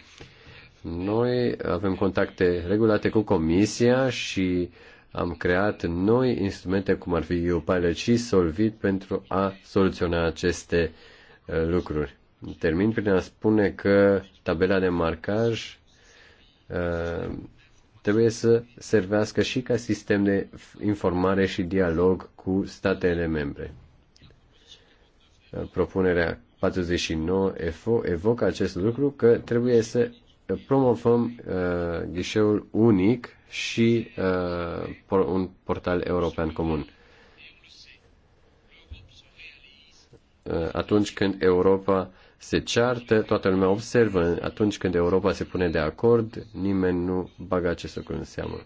Noi avem contacte regulate cu Comisia și am creat noi instrumente, cum ar fi Geopilot și Solvit, pentru a soluționa aceste uh, lucruri. Termin prin a spune că tabela de marcaj uh, trebuie să servească și ca sistem de informare și dialog cu statele membre. Uh, propunerea 49 EFO evocă acest lucru că trebuie să uh, promovăm uh, ghișeul unic și uh, por- un portal european comun. Uh, atunci când Europa se ceartă, toată lumea observă. Atunci când Europa se pune de acord, nimeni nu bagă acest lucru în seamă.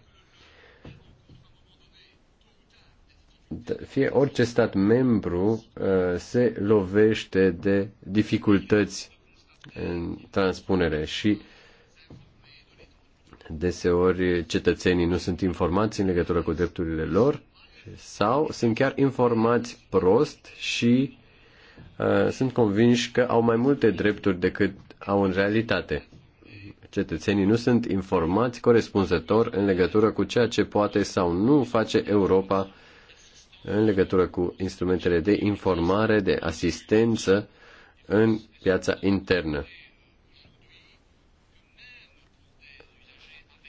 fie orice stat membru uh, se lovește de dificultăți în transpunere și deseori cetățenii nu sunt informați în legătură cu drepturile lor sau sunt chiar informați prost și uh, sunt convinși că au mai multe drepturi decât au în realitate. Cetățenii nu sunt informați corespunzător în legătură cu ceea ce poate sau nu face Europa în legătură cu instrumentele de informare, de asistență în piața internă.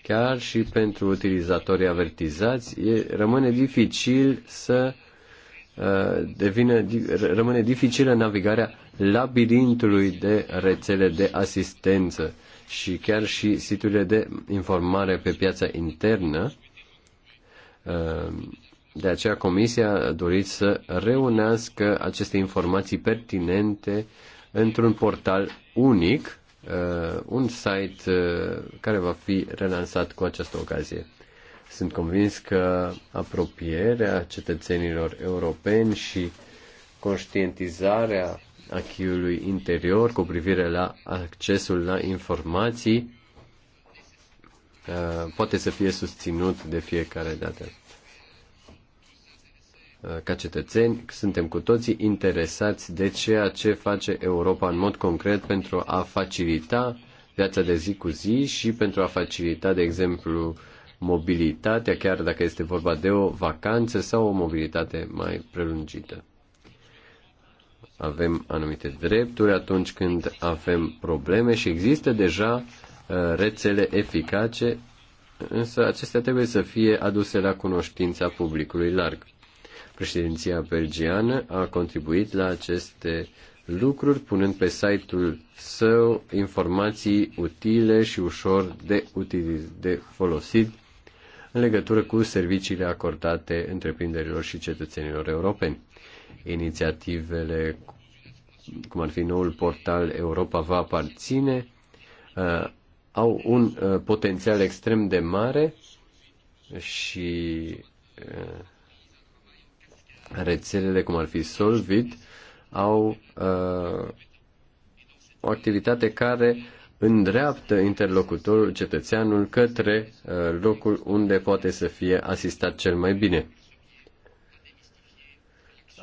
Chiar și pentru utilizatorii avertizați, e, rămâne dificil să uh, devină, rămâne dificilă navigarea labirintului de rețele de asistență și chiar și siturile de informare pe piața internă uh, de aceea Comisia a dorit să reunească aceste informații pertinente într-un portal unic, uh, un site uh, care va fi relansat cu această ocazie. Sunt convins că apropierea cetățenilor europeni și conștientizarea achiului interior cu privire la accesul la informații uh, poate să fie susținut de fiecare dată. Uh, ca cetățeni, suntem cu toții interesați de ceea ce face Europa în mod concret pentru a facilita viața de zi cu zi și pentru a facilita, de exemplu, mobilitatea, chiar dacă este vorba de o vacanță sau o mobilitate mai prelungită. Avem anumite drepturi atunci când avem probleme și există deja uh, rețele eficace, însă acestea trebuie să fie aduse la cunoștința publicului larg. Președinția belgiană a contribuit la aceste lucruri, punând pe site-ul său informații utile și ușor de, utiliz- de folosit în legătură cu serviciile acordate întreprinderilor și cetățenilor europeni. Inițiativele, cum ar fi noul portal Europa va aparține, uh, au un uh, potențial extrem de mare și uh, rețelele cum ar fi Solvit au uh, o activitate care îndreaptă interlocutorul, cetățeanul, către uh, locul unde poate să fie asistat cel mai bine.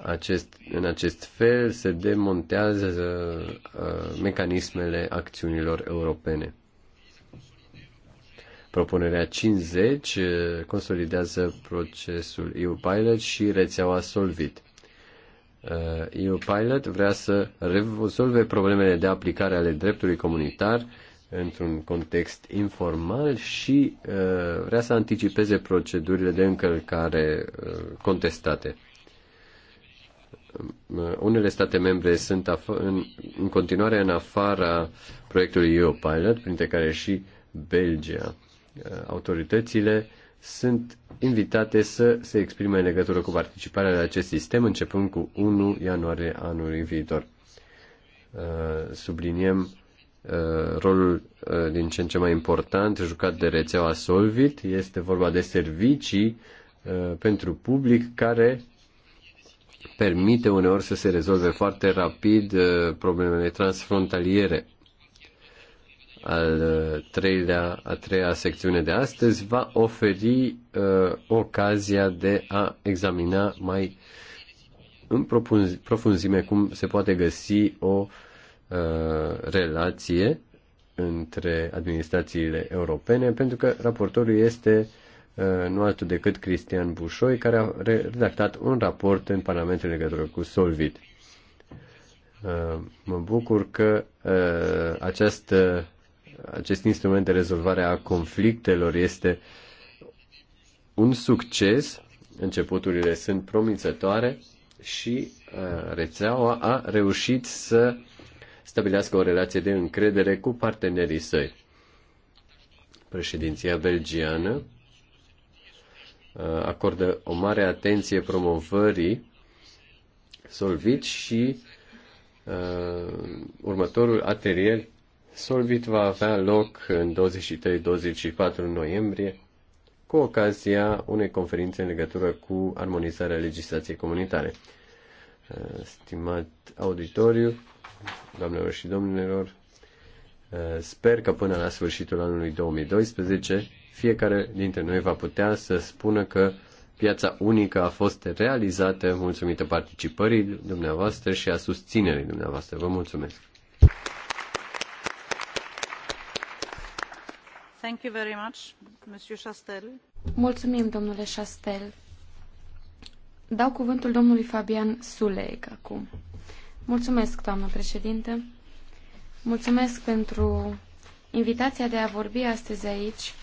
Acest, în acest fel se demontează uh, mecanismele acțiunilor europene. Propunerea 50 eh, consolidează procesul EU-Pilot și rețeaua Solvit. EU-Pilot eh, vrea să rezolve problemele de aplicare ale dreptului comunitar într-un context informal și eh, vrea să anticipeze procedurile de încălcare contestate. Unele state membre sunt în, în continuare în afara proiectului EU Pilot, printre care și Belgia autoritățile sunt invitate să se exprime în legătură cu participarea la acest sistem începând cu 1 ianuarie anului viitor. Uh, subliniem uh, rolul uh, din ce în ce mai important jucat de rețeaua Solvit. Este vorba de servicii pentru public care permite uneori să se rezolve foarte rapid problemele transfrontaliere al uh, treilea, a treia secțiune de astăzi va oferi uh, ocazia de a examina mai în profunzime cum se poate găsi o uh, relație între administrațiile europene, pentru că raportorul este uh, nu altul decât Cristian Bușoi, care a redactat un raport în Parlamentul în legătură cu Solvit. Uh, mă bucur că uh, această acest instrument de rezolvare a conflictelor este un succes, începuturile sunt promițătoare și uh, rețeaua a reușit să stabilească o relație de încredere cu partenerii săi. Președinția belgiană uh, acordă o mare atenție promovării Solvit și uh, următorul atelier Solvit va avea loc în 23-24 noiembrie cu ocazia unei conferințe în legătură cu armonizarea legislației comunitare. Eh, stimat auditoriu, doamnelor și domnilor, eh, sper că până la sfârșitul anului 2012 fiecare dintre noi va putea să spună că piața unică a fost realizată mulțumită participării dumneavoastră și a susținerii dumneavoastră. Vă mulțumesc! Mulțumim, domnule Chastel. Dau cuvântul domnului Fabian Suleic acum. Mulțumesc, doamnă președinte. Mulțumesc pentru invitația de a vorbi astăzi aici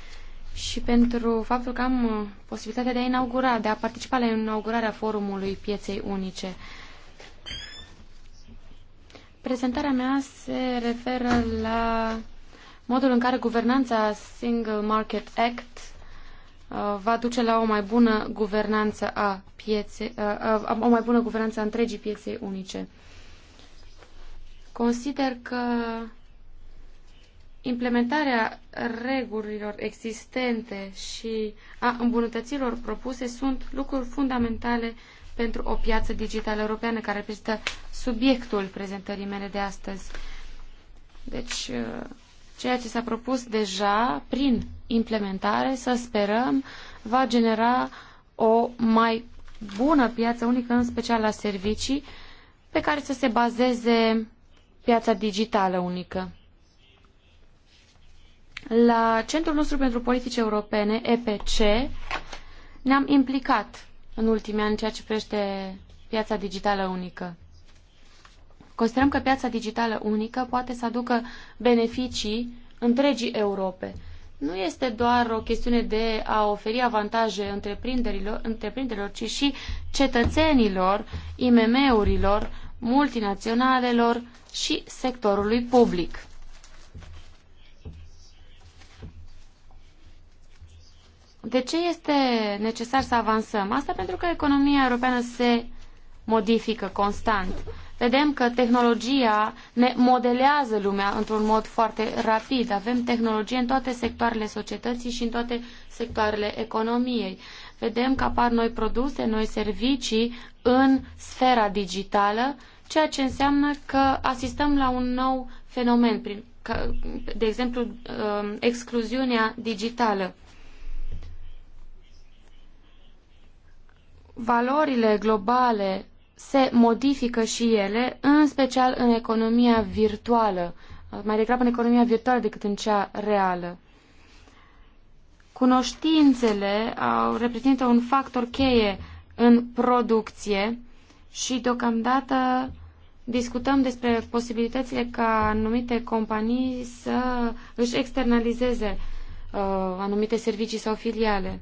și pentru faptul că am uh, posibilitatea de a inaugura, de a participa la inaugurarea forumului pieței unice. Prezentarea mea se referă la modul în care guvernanța Single Market Act uh, va duce la o mai bună guvernanță a pieței, uh, uh, o mai bună guvernanță a întregii pieței unice. Consider că implementarea regulilor existente și a îmbunătățirilor propuse sunt lucruri fundamentale pentru o piață digitală europeană care reprezintă subiectul prezentării mele de astăzi. Deci, Ceea ce s-a propus deja prin implementare, să sperăm, va genera o mai bună piață unică, în special la servicii, pe care să se bazeze piața digitală unică. La Centrul nostru pentru politici europene, EPC, ne-am implicat în ultimii ani în ceea ce privește piața digitală unică. Considerăm că piața digitală unică poate să aducă beneficii întregii Europe. Nu este doar o chestiune de a oferi avantaje întreprinderilor, întreprinderilor ci și cetățenilor, IMM-urilor, multinaționalelor și sectorului public. De ce este necesar să avansăm? Asta pentru că economia europeană se modifică constant vedem că tehnologia ne modelează lumea într-un mod foarte rapid. Avem tehnologie în toate sectoarele societății și în toate sectoarele economiei. Vedem că apar noi produse, noi servicii în sfera digitală, ceea ce înseamnă că asistăm la un nou fenomen, prin, de exemplu, um, excluziunea digitală. Valorile globale se modifică și ele, în special în economia virtuală, mai degrabă în economia virtuală decât în cea reală. Cunoștințele au, reprezintă un factor cheie în producție și deocamdată discutăm despre posibilitățile ca anumite companii să își externalizeze uh, anumite servicii sau filiale.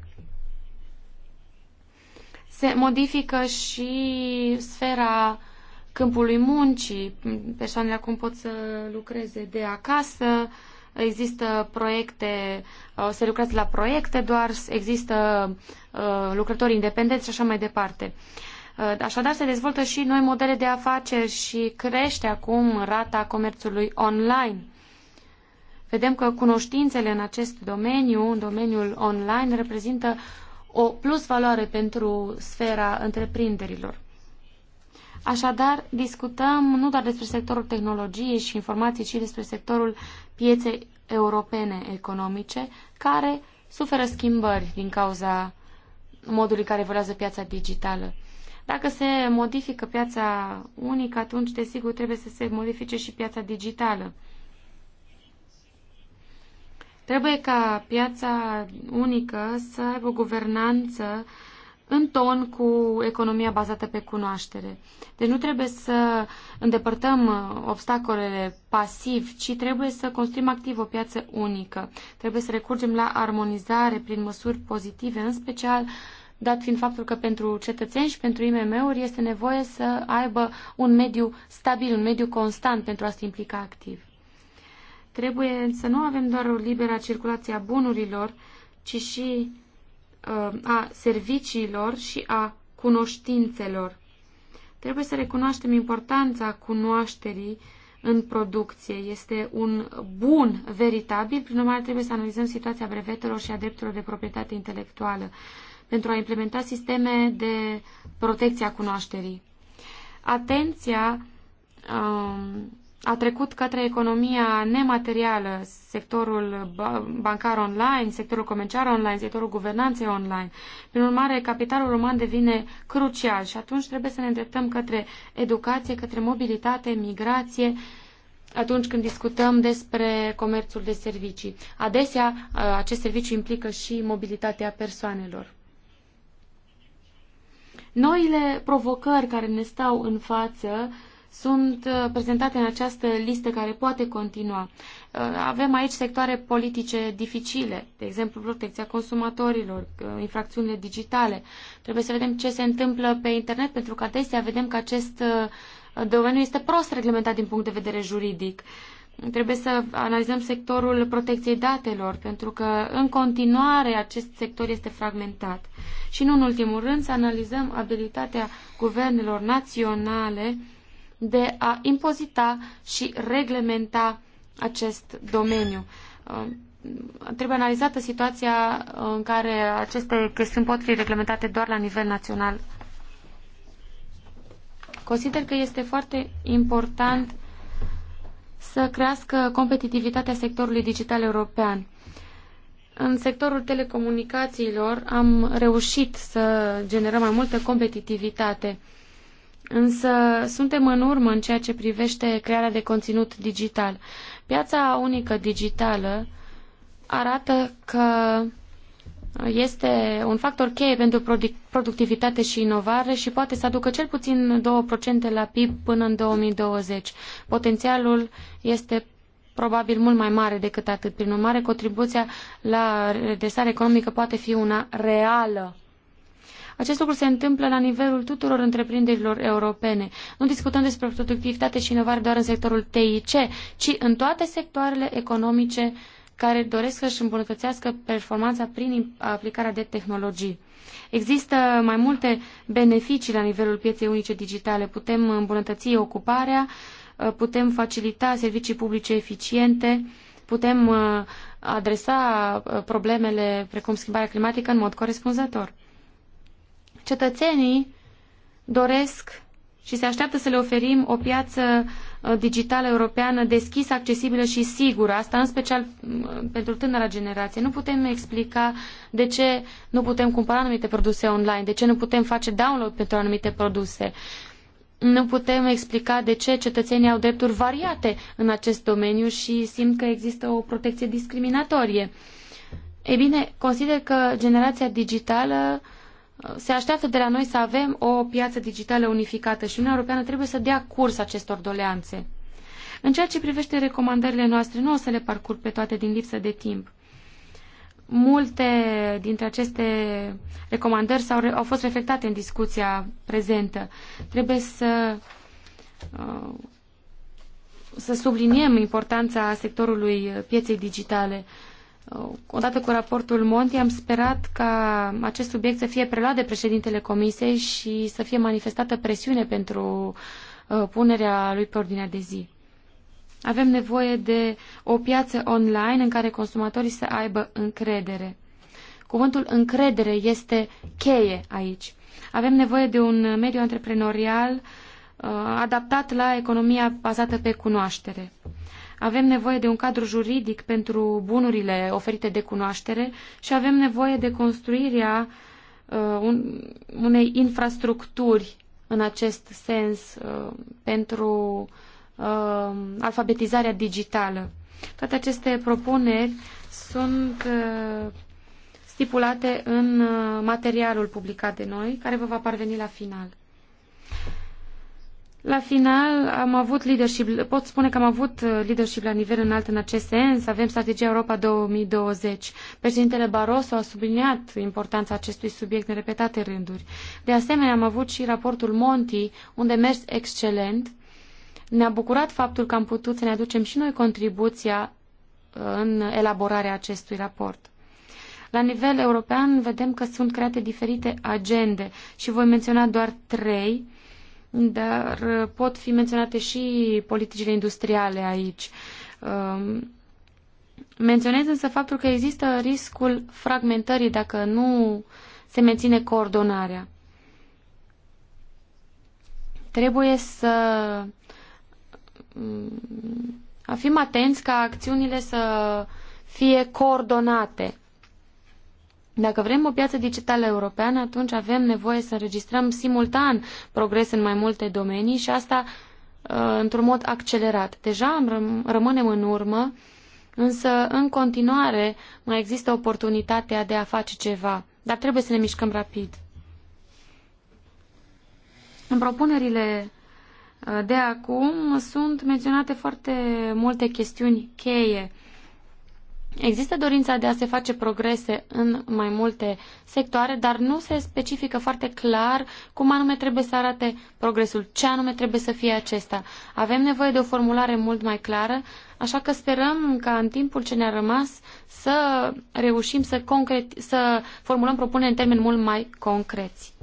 Se modifică și sfera câmpului muncii, persoanele acum pot să lucreze de acasă, există proiecte, se lucrează la proiecte, doar există uh, lucrători independenți și așa mai departe. Uh, așadar, se dezvoltă și noi modele de afaceri și crește acum rata comerțului online. Vedem că cunoștințele în acest domeniu, în domeniul online, reprezintă o plus valoare pentru sfera întreprinderilor. Așadar, discutăm nu doar despre sectorul tehnologiei și informației, ci despre sectorul pieței europene economice, care suferă schimbări din cauza modului în care evoluează piața digitală. Dacă se modifică piața unică, atunci, desigur, trebuie să se modifice și piața digitală. Trebuie ca piața unică să aibă o guvernanță în ton cu economia bazată pe cunoaștere. Deci nu trebuie să îndepărtăm uh, obstacolele pasiv, ci trebuie să construim activ o piață unică. Trebuie să recurgem la armonizare prin măsuri pozitive, în special dat fiind faptul că pentru cetățeni și pentru IMM-uri este nevoie să aibă un mediu stabil, un mediu constant pentru a se implica activ. Trebuie să nu avem doar o liberă circulație a bunurilor, ci și uh, a serviciilor și a cunoștințelor. Trebuie să recunoaștem importanța cunoașterii în producție. Este un bun veritabil, prin urmare trebuie să analizăm situația brevetelor și a drepturilor de proprietate intelectuală pentru a implementa sisteme de protecție a cunoașterii. Atenția um, a trecut către economia nematerială, sectorul bancar online, sectorul comercial online, sectorul guvernanței online. Prin urmare, capitalul uman devine crucial și atunci trebuie să ne îndreptăm către educație, către mobilitate, migrație, atunci când discutăm despre comerțul de servicii. Adesea, acest serviciu implică și mobilitatea persoanelor. Noile provocări care ne stau în față uh, sunt uh, prezentate în această listă care poate continua. Uh, avem aici sectoare politice dificile, de exemplu protecția consumatorilor, uh, infracțiunile digitale. Trebuie să vedem ce se întâmplă pe internet, pentru că adesea vedem că acest domeniu este prost reglementat din punct de vedere juridic. Trebuie să analizăm sectorul protecției datelor, pentru că în continuare acest sector este fragmentat. Și nu în ultimul rând să analizăm abilitatea guvernelor naționale de a impozita și reglementa acest domeniu. Uh, trebuie analizată situația în care aceste chestiuni pot fi reglementate doar la nivel național. Consider că este foarte important să crească competitivitatea sectorului digital european. În sectorul telecomunicațiilor am reușit să generăm mai multă competitivitate. Însă suntem în urmă în ceea ce privește crearea de conținut digital. Piața unică digitală arată că este un factor cheie pentru productivitate și inovare și poate să aducă cel puțin 2% la PIB până în 2020. Potențialul este probabil mult mai mare decât atât. Prin urmare, contribuția la redresare economică poate fi una reală. Acest lucru se întâmplă la nivelul tuturor întreprinderilor europene. Nu discutăm despre productivitate și inovare doar în sectorul TIC, ci în toate sectoarele economice care doresc să-și îmbunătățească performanța prin aplicarea de tehnologii. Există mai multe beneficii la nivelul pieței unice digitale. Putem îmbunătăți ocuparea, uh, putem facilita servicii publice eficiente, putem uh, adresa uh, problemele precum schimbarea climatică în mod corespunzător. Cetățenii doresc și se așteaptă să le oferim o piață uh, digitală europeană deschisă, accesibilă și sigură, asta în special mm, pentru tânăra generație. Nu putem explica de ce nu putem cumpăra anumite produse online, de ce nu putem face download pentru anumite produse. Nu putem explica de ce cetățenii au drepturi variate în acest domeniu și simt că există o protecție discriminatorie. Ei bine, consider că generația digitală uh, se așteaptă de la noi să avem o piață digitală unificată și Uniunea Europeană trebuie să dea curs acestor doleanțe. În ceea ce privește recomandările noastre, nu o să le parcurg pe toate din lipsă de timp. Multe dintre aceste recomandări au au fost reflectate în discuția prezentă. Trebuie să, uh, să subliniem importanța sectorului pieței digitale. Uh, odată cu raportul Monti, am sperat ca acest subiect să fie preluat de președintele Comisiei și să fie manifestată presiune pentru uh, punerea lui pe ordinea de zi. Avem nevoie de o piață online în care consumatorii să aibă încredere. Cuvântul încredere este cheie aici. Avem nevoie de un mediu antreprenorial uh, adaptat la economia bazată pe cunoaștere. Avem nevoie de un cadru juridic pentru bunurile oferite de cunoaștere și avem nevoie de construirea uh, unei infrastructuri în acest sens uh, pentru uh, alfabetizarea digitală. Toate aceste propuneri sunt stipulate în materialul publicat de noi, care vă va parveni la final. La final am avut leadership, pot spune că am avut uh, leadership la nivel înalt în acest sens, avem strategia Europa 2020. Președintele Barroso a subliniat importanța acestui subiect în repetate rânduri. De asemenea, am avut și raportul Monti, unde mers excelent. Ne-a bucurat faptul că am putut să ne aducem și noi contribuția uh, în elaborarea acestui raport. La nivel european vedem că sunt create diferite agende și voi menționa doar trei dar uh, pot fi menționate și politicile industriale aici. Um, menționez însă faptul că există riscul fragmentării dacă nu se menține coordonarea. Trebuie să a um, fim atenți ca acțiunile să fie coordonate. Dacă vrem o piață digitală europeană, atunci avem nevoie să înregistrăm simultan progres în mai multe domenii și asta uh, într-un mod accelerat. Deja rămânem în urmă, însă în continuare mai există oportunitatea de a face ceva, dar trebuie să ne mișcăm rapid. În propunerile uh, de acum sunt menționate foarte multe chestiuni cheie. Există dorința de a se face progrese în mai multe sectoare, dar nu se specifică foarte clar cum anume trebuie să arate progresul, ce anume trebuie să fie acesta. Avem nevoie de o formulare mult mai clară, așa că sperăm ca în timpul ce ne-a rămas să reușim să, concret, să formulăm propuneri în termeni mult mai concreți.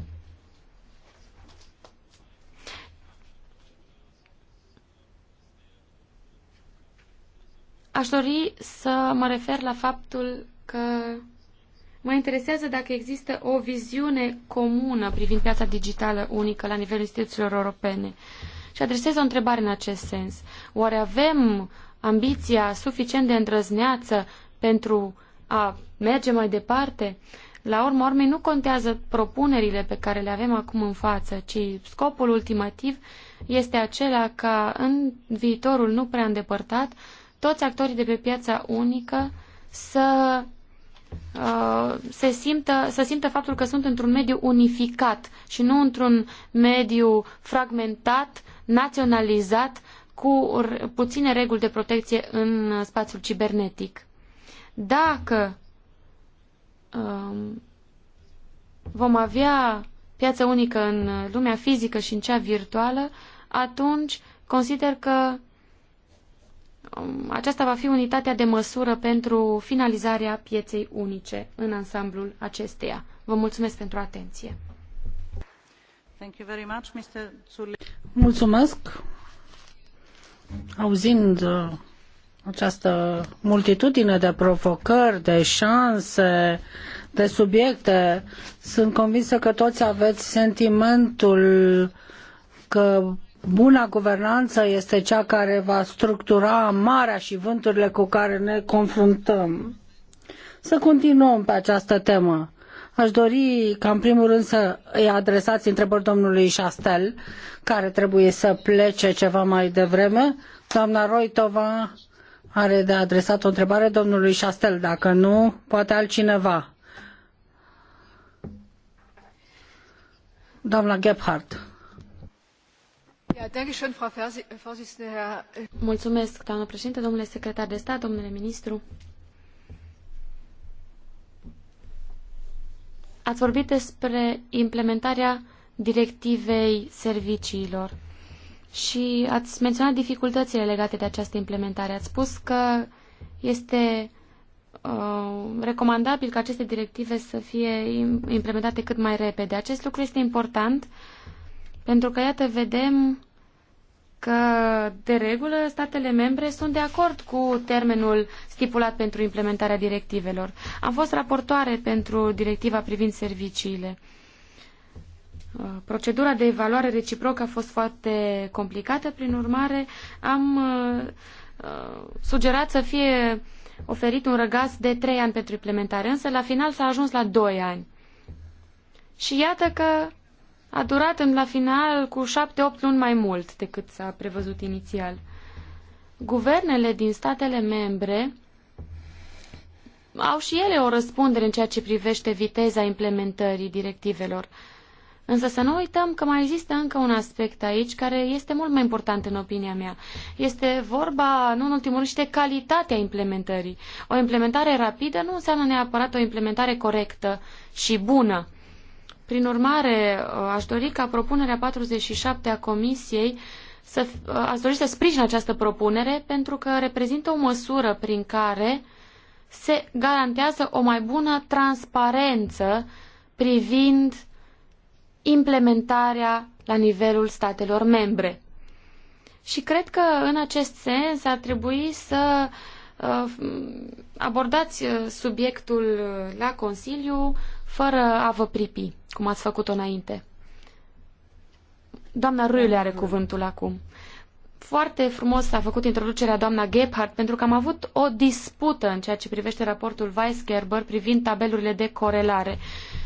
Aș dori să mă refer la faptul că mă interesează dacă există o viziune comună privind piața digitală unică la nivelul instituțiilor europene. Și adresez o întrebare în acest sens. Oare avem ambiția suficient de îndrăzneață pentru a merge mai departe? La urma urmei nu contează propunerile pe care le avem acum în față, ci scopul ultimativ este acela ca în viitorul nu prea îndepărtat toți actorii de pe piața unică să uh, se simtă, să simtă faptul că sunt într-un mediu unificat și nu într-un mediu fragmentat, naționalizat, cu puține reguli de protecție în spațiul cibernetic. Dacă um, vom avea piață unică în lumea fizică și în cea virtuală, atunci consider că aceasta va fi unitatea de măsură pentru finalizarea pieței unice în ansamblul acesteia. Vă mulțumesc pentru atenție. Mulțumesc. Auzind uh, această multitudine de provocări, de șanse, de subiecte, sunt convinsă că toți aveți sentimentul că Buna guvernanță este cea care va structura marea și vânturile cu care ne confruntăm. Să continuăm pe această temă. Aș dori ca în primul rând să îi adresați întrebări domnului Chastel, care trebuie să plece ceva mai devreme. Doamna Roitova are de adresat o întrebare domnului Chastel, dacă nu, poate altcineva. Doamna Gebhardt. Äh, äh. Mulțumesc, secretar de stat, ministru. Ați vorbit despre implementarea directivei serviciilor și ați menționat dificultățile legate de această implementare. Ați spus că este uh, recomandabil ca aceste directive să fie implementate cât mai repede. Acest lucru este important pentru că, iată, vedem că, de regulă, statele membre sunt de acord cu termenul stipulat pentru implementarea directivelor. Am fost raportoare pentru directiva privind serviciile. Uh, procedura de evaluare reciprocă a fost foarte complicată, prin urmare am uh, uh, sugerat să fie oferit un răgaz de trei ani pentru implementare, însă la final s-a ajuns la doi ani. Și iată că a durat în la final cu șapte-opt luni mai mult decât s-a prevăzut inițial. Guvernele din statele membre au și ele o răspundere în ceea ce privește viteza implementării directivelor. Însă să nu uităm că mai există încă un aspect aici care este mult mai important în opinia mea. Este vorba, nu în ultimul rând, și de calitatea implementării. O implementare rapidă nu înseamnă neapărat o implementare corectă și bună. Prin urmare, aș dori ca propunerea 47 a Comisiei să, aș dori să sprijin această propunere pentru că reprezintă o măsură prin care se garantează o mai bună transparență privind implementarea la nivelul statelor membre. Și cred că în acest sens ar trebui să uh, abordați uh, subiectul uh, la Consiliu fără a vă pripi cum ați făcut-o înainte. Doamna Râle are cuvântul acum. Foarte frumos a făcut introducerea doamna Gebhardt pentru că am avut o dispută în ceea ce privește raportul Weisgerber privind tabelurile de corelare.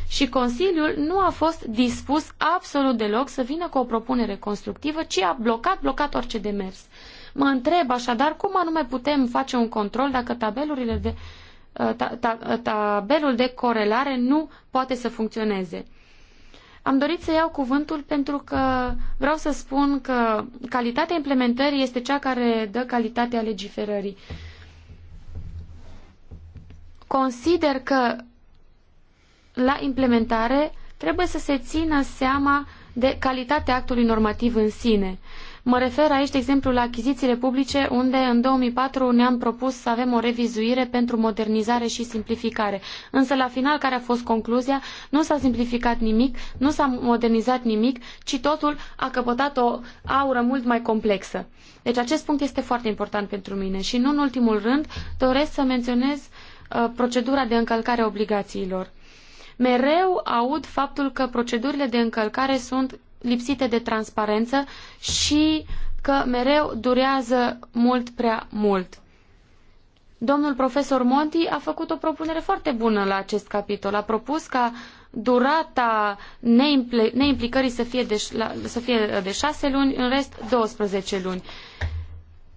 Și Consiliul nu a fost dispus absolut deloc să vină cu o propunere constructivă, ci a blocat, blocat orice demers. Mă întreb așadar cum anume putem face un control dacă tabelurile de, uh, ta, ta, uh, tabelul de corelare nu poate să funcționeze. Am dorit să iau cuvântul pentru că vreau să spun că calitatea implementării este cea care dă calitatea legiferării. Consider că la implementare trebuie să se țină seama de calitatea actului normativ în sine. Mă refer aici, de exemplu, la achizițiile publice, unde în 2004 ne-am propus să avem o revizuire pentru modernizare și simplificare. Însă, la final, care a fost concluzia? Nu s-a simplificat nimic, nu s-a modernizat nimic, ci totul a căpătat o aură mult mai complexă. Deci, acest punct este foarte important pentru mine. Și, nu în ultimul rând, doresc să menționez uh, procedura de încălcare a obligațiilor mereu aud faptul că procedurile de încălcare sunt lipsite de transparență și că mereu durează mult prea mult. Domnul profesor Monti a făcut o propunere foarte bună la acest capitol. A propus ca durata neimplicării să fie de, să fie de luni, în rest 12 luni.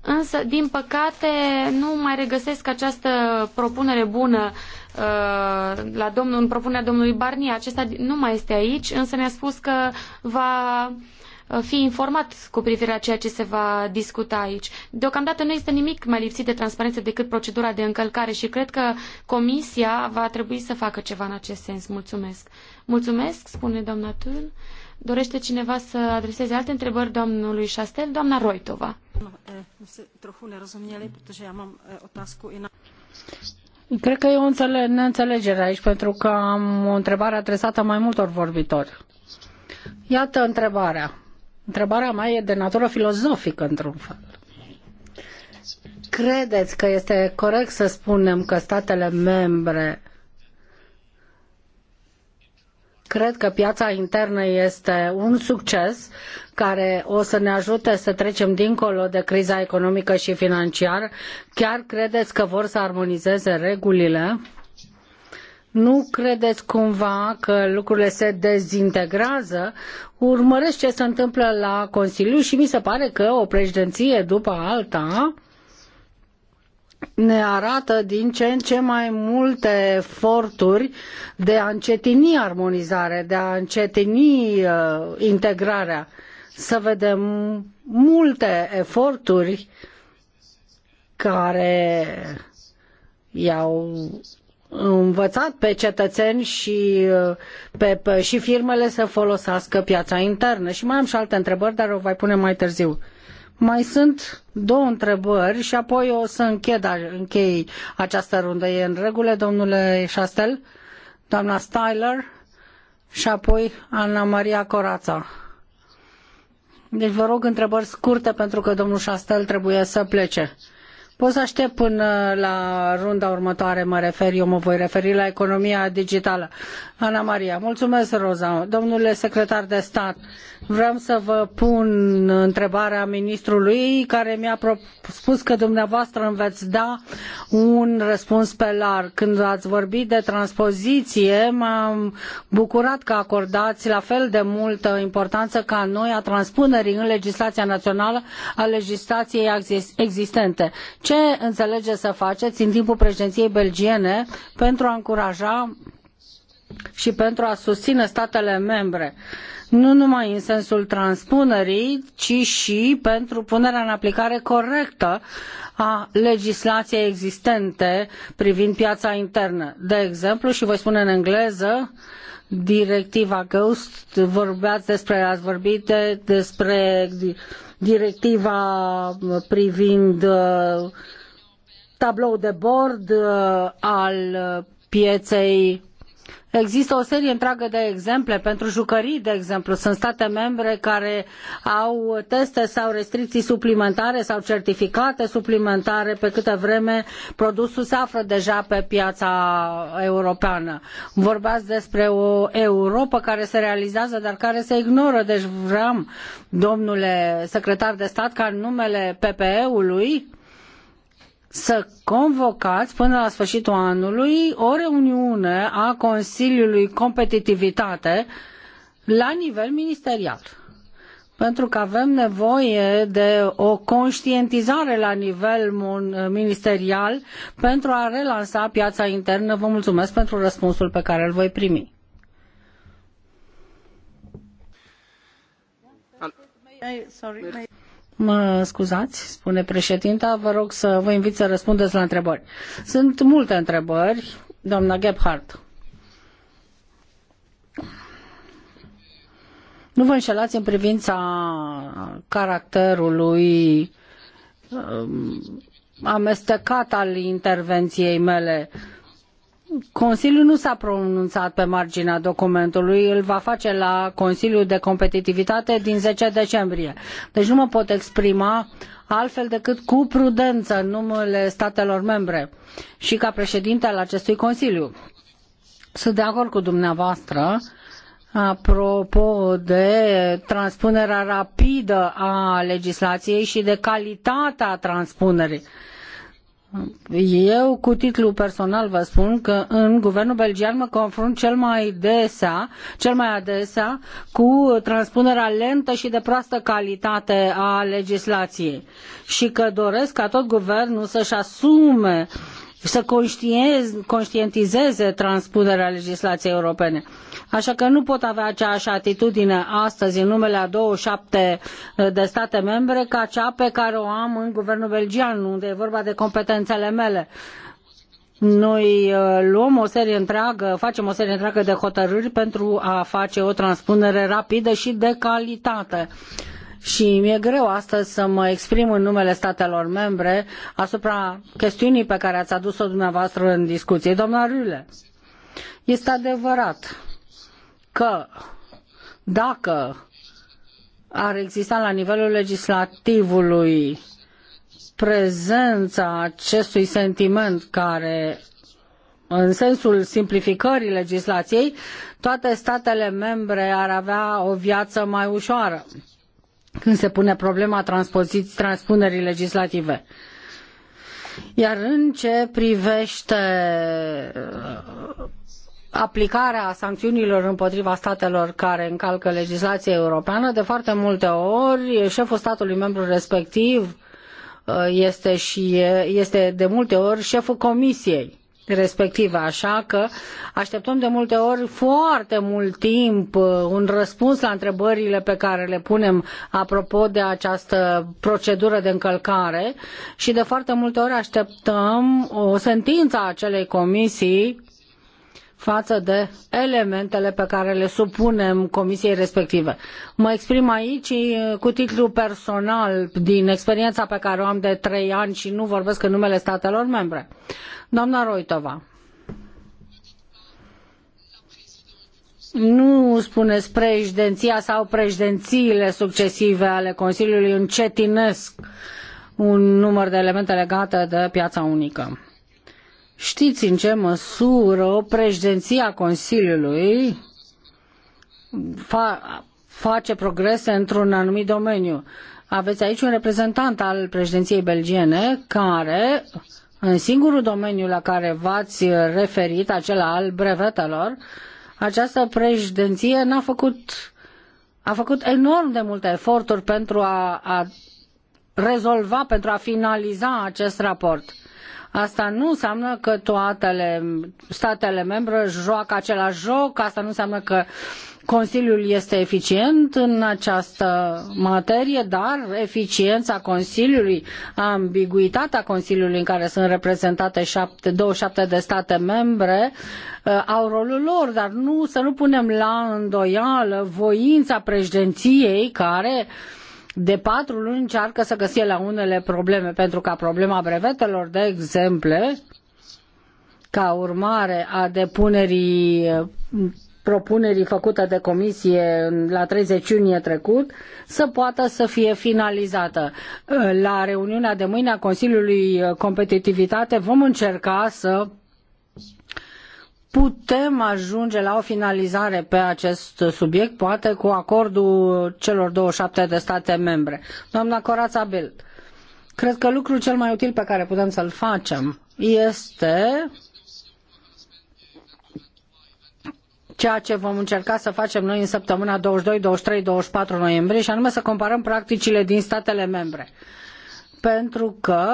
Însă, din păcate, nu mai regăsesc această propunere bună uh, la domnul, în propunerea domnului Barnier. Acesta nu mai este aici, însă mi-a spus că va uh, fi informat cu privire la ceea ce se va discuta aici. Deocamdată nu este nimic mai lipsit de transparență decât procedura de încălcare și cred că comisia va trebui să facă ceva în acest sens. Mulțumesc. Mulțumesc, spune doamna Tun. Dorește cineva să adreseze alte întrebări domnului Șastel? Doamna Roitova. Cred că e o neînțelegere aici, pentru că am o întrebare adresată mai multor vorbitori. Iată întrebarea. Întrebarea mea e de natură filozofică, într-un fel. Credeți că este corect să spunem că statele membre Cred că piața internă este un succes care o să ne ajute să trecem dincolo de criza economică și financiară. Chiar credeți că vor să armonizeze regulile? Nu credeți cumva că lucrurile se dezintegrează? Urmăresc ce se întâmplă la Consiliu și mi se pare că o președinție după alta ne arată din ce în ce mai multe eforturi de a încetini armonizarea, de a încetini uh, integrarea. Să vedem multe eforturi care i-au învățat pe cetățeni și, uh, pe, pe, și firmele să folosească piața internă. Și mai am și alte întrebări, dar o voi pune mai târziu. Mai sunt două întrebări și apoi o să înched, închei această rundă. E în regulă, domnule Șastel, doamna Styler și apoi Ana Maria Corața. Deci vă rog întrebări scurte pentru că domnul Șastel trebuie să plece. Pot să aștept până la runda următoare, mă refer, eu mă voi referi la economia digitală. Ana Maria, mulțumesc, Roza. Domnule secretar de stat, vreau să vă pun întrebarea ministrului care mi-a spus că dumneavoastră îmi veți da un răspuns pe larg. Când ați vorbit de transpoziție, m-am bucurat că acordați la fel de multă importanță ca noi a transpunerii în legislația națională a legislației existente. Ce ce înțelegeți să faceți în timpul președinției belgiene pentru a încuraja și pentru a susține statele membre, nu numai în sensul transpunerii, ci și pentru punerea în aplicare corectă a legislației existente privind piața internă. De exemplu, și voi spune în engleză, directiva Ghost, vorbeați despre, ați vorbit despre directiva privind uh, tablou de bord uh, al pieței Există o serie întreagă de exemple pentru jucării, de exemplu. Sunt state membre care au teste sau restricții suplimentare sau certificate suplimentare pe câtă vreme produsul se află deja pe piața europeană. Vorbeați despre o Europa care se realizează, dar care se ignoră. Deci vreau, domnule secretar de stat, ca în numele PPE-ului, să convocați până la sfârșitul anului o reuniune a Consiliului Competitivitate la nivel ministerial. Pentru că avem nevoie de o conștientizare la nivel ministerial pentru a relansa piața internă. Vă mulțumesc pentru răspunsul pe care îl voi primi. Sorry, Mă scuzați, spune președinta, vă rog să vă invit să răspundeți la întrebări. Sunt multe întrebări, doamna Gebhardt. Nu vă înșelați în privința caracterului um, amestecat al intervenției mele. Uh, Consiliul nu s-a pronunțat pe marginea documentului, îl va face la Consiliul de Competitivitate din 10 decembrie. Deci nu mă pot exprima altfel decât cu prudență în numele statelor membre și ca președinte al acestui Consiliu. Sunt de acord cu dumneavoastră apropo de transpunerea rapidă a legislației și de calitatea transpunerii. Eu, cu titlu personal, vă spun că în guvernul belgian mă confrunt cel mai desea, cel mai adesea cu transpunerea lentă și de proastă calitate a legislației și că doresc ca tot guvernul să-și asume uh, să conștientizeze transpunerea legislației europene. Așa că nu pot avea aceeași atitudine astăzi în numele a 27 uh, de state membre ca cea pe care o am în guvernul belgian, unde e vorba de competențele mele. Noi uh, luăm o serie întreagă, facem o serie întreagă de hotărâri pentru a face o transpunere rapidă și de calitate. Uh, și mi-e greu astăzi să mă exprim în numele statelor membre asupra chestiunii pe care ați adus-o dumneavoastră în discuție. domnule Rüle, este adevărat că dacă ar exista la nivelul legislativului prezența acestui sentiment care în sensul simplificării legislației, toate statele membre ar avea o viață mai ușoară când se pune problema transpunerii legislative. Iar în ce privește uh, aplicarea sancțiunilor împotriva statelor care încalcă legislația europeană, de foarte multe ori șeful statului membru respectiv uh, este, și, este de multe ori șeful comisiei respectivă, așa că așteptăm de multe ori foarte mult timp uh, un răspuns la întrebările pe care le punem apropo de această procedură de încălcare și de foarte multe ori așteptăm o sentință a acelei comisii faă de elementele pe care le supunem comisiei respective. Mă exprim aici cu titlu personal din experiența pe care o am de trei ani și nu vorbesc în numele statelor membre. Doamna Roitova. nu spuneți președinția sau președințiile succesive ale Consiliului încetinesc un număr de elemente legate de piața unică. Știți în ce măsură președinția Consiliului fa- face progrese într-un anumit domeniu. Aveți aici un reprezentant al președinției belgiene care, în singurul domeniu la care v-ați referit, acela al brevetelor, această președinție n-a făcut, a făcut enorm de multe eforturi pentru a, a rezolva, pentru a finaliza acest raport. Asta nu înseamnă că toate statele membre joacă același joc, asta nu înseamnă că Consiliul este eficient în această materie, dar eficiența Consiliului, ambiguitatea Consiliului în care sunt reprezentate 7, 27 de state membre uh, au rolul lor, dar nu să nu punem la îndoială voința președinției care uh, de patru luni încearcă să găsie la unele probleme, pentru ca problema brevetelor, de exemplu, ca urmare a depunerii propunerii făcute de comisie la 30 iunie trecut să poată să fie finalizată. La reuniunea de mâine a Consiliului Competitivitate vom încerca să putem ajunge la o finalizare pe acest subiect, poate cu acordul celor 27 de state membre. Doamna Corața Bild, cred că lucrul cel mai util pe care putem să-l facem este ceea ce vom încerca să facem noi în săptămâna 22, 23, 24 noiembrie și anume să comparăm practicile din statele membre pentru că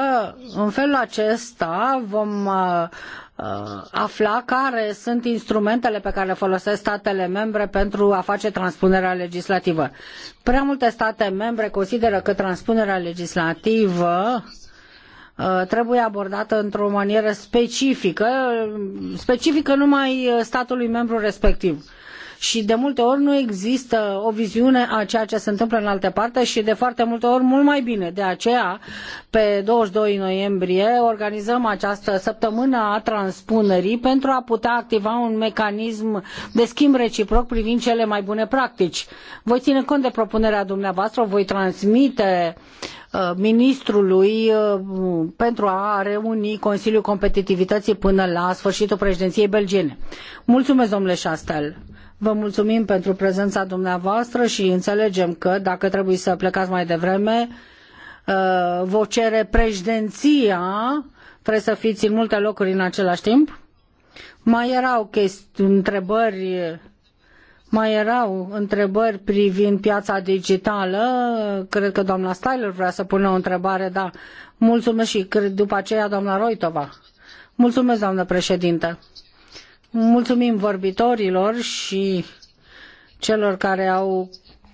în felul acesta vom uh, Uh, afla care sunt instrumentele pe care le folosesc statele membre pentru a face transpunerea legislativă. Prea multe state membre consideră că transpunerea legislativă uh, trebuie abordată într-o manieră specifică, specifică numai statului membru respectiv și de multe ori nu există o viziune a ceea ce se întâmplă în altă parte și de foarte multe ori mult mai bine. De aceea, pe 22 noiembrie, organizăm această săptămână a transpunerii pentru a putea activa un mecanism de schimb reciproc privind cele mai bune practici. Voi ține cont de propunerea dumneavoastră, voi transmite uh, ministrului uh, pentru a reuni Consiliul Competitivității până la sfârșitul președinției belgiene. Mulțumesc, domnule Chastel. Vă mulțumim pentru prezența dumneavoastră și înțelegem că, dacă trebuie să plecați mai devreme, uh, vă cere președinția, trebuie să fiți în multe locuri în același timp. Mai erau întrebări mai erau întrebări privind piața digitală. Cred că doamna Styler vrea să pună o întrebare, da. Mulțumesc și cred după aceea doamna Roitova. Mulțumesc, doamnă președintă. Mulțumim vorbitorilor și celor care au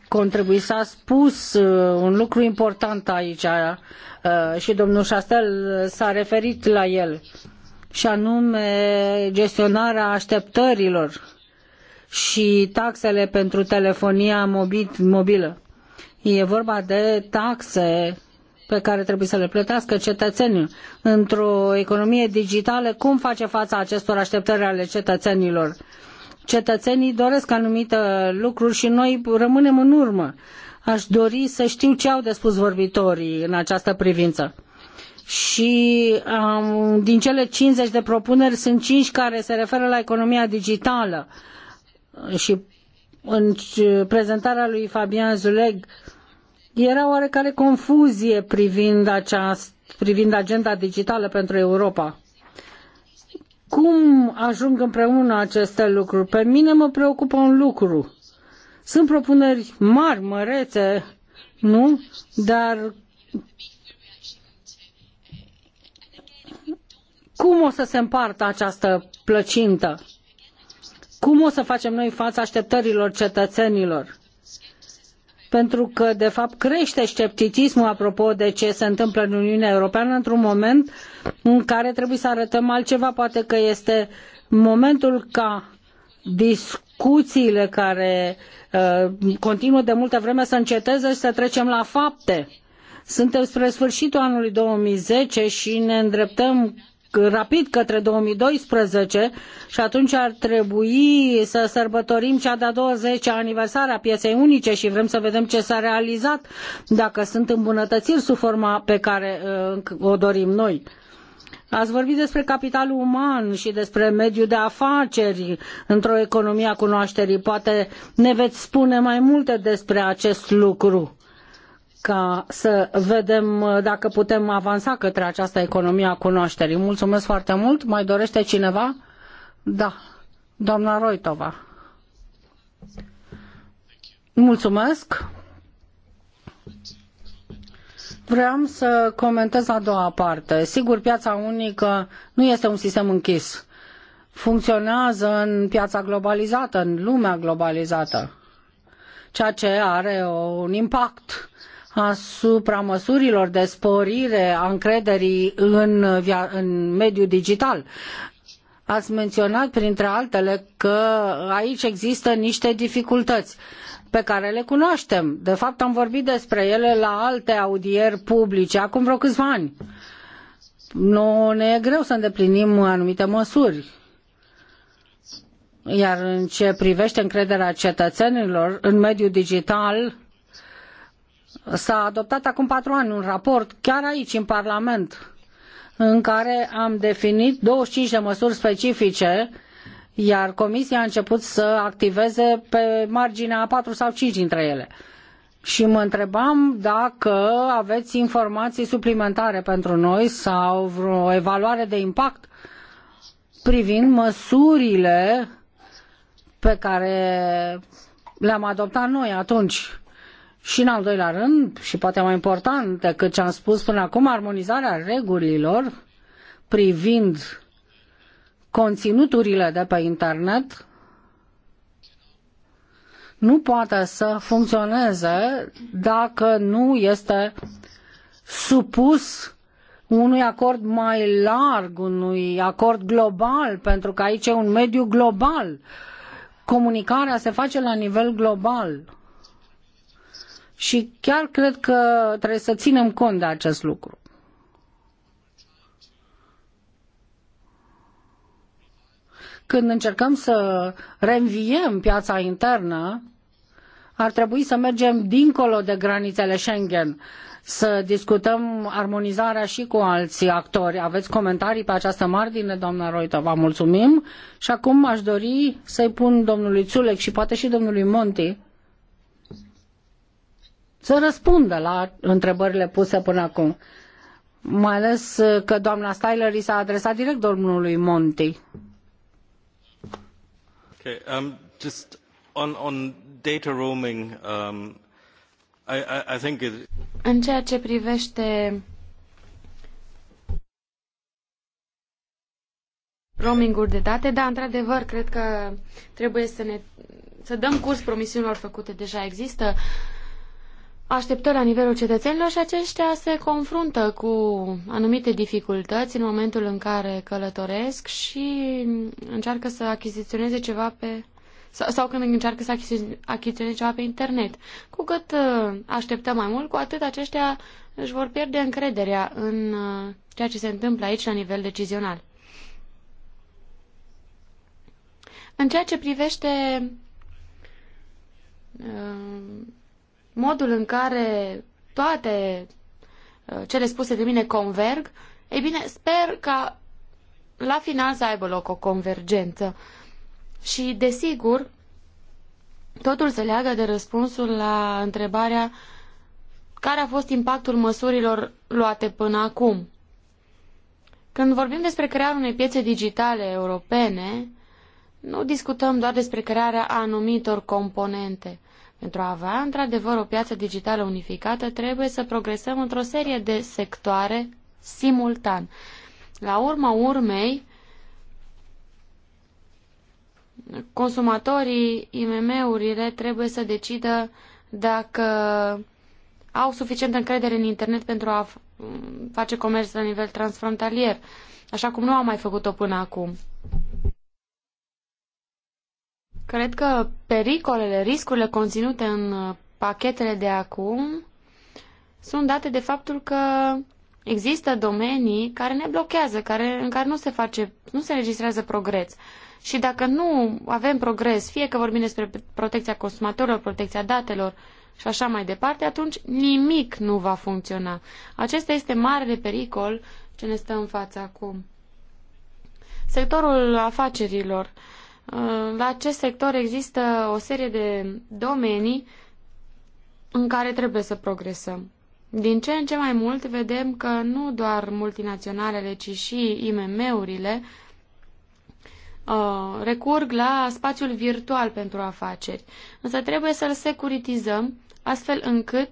contribuit S-a spus uh, un lucru important aici uh, și domnul Șastel s-a referit la el și anume gestionarea așteptărilor și taxele pentru telefonia mobilă. E vorba de taxe pe care trebuie să le plătească cetățenii. Într-o economie digitală, cum face fața acestor așteptări ale cetățenilor? Cetățenii doresc anumite lucruri și noi rămânem în urmă. Aș dori să știu ce au de spus vorbitorii în această privință și um, din cele 50 de propuneri sunt 5 care se referă la economia digitală și în prezentarea lui Fabian Zuleg era oarecare confuzie privind, aceast, privind agenda digitală pentru Europa. Cum ajung împreună aceste lucruri? Pe mine mă preocupă un lucru. Sunt propuneri mari, mărețe, nu? Dar cum o să se împartă această plăcintă? Cum o să facem noi față așteptărilor cetățenilor? pentru că, de fapt, crește scepticismul apropo de ce se întâmplă în Uniunea Europeană într-un moment în care trebuie să arătăm altceva. Poate că este momentul ca discuțiile care uh, continuă de multă vreme să înceteze și să trecem la fapte. Suntem spre sfârșitul anului 2010 și ne îndreptăm rapid către 2012 și atunci ar trebui să sărbătorim cea de-a 20-a aniversare a pieței unice și vrem să vedem ce s-a realizat, dacă sunt îmbunătățiri sub forma pe care uh, o dorim noi. Ați vorbit despre capitalul uman și despre mediul de afaceri într-o economie a cunoașterii. Poate ne veți spune mai multe despre acest lucru ca să vedem uh, dacă putem avansa către această economie a cunoașterii. Mulțumesc foarte mult. Mai dorește cineva? Da. Doamna Roitova. Mulțumesc. Vreau să comentez a doua parte. Sigur, piața unică nu este un sistem închis. Funcționează în piața globalizată, în lumea globalizată, ceea ce are un impact asupra măsurilor de sporire a încrederii în, în mediul digital. Ați menționat, printre altele, că aici există niște dificultăți pe care le cunoaștem. De fapt, am vorbit despre ele la alte audieri publice, acum vreo câțiva ani. Nu ne e greu să îndeplinim anumite măsuri. Iar în ce privește încrederea cetățenilor în mediul digital, S-a adoptat acum patru ani un raport, chiar aici, în Parlament, în care am definit 25 de măsuri specifice, iar Comisia a început să activeze pe marginea a patru sau cinci dintre ele. Și mă întrebam dacă aveți informații suplimentare pentru noi sau vreo evaluare de impact privind măsurile pe care le-am adoptat noi atunci și în al doilea rând, și poate mai important decât ce am spus până acum, armonizarea regulilor privind conținuturile de pe internet nu poate să funcționeze dacă nu este supus unui acord mai larg, unui acord global, pentru că aici e un mediu global. Comunicarea se face la nivel global și chiar cred că trebuie să ținem cont de acest lucru. Când încercăm să reînviem piața internă, ar trebui să mergem dincolo de granițele Schengen, să discutăm armonizarea și cu alți actori. Aveți comentarii pe această margine, doamna Roită, vă mulțumim. Și acum aș dori să-i pun domnului Țulec și poate și domnului Monti să răspundă la întrebările puse până acum. Mai ales că doamna Styler i s-a adresat direct domnului Monti. Okay, um, just on, on data roaming, um, I, I, I think it... În ceea ce privește roamingul de date, da, într-adevăr, cred că trebuie să ne să dăm curs promisiunilor făcute deja. Există așteptări la nivelul cetățenilor și aceștia se confruntă cu anumite dificultăți în momentul în care călătoresc și încearcă să achiziționeze ceva pe sau când încearcă să achiziționeze ceva pe internet. Cu cât uh, așteptăm mai mult, cu atât aceștia își vor pierde încrederea în uh, ceea ce se întâmplă aici la nivel decizional. În ceea ce privește uh, modul în care toate uh, cele spuse de mine converg, ei bine, sper ca la final să aibă loc o convergență. Și, desigur, totul se leagă de răspunsul la întrebarea care a fost impactul măsurilor luate până acum. Când vorbim despre crearea unei piețe digitale europene, nu discutăm doar despre crearea anumitor componente – pentru a avea, într-adevăr, o piață digitală unificată, trebuie să progresăm într-o serie de sectoare simultan. La urma urmei, consumatorii, IMM-urile trebuie să decidă dacă au suficientă încredere în internet pentru a face comerț la nivel transfrontalier, așa cum nu au mai făcut-o până acum. Cred că pericolele, riscurile conținute în uh, pachetele de acum sunt date de faptul că există domenii care ne blochează, care, în care nu se face, nu se registrează progres. Și dacă nu avem progres, fie că vorbim despre protecția consumatorilor, protecția datelor și așa mai departe, atunci nimic nu va funcționa. Acesta este marele pericol ce ne stă în față acum. Sectorul afacerilor Uh, la acest sector există o serie de domenii în care trebuie să progresăm. Din ce în ce mai mult vedem că nu doar multinaționalele, ci și IMM-urile uh, recurg la spațiul virtual pentru afaceri. Însă trebuie să-l securitizăm astfel încât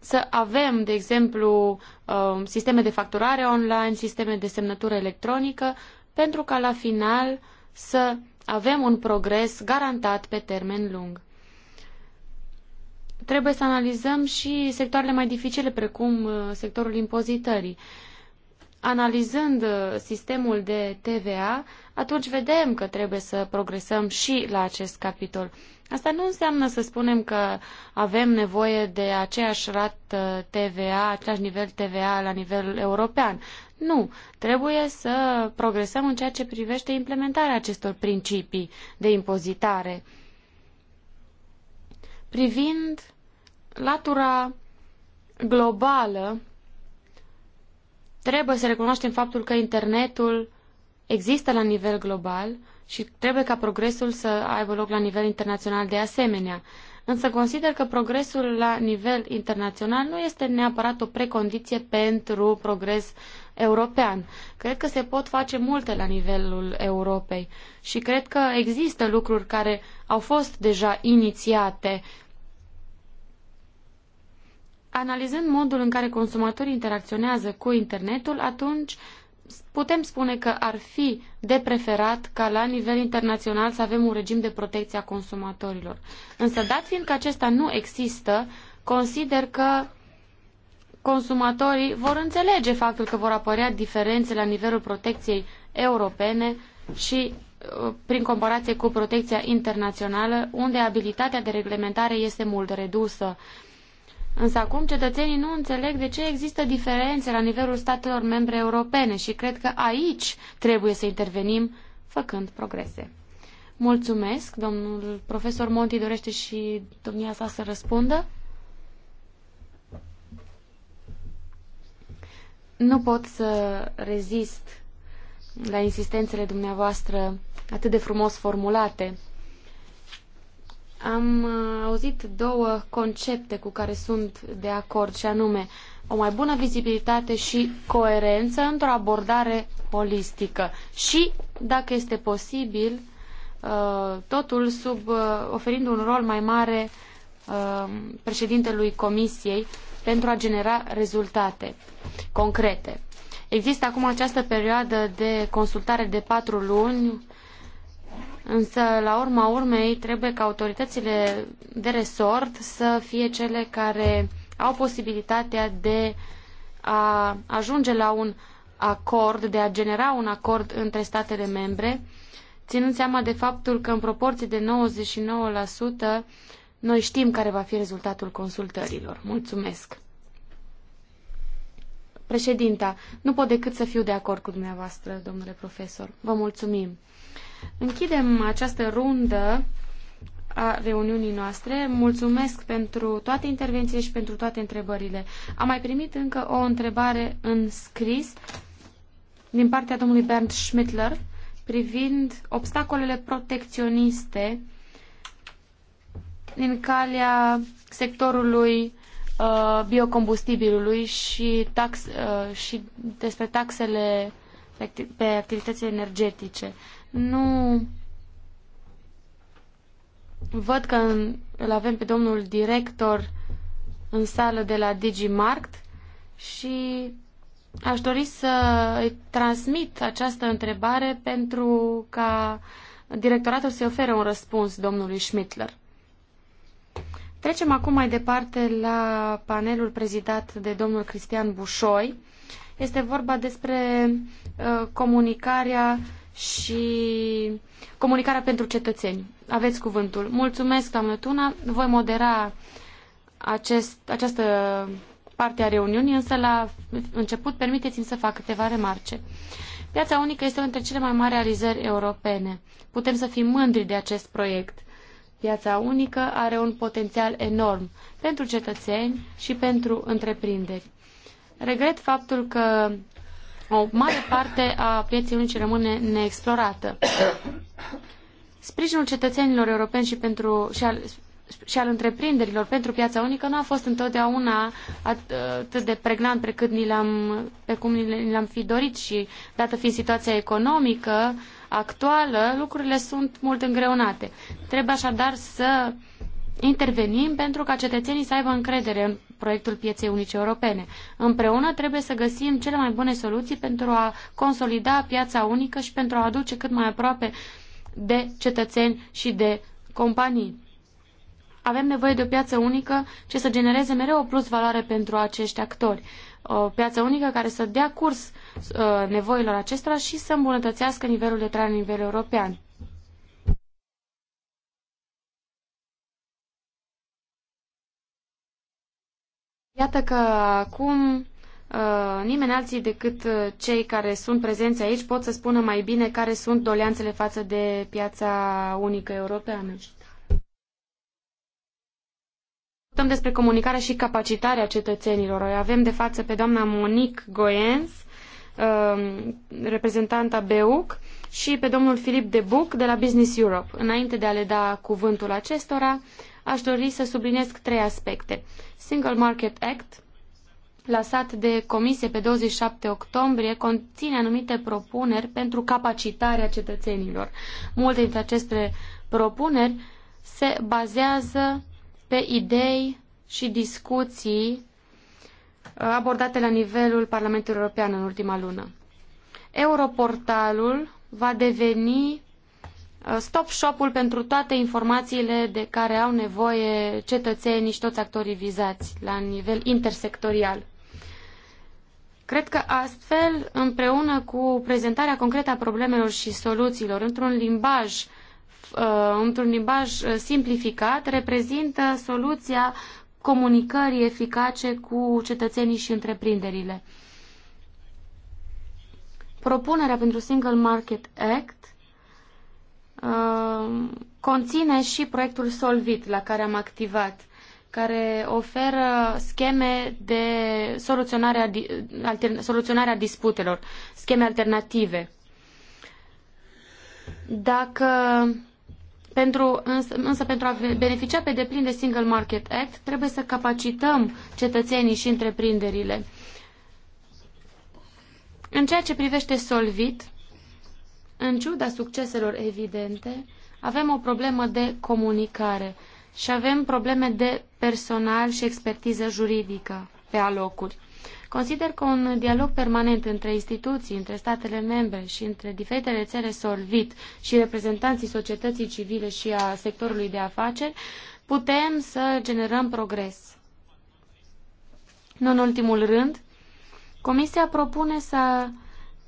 să avem, de exemplu, uh, sisteme de facturare online, sisteme de semnătură electronică, pentru ca la final să avem un progres garantat pe termen lung. Trebuie să analizăm și sectoarele mai dificile, precum uh, sectorul impozitării. Analizând uh, sistemul de TVA, atunci vedem că trebuie să progresăm și la acest capitol. Asta nu înseamnă să spunem că avem nevoie de aceeași rată TVA, același nivel TVA la nivel european. Nu, trebuie să progresăm în ceea ce privește implementarea acestor principii de impozitare. Privind latura globală, trebuie să recunoaștem faptul că internetul există la nivel global și trebuie ca progresul să aibă loc la nivel internațional de asemenea. Însă consider că progresul la nivel internațional nu este neapărat o precondiție pentru progres european. Cred că se pot face multe la nivelul Europei și cred că există lucruri care au fost deja inițiate. Analizând modul în care consumatorii interacționează cu internetul, atunci putem spune că ar fi de preferat ca la nivel internațional să avem un regim de protecție a consumatorilor. Însă, dat fiind că acesta nu există, consider că consumatorii vor înțelege faptul că vor apărea diferențe la nivelul protecției europene și uh, prin comparație cu protecția internațională, unde abilitatea de reglementare este mult redusă. Însă acum cetățenii nu înțeleg de ce există diferențe la nivelul statelor membre europene și cred că aici trebuie să intervenim făcând progrese. Mulțumesc. Domnul profesor Monti dorește și domnia sa să răspundă. Nu pot să rezist la insistențele dumneavoastră atât de frumos formulate. Am uh, auzit două concepte cu care sunt de acord, și anume o mai bună vizibilitate și coerență într-o abordare holistică și, dacă este posibil, uh, totul sub uh, oferind un rol mai mare președintelui Comisiei pentru a genera rezultate concrete. Există acum această perioadă de consultare de patru luni, însă la urma urmei trebuie ca autoritățile de resort să fie cele care au posibilitatea de a ajunge la un acord, de a genera un acord între statele membre, ținând seama de faptul că în proporție de 99% noi știm care va fi rezultatul consultărilor. Mulțumesc. Președinta, nu pot decât să fiu de acord cu dumneavoastră, domnule profesor. Vă mulțumim. Închidem această rundă a reuniunii noastre. Mulțumesc pentru toate intervențiile și pentru toate întrebările. Am mai primit încă o întrebare în scris din partea domnului Bernd Schmittler privind obstacolele protecționiste din calea sectorului uh, biocombustibilului și, tax, uh, și despre taxele pe activitățile energetice. Nu văd că îl avem pe domnul director în sală de la Digimarkt și aș dori să îi transmit această întrebare pentru ca directoratul să ofere un răspuns domnului Schmittler. Trecem acum mai departe la panelul prezidat de domnul Cristian Bușoi. Este vorba despre uh, comunicarea și comunicarea pentru cetățeni. Aveți cuvântul. Mulțumesc, doamnă Tuna. Voi modera acest, această parte a reuniunii, însă la început permiteți-mi să fac câteva remarce. Piața unică este una dintre cele mai mari realizări europene. Putem să fim mândri de acest proiect. Piața unică are un potențial enorm pentru cetățeni și pentru întreprinderi. Regret faptul că o mare parte a pieței unice rămâne neexplorată. Sprijinul cetățenilor europeni și, pentru, și, al, și al întreprinderilor pentru piața unică nu a fost întotdeauna atât de pregnant precât ni l-am, pe cum ni l-am fi dorit și, dată fiind situația economică, uh, actuală, lucrurile sunt mult îngreunate. Trebuie așadar să intervenim pentru ca cetățenii să aibă încredere în proiectul pieței unice europene. Împreună trebuie să găsim cele mai bune soluții pentru a consolida piața unică și pentru a aduce cât mai aproape de cetățeni și de companii. Avem nevoie de o piață unică ce să genereze mereu o plus valoare pentru acești actori. O piață unică care să dea curs Uh, nevoilor acestora și să îmbunătățească nivelul de trai la nivel european. Iată că acum uh, nimeni alții decât uh, cei care sunt prezenți aici pot să spună mai bine care sunt doleanțele față de piața unică europeană. Discutăm despre comunicarea și capacitarea cetățenilor. avem de față pe doamna Monique Goyens. Um, reprezentanta BEUC și pe domnul Filip de Buc de la Business Europe. Înainte de a le da cuvântul acestora, aș dori să subliniez trei aspecte. Single Market Act, lansat de comisie pe 27 octombrie, conține anumite propuneri pentru capacitarea cetățenilor. Multe dintre aceste propuneri se bazează pe idei și discuții abordate la nivelul Parlamentului European în ultima lună. Europortalul va deveni uh, stop shop-ul pentru toate informațiile de care au nevoie cetățenii și toți actorii vizați la nivel intersectorial. Cred că astfel, împreună cu prezentarea concretă a problemelor și soluțiilor într-un limbaj uh, într-un limbaj uh, simplificat, reprezintă soluția comunicării eficace cu cetățenii și întreprinderile. Propunerea pentru Single Market Act uh, conține și proiectul Solvit la care am activat, care oferă scheme de soluționare a, altern, soluționare a disputelor, scheme alternative. Dacă pentru, însă, însă pentru a beneficia pe deplin de Single Market Act, trebuie să capacităm cetățenii și întreprinderile. În ceea ce privește Solvit, în ciuda succeselor evidente, avem o problemă de comunicare și avem probleme de personal și expertiză juridică pe alocuri. Consider că un dialog permanent între instituții, între statele membre și între diferitele țări solvit și reprezentanții societății civile și a sectorului de afaceri, putem să generăm progres. Nu în ultimul rând, Comisia propune să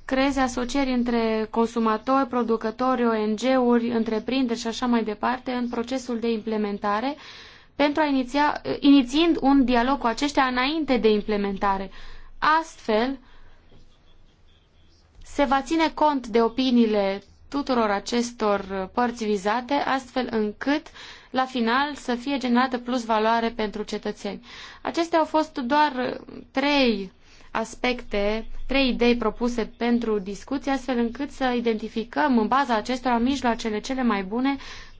creeze asocieri între consumatori, producători, ONG-uri, întreprinderi și așa mai departe în procesul de implementare, pentru a iniția, inițiind un dialog cu aceștia înainte de implementare. Astfel, se va ține cont de opiniile tuturor acestor părți vizate, astfel încât la final să fie generată plus valoare pentru cetățeni. Acestea au fost doar trei aspecte, trei idei propuse pentru discuție, astfel încât să identificăm în baza acestora mijloacele cele mai bune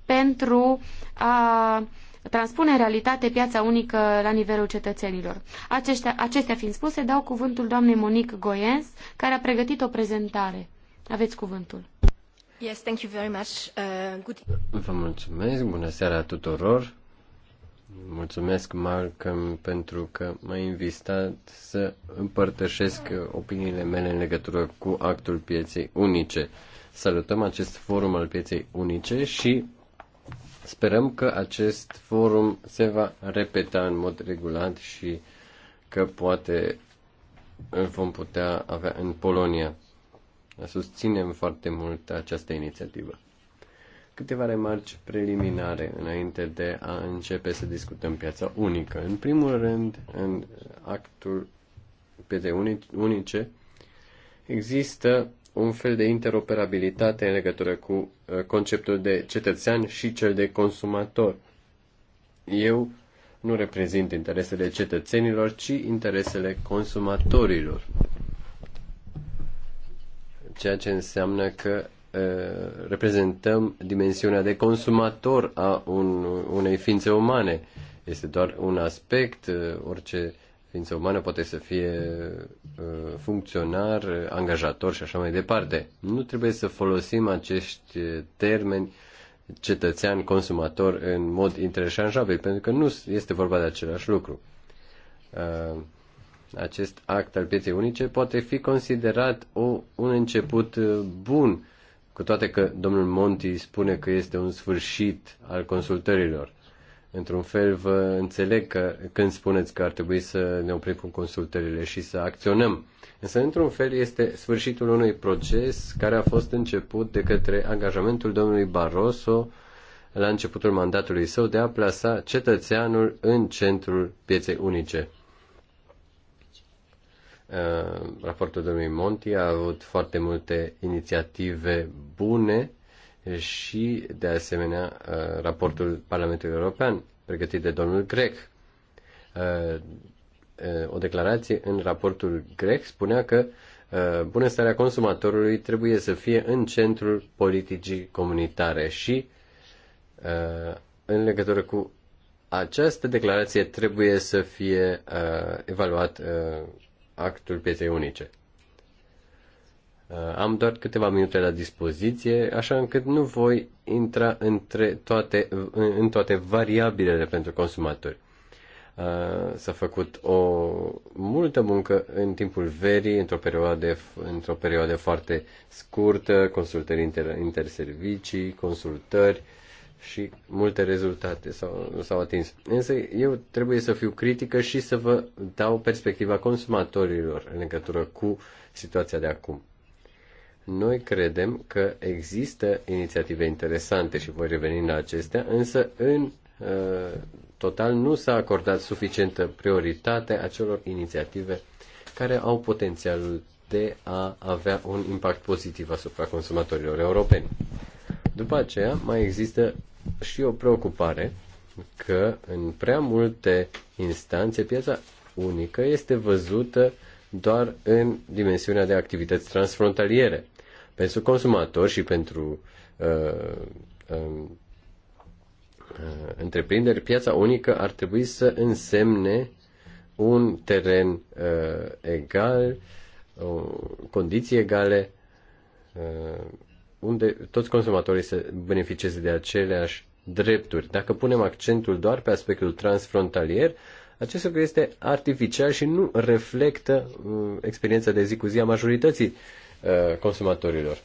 pentru a transpune în realitate piața unică la nivelul cetățenilor. Aceștia, acestea fiind spuse, dau cuvântul doamnei Monique Goyens, care a pregătit o prezentare. Aveți cuvântul. Yes, thank you very much. Uh, good... Vă mulțumesc, bună seara tuturor. Mulțumesc, Malcolm, pentru că m-a invitat să împărtășesc opiniile mele în legătură cu actul pieței unice. Salutăm acest forum al pieței unice și Sperăm că acest forum se va repeta în mod regulat și că poate îl vom putea avea în Polonia. Susținem foarte mult această inițiativă. Câteva remarci preliminare înainte de a începe să discutăm piața unică. În primul rând, în actul pieței unice există un fel de interoperabilitate în legătură cu uh, conceptul de cetățean și cel de consumator. Eu nu reprezint interesele cetățenilor, ci interesele consumatorilor. Ceea ce înseamnă că uh, reprezentăm dimensiunea de consumator a un, unei ființe umane. Este doar un aspect, uh, orice uh, ființă umană poate să fie uh, funcționar, angajator și așa mai departe. Nu trebuie să folosim acești uh, termeni cetățean, consumator în mod interșanjabil, pentru că nu este vorba de același lucru. Uh, acest act al pieței unice poate fi considerat o, un început bun, cu toate că domnul Monti spune că este un sfârșit al consultărilor. Într-un fel, vă înțeleg că când spuneți că ar trebui să ne oprim cu consultările și să acționăm. Însă, într-un fel, este sfârșitul unui proces care a fost început de către angajamentul domnului Barroso la începutul mandatului său de a plasa cetățeanul în centrul pieței unice. Uh, raportul domnului Monti a avut foarte multe inițiative bune și, de asemenea, uh, raportul Parlamentului European, pregătit de domnul Grec. Uh, uh, o declarație în raportul Grec spunea că bunăstarea consumatorului trebuie să fie în centrul politicii comunitare și, în legătură cu această declarație, trebuie să fie evaluat actul pieței unice. Uh, am doar câteva minute la dispoziție, așa încât nu voi intra între toate, în toate variabilele pentru consumatori. Uh, s-a făcut o multă muncă în timpul verii, într-o perioadă, într-o perioadă foarte scurtă, consultări inter, interservicii, consultări și multe rezultate s-au, s-au atins. Însă eu trebuie să fiu critică și să vă dau perspectiva consumatorilor în legătură cu situația de acum noi credem că există inițiative interesante și voi reveni la acestea, însă în uh, total nu s-a acordat suficientă prioritate acelor inițiative care au potențialul de a avea un impact pozitiv asupra consumatorilor europeni. După aceea, mai există și o preocupare că în prea multe instanțe piața unică este văzută doar în dimensiunea de activități transfrontaliere pentru consumator și pentru uh, um, uh, întreprinderi, piața unică ar trebui să însemne un teren uh, egal, uh, condiții egale, uh, unde toți consumatorii să beneficieze de aceleași drepturi. Dacă punem accentul doar pe aspectul transfrontalier, acest lucru este artificial și nu reflectă uh, experiența de zi cu zi a majorității uh, Uh, consumatorilor.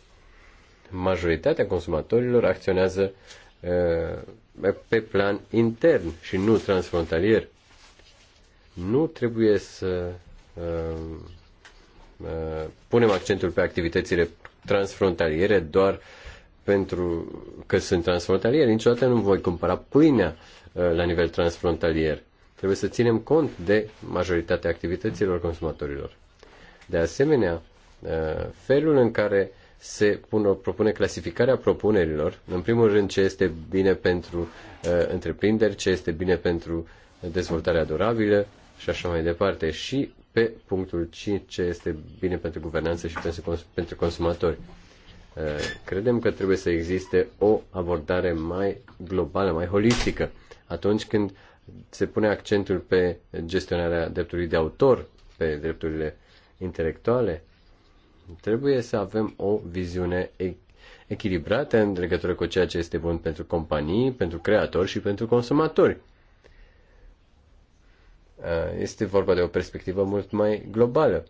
Majoritatea consumatorilor acționează uh, pe plan intern și nu transfrontalier. Nu trebuie să uh, punem accentul pe activitățile transfrontaliere doar pentru că sunt transfrontaliere. Niciodată nu voi cumpăra pâinea la nivel transfrontalier. Trebuie să ținem cont de majoritatea activităților consumatorilor. De asemenea, Eh, felul în care se pun, propune clasificarea propunerilor, în primul rând ce este bine pentru uh, întreprinderi, ce este bine pentru dezvoltarea durabilă și așa mai departe, și pe punctul 5 ce este bine pentru guvernanță și pentru, pentru consumatori. Uh, credem că trebuie să existe o abordare mai globală, mai holistică, atunci când se pune accentul pe gestionarea dreptului de autor, pe drepturile intelectuale, Trebuie să avem o viziune echilibrată în legătură cu ceea ce este bun pentru companii, pentru creatori și pentru consumatori. Este vorba de o perspectivă mult mai globală.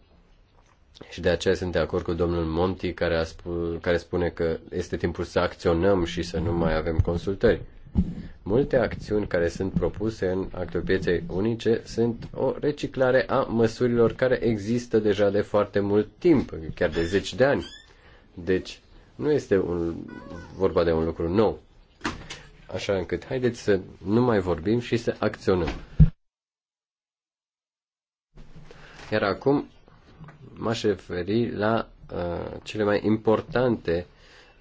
Și de aceea sunt de acord cu domnul Monti, care, a spus, care spune că este timpul să acționăm și să nu mai avem consultări. Multe acțiuni care sunt propuse în actul pieței unice sunt o reciclare a măsurilor care există deja de foarte mult timp, chiar de zeci de ani. Deci, nu este un, vorba de un lucru nou. Așa încât, haideți să nu mai vorbim și să acționăm. Iar acum m-aș referi la uh, cele mai importante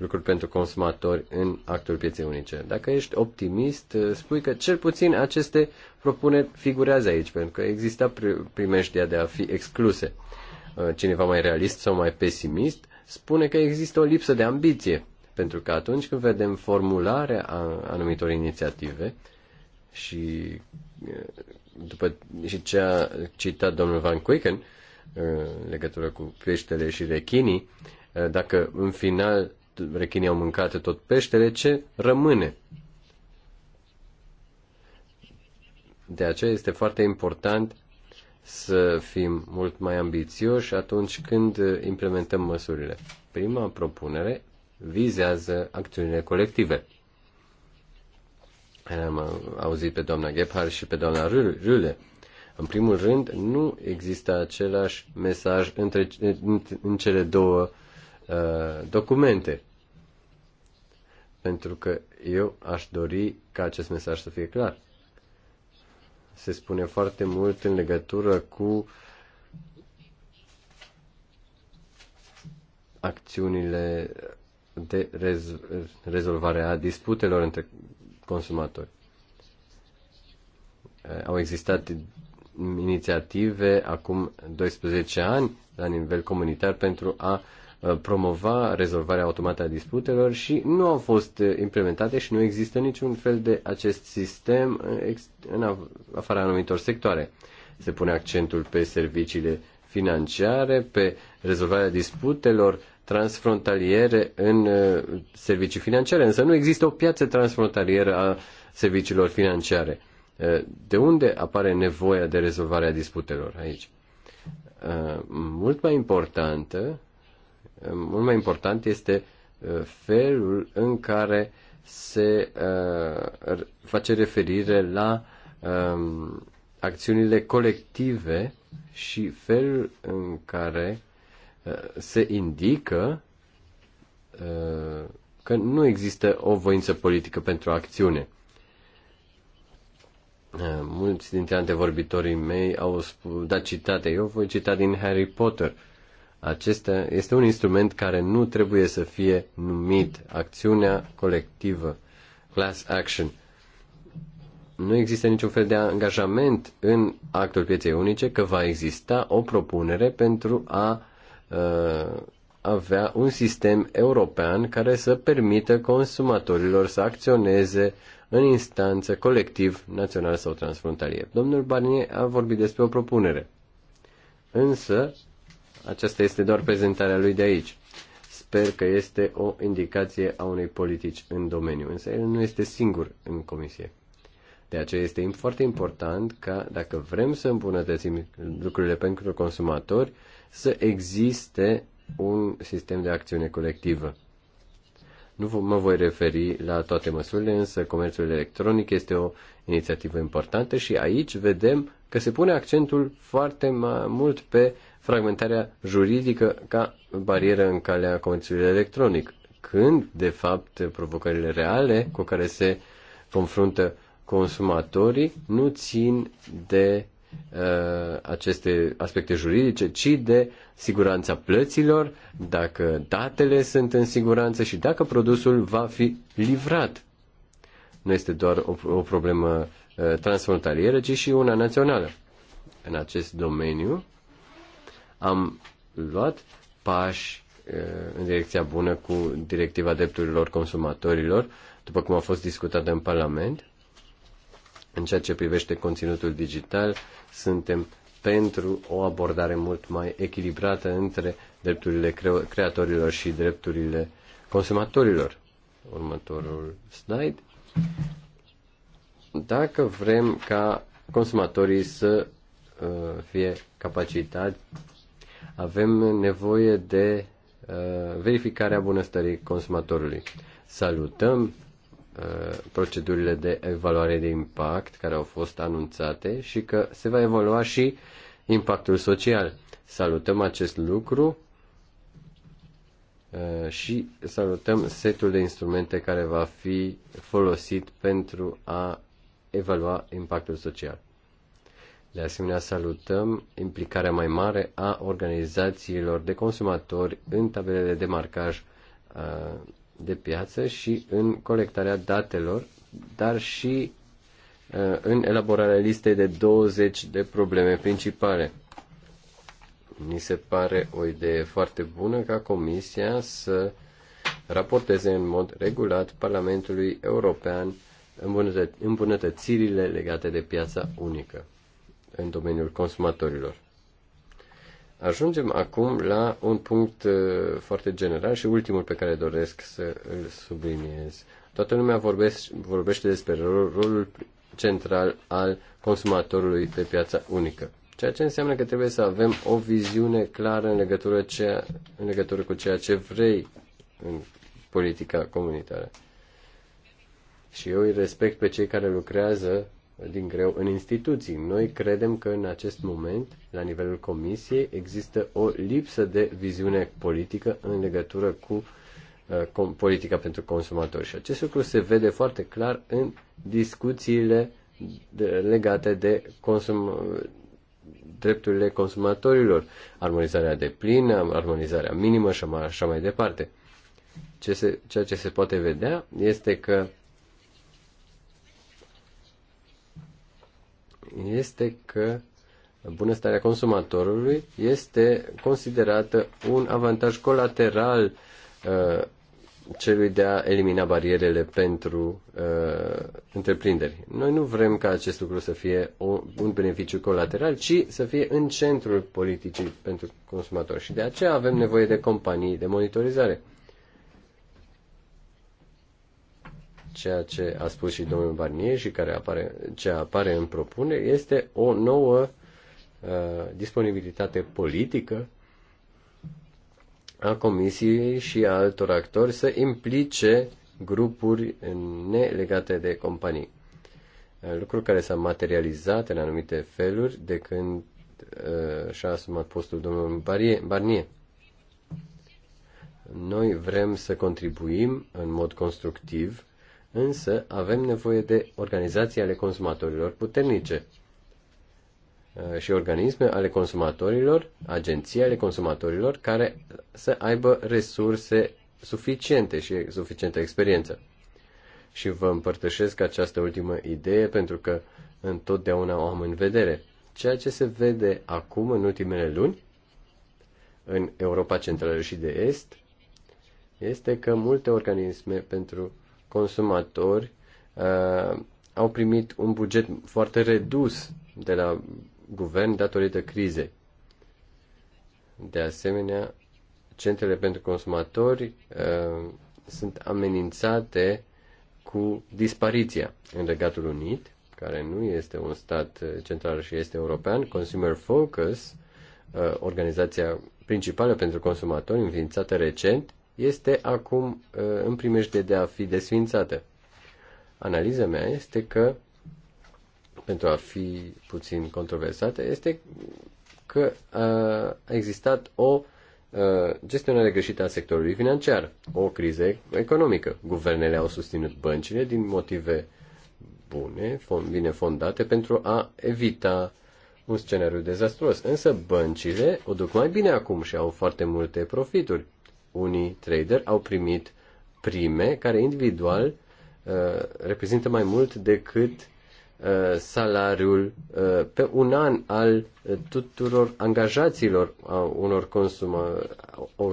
lucruri pentru consumatori în actul pieței unice. Dacă ești optimist, uh, spui că cel puțin aceste propuneri figurează aici, pentru că exista primeștia de a fi excluse. Uh, cineva mai realist sau mai pesimist spune că există o lipsă de ambiție, pentru că atunci când vedem formularea a anumitor inițiative și uh, după și ce a citat domnul Van Quicken în legătură cu peștele și rechinii, dacă în final rechinii au mâncat tot peștele, ce rămâne? De aceea este foarte important să fim mult mai ambițioși atunci când implementăm măsurile. Prima propunere vizează acțiunile colective. Am auzit pe doamna Gephardt și pe doamna Rüle. În primul rând, nu există același mesaj între, în, în cele două Uh, documente. Pentru că eu aș dori ca acest mesaj să fie clar. Se spune foarte mult în legătură cu acțiunile de rez- rezolvare a disputelor între consumatori. Uh, au existat inițiative acum 12 ani la nivel comunitar pentru a uh, Uh, promova rezolvarea automată a disputelor și nu au fost uh, implementate și nu există niciun fel de acest sistem uh, în afara anumitor sectoare. Se pune accentul pe serviciile financiare, pe rezolvarea disputelor transfrontaliere în servicii financiare, însă nu există o piață transfrontalieră a serviciilor financiare. De unde apare nevoia de rezolvarea disputelor aici? Mult mai importantă mult mai important este uh, felul în care se uh, face referire la um, acțiunile colective și felul în care uh, se indică că nu există o voință politică pentru acțiune. Mulți dintre antevorbitorii mei au spus, dat citate. Eu voi cita din Harry Potter. Uh, acesta este un instrument care nu trebuie să fie numit acțiunea colectivă, class action. Nu există niciun fel de angajament în actul pieței unice că va exista o propunere pentru a uh, avea un sistem european care să permită consumatorilor să acționeze în instanță colectiv, național sau transfrontalier. Domnul Barnier a vorbit despre o propunere. Însă, aceasta este doar prezentarea lui de aici. Sper că este o indicație a unei politici în domeniu, însă el nu este singur în comisie. De aceea este foarte important ca, dacă vrem să îmbunătățim lucrurile pentru consumatori, să existe un sistem de acțiune colectivă. Nu mă voi referi la toate măsurile, însă comerțul electronic este o inițiativă importantă și aici vedem că se pune accentul foarte mult pe fragmentarea juridică ca barieră în calea comerțului electronic, când, de fapt, provocările reale cu care se confruntă consumatorii nu țin de uh, aceste aspecte juridice, ci de siguranța plăților, dacă datele sunt în siguranță și dacă produsul va fi livrat. Nu este doar o, o problemă uh, transfrontalieră, ci și una națională. În acest domeniu, am luat pași în direcția bună cu directiva drepturilor consumatorilor, după cum a fost discutată în Parlament. În ceea ce privește conținutul digital, suntem pentru o abordare mult mai echilibrată între drepturile creatorilor și drepturile consumatorilor. Următorul slide. Dacă vrem ca consumatorii să fie capacitați avem nevoie de uh, verificarea bunăstării consumatorului. Salutăm uh, procedurile de evaluare de impact care au fost anunțate și că se va evalua și impactul social. Salutăm acest lucru uh, și salutăm setul de instrumente care va fi folosit pentru a evalua impactul social. De asemenea, salutăm implicarea mai mare a organizațiilor de consumatori în tabelele de marcaj uh, de piață și în colectarea datelor, dar și uh, în elaborarea listei de 20 de probleme principale. Mi se pare o idee foarte bună ca Comisia să raporteze în mod regulat Parlamentului European îmbunătățirile legate de piața unică în domeniul consumatorilor. Ajungem acum la un punct uh, foarte general și ultimul pe care doresc să îl subliniez. Toată lumea vorbește, vorbește despre rolul central al consumatorului pe piața unică. Ceea ce înseamnă că trebuie să avem o viziune clară în legătură, ceea, în legătură cu ceea ce vrei în politica comunitară. Și eu îi respect pe cei care lucrează din greu în instituții. Noi credem că în acest moment, la nivelul Comisiei, există o lipsă de viziune politică în legătură cu uh, politica pentru consumatori. Și acest lucru se vede foarte clar în discuțiile de, legate de consum, drepturile consumatorilor, armonizarea de plină, armonizarea minimă și așa mai departe. Ce se, ceea ce se poate vedea este că este că bunăstarea consumatorului este considerată un avantaj colateral uh, celui de a elimina barierele pentru uh, întreprinderi. Noi nu vrem ca acest lucru să fie o, un beneficiu colateral, ci să fie în centrul politicii pentru consumatori. Și de aceea avem nevoie de companii de monitorizare. ceea ce a spus și domnul Barnier și care apare, ce apare în propunere este o nouă uh, disponibilitate politică a Comisiei și a altor actori să implice grupuri nelegate de companii. Uh, Lucru care s-a materializat în anumite feluri de când uh, și-a asumat postul domnului Barnier. Noi vrem să contribuim în mod constructiv însă avem nevoie de organizații ale consumatorilor puternice uh, și organisme ale consumatorilor, agenții ale consumatorilor, care să aibă resurse suficiente și suficientă experiență. Și vă împărtășesc această ultimă idee pentru că întotdeauna o am în vedere. Ceea ce se vede acum, în ultimele luni, în Europa Centrală și de Est, este că multe organisme pentru consumatori uh, au primit un buget foarte redus de la guvern datorită crizei. De asemenea, centrele pentru consumatori uh, sunt amenințate cu dispariția în Regatul Unit, care nu este un stat uh, central și este european, Consumer Focus, uh, organizația principală pentru consumatori înființată recent, este acum uh, în primește de a fi desfințată. Analiza mea este că, pentru a fi puțin controversată, este că uh, a existat o uh, gestionare greșită a sectorului financiar, o criză economică. Guvernele au susținut băncile din motive bune, bine fondate, pentru a evita un scenariu dezastruos. Însă băncile o duc mai bine acum și au foarte multe profituri. Unii trader au primit prime care individual uh, reprezintă mai mult decât uh, salariul uh, pe un an al tuturor angajaților a unor consuma,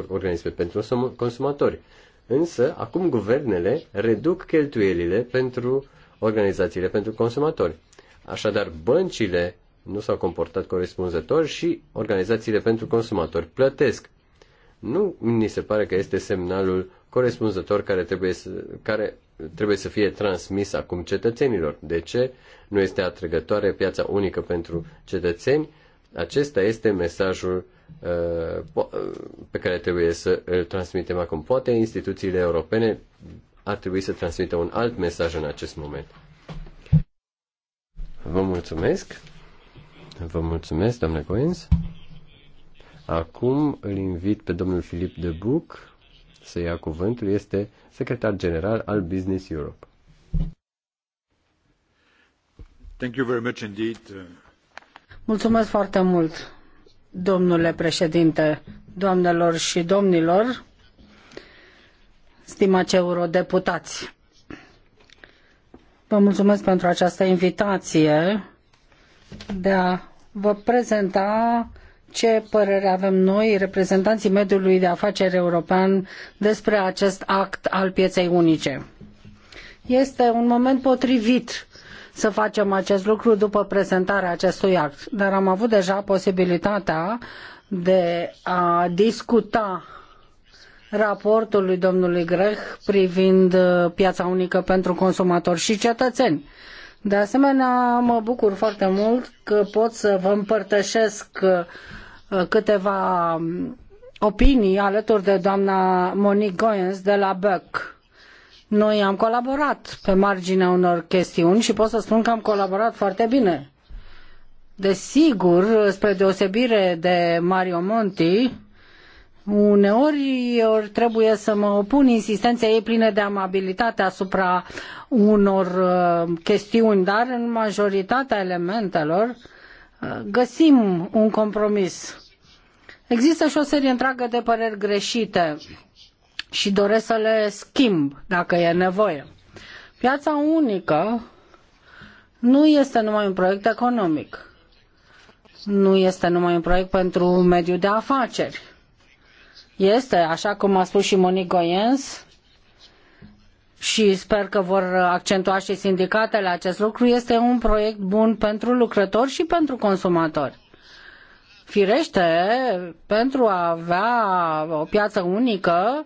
organisme pentru consumatori. Însă, acum guvernele reduc cheltuielile pentru organizațiile pentru consumatori. Așadar, băncile nu s-au comportat corespunzător și organizațiile pentru consumatori plătesc. Nu mi se pare că este semnalul corespunzător care trebuie să, care trebuie să fie transmis acum cetățenilor. De ce nu este atrăgătoare piața unică pentru cetățeni? Acesta este mesajul uh, uh pe care trebuie să îl transmitem acum. Poate instituțiile europene ar trebui să transmită un alt mesaj în acest moment. Vă mulțumesc. Vă mulțumesc, doamne Coins. Acum îl invit pe domnul Filip de Buc să ia cuvântul. Este secretar general al Business Europe. Thank you very much indeed. Uh, mulțumesc foarte mult, domnule președinte, doamnelor și domnilor, stimați eurodeputați. Vă mulțumesc pentru această invitație de a vă prezenta ce părere avem noi, reprezentanții mediului de afaceri european, despre acest act al pieței unice. Este un moment potrivit să facem acest lucru după prezentarea acestui act, dar am avut deja posibilitatea de a discuta raportul lui domnului Grech privind uh, piața unică pentru consumatori și cetățeni. De asemenea, mă bucur foarte mult că pot să vă împărtășesc uh, Uh, câteva um, opinii alături de doamna Monique Goyens de la Beck. Noi am colaborat pe marginea unor chestiuni și pot să spun că am colaborat foarte bine. Desigur, spre deosebire de Mario Monti, uneori eu trebuie să mă opun insistența ei pline de amabilitate asupra unor uh, chestiuni, dar în majoritatea elementelor uh, găsim un compromis. Există și o serie întreagă de păreri greșite și doresc să le schimb dacă e nevoie. Piața unică nu este numai un proiect economic, nu este numai un proiect pentru un mediu de afaceri. Este, așa cum a spus și Monique Goyens, și sper că vor accentua și sindicatele acest lucru, este un proiect bun pentru lucrători și pentru consumatori Firește, pentru a avea o piață unică,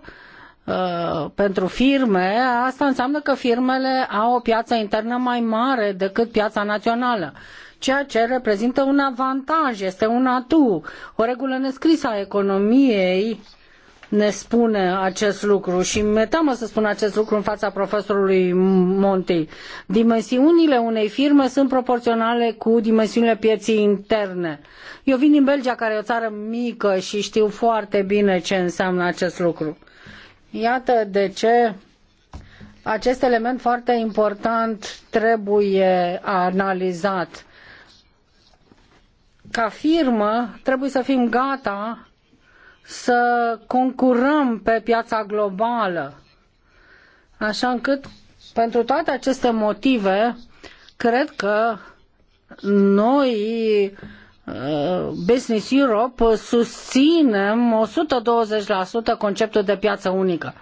uh, pentru firme, asta înseamnă că firmele au o piață internă mai mare decât piața națională, ceea ce reprezintă un avantaj, este un atu, o regulă nescrisă a economiei uh, ne spune acest lucru și mi-e teamă să spun acest lucru în fața profesorului Monti. Dimensiunile unei firme sunt proporționale cu dimensiunile pieții interne. Eu vin din Belgia, care e o țară mică și știu foarte bine ce înseamnă acest lucru. Iată de ce acest element foarte important trebuie analizat. Ca firmă trebuie să fim gata să concurăm pe piața globală. Așa încât, pentru toate aceste motive, cred că noi uh, Business Europe susținem 120% conceptul de piață unică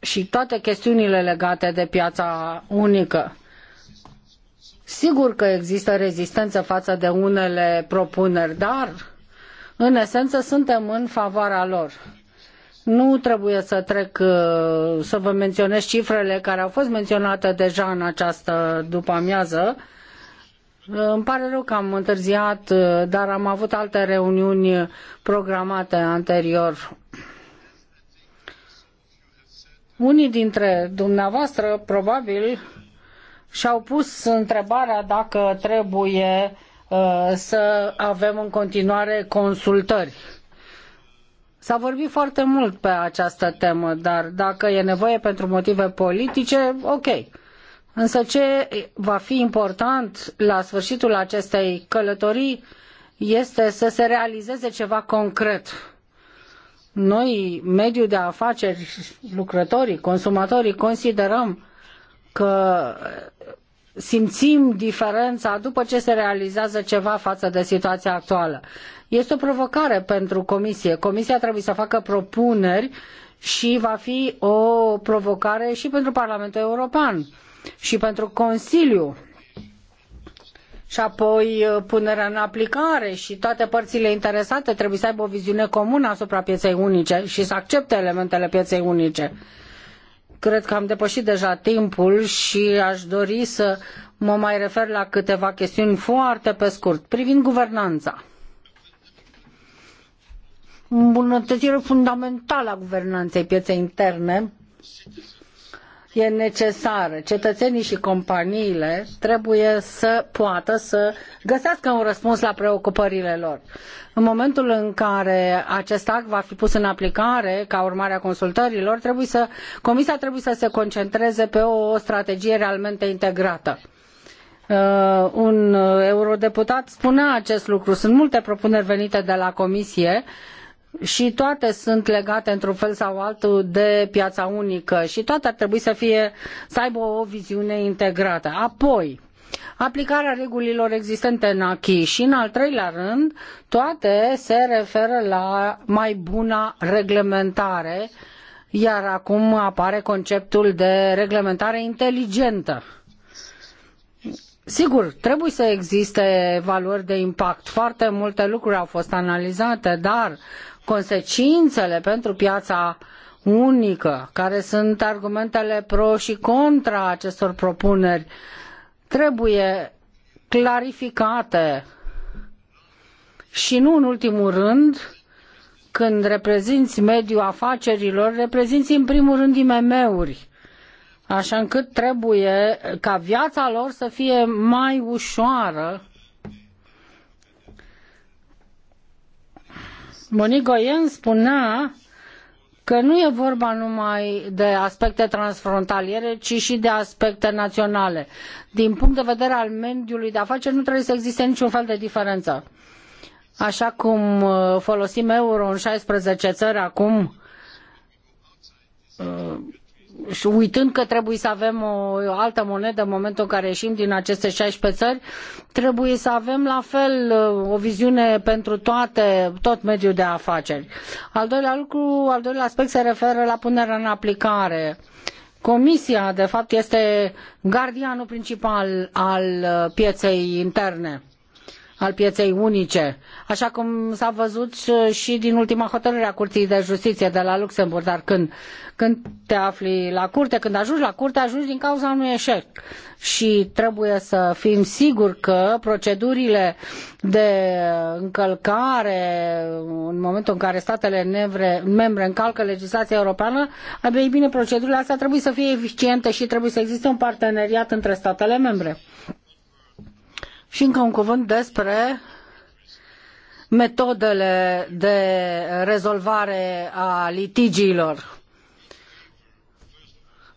și toate chestiunile legate de piața unică. Sigur că există rezistență față de unele propuneri, dar în esență, suntem în favoarea lor. Nu trebuie să trec uh, să vă menționez cifrele care au fost menționate deja în această după amiază. Uh, îmi pare rău că am întârziat, uh, dar am avut alte reuniuni programate anterior. Unii dintre dumneavoastră probabil și-au pus întrebarea dacă trebuie uh, Uh, să avem în continuare consultări. S-a vorbit foarte mult pe această temă, dar dacă e nevoie pentru motive politice, ok. Însă ce va fi important la sfârșitul acestei călătorii este să se realizeze ceva concret. Noi, mediul de afaceri, lucrătorii, consumatorii, considerăm că simțim diferența după ce se realizează ceva față de situația actuală. Este o provocare pentru comisie. Comisia trebuie să facă propuneri și va fi o provocare și pentru Parlamentul European și pentru Consiliu și apoi uh, punerea în aplicare și toate părțile interesate trebuie să aibă o viziune comună asupra pieței unice și să accepte elementele pieței unice. Uh, cred că am depășit deja timpul și aș dori să mă mai refer la câteva chestiuni foarte pe scurt. Privind guvernanța. Îmbunătățire fundamentală a guvernanței pieței interne e necesară. Cetățenii și companiile trebuie să poată să găsească un răspuns la preocupările lor. În momentul în care acest act va fi pus în aplicare ca urmare a consultărilor, trebuie să, Comisia trebuie să se concentreze pe o strategie realmente integrată. Uh, un eurodeputat spunea acest lucru. Sunt multe propuneri venite de la Comisie uh, și toate sunt legate într-un fel sau altul de piața unică și toate ar trebui să fie să aibă o viziune integrată. Apoi, aplicarea regulilor existente în acquis și în al treilea rând, toate se referă la mai bună reglementare, iar acum apare conceptul de reglementare inteligentă. Sigur, trebuie să existe valori de impact. Foarte multe lucruri au fost analizate, dar consecințele pentru piața unică, care sunt argumentele pro și contra acestor propuneri, trebuie clarificate și nu în ultimul rând, când reprezinți mediul afacerilor, reprezinți în primul rând IMM-uri, așa încât trebuie ca viața lor să fie mai ușoară Monique Goyen spunea că nu e vorba numai de aspecte transfrontaliere, ci și de aspecte naționale. Din punct de vedere al mediului de afaceri nu trebuie să existe niciun fel de diferență. Așa cum uh, folosim euro în 16 țări acum, uh, și uitând că trebuie să avem o altă monedă în momentul în care ieșim din aceste 16 țări, trebuie să avem la fel uh, o viziune pentru toate, tot mediul de afaceri. Al doilea lucru, al doilea aspect se referă la punerea în aplicare. Comisia, de fapt, este gardianul principal al uh, pieței interne al pieței unice, așa cum s-a văzut și din ultima hotărâre a Curții de Justiție de la Luxemburg, dar când, când te afli la curte, când ajungi la curte, ajungi din cauza unui eșec. Și trebuie să fim siguri că procedurile de încălcare, în momentul în care statele nevre, membre încalcă legislația europeană, ei bine, procedurile astea trebuie să fie eficiente și trebuie să existe un parteneriat între statele membre. Și încă un cuvânt despre metodele de rezolvare a litigiilor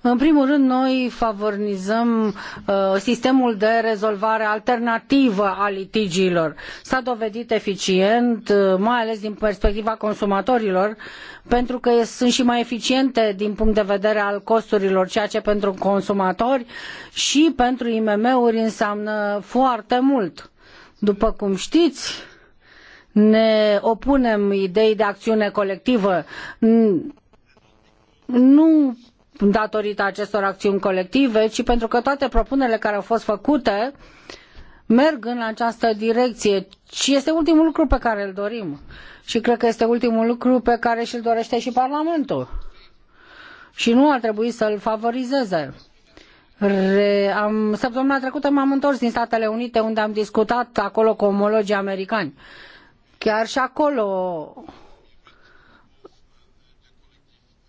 în primul rând, noi favorizăm uh, sistemul de rezolvare alternativă a litigiilor. S-a dovedit eficient, uh, mai ales din perspectiva consumatorilor, pentru că sunt și mai eficiente din punct de vedere al costurilor, ceea ce pentru consumatori și pentru IMM-uri înseamnă foarte mult. După cum știți, ne opunem ideii de acțiune colectivă. Nu datorită acestor acțiuni colective, ci pentru că toate propunerile care au fost făcute merg în această direcție și este ultimul lucru pe care îl dorim. Și cred că este ultimul lucru pe care și-l dorește și Parlamentul. Și nu ar trebui să-l favorizeze. Re, am, săptămâna trecută m-am întors din Statele Unite unde am discutat acolo cu omologii americani. Chiar și acolo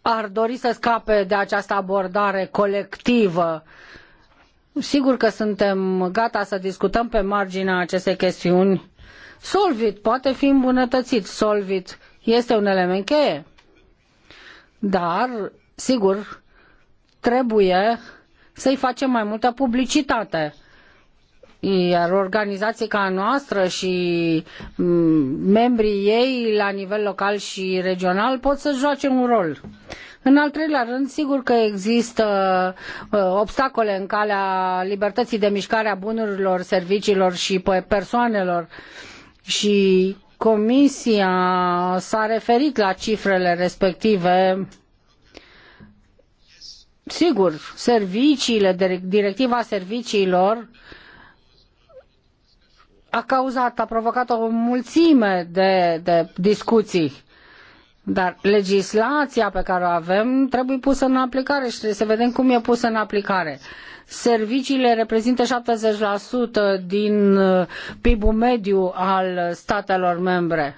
ar dori să scape de această abordare colectivă. Sigur că suntem gata să discutăm pe marginea acestei chestiuni. Solvit poate fi îmbunătățit. Solvit este un element cheie. Dar, sigur, trebuie să-i facem mai multă publicitate iar organizații ca a noastră și mm, membrii ei la nivel local și regional pot să joace un rol. În al treilea rând, sigur că există uh, obstacole în calea libertății de mișcare a bunurilor, serviciilor și persoanelor și Comisia s-a referit la cifrele respective Sigur, serviciile, directiva serviciilor a cauzat, a provocat o mulțime de, de discuții. Dar legislația pe care o avem trebuie pusă în aplicare și trebuie să vedem cum e pusă în aplicare. Serviciile reprezintă 70% din uh, PIB-ul mediu al statelor membre.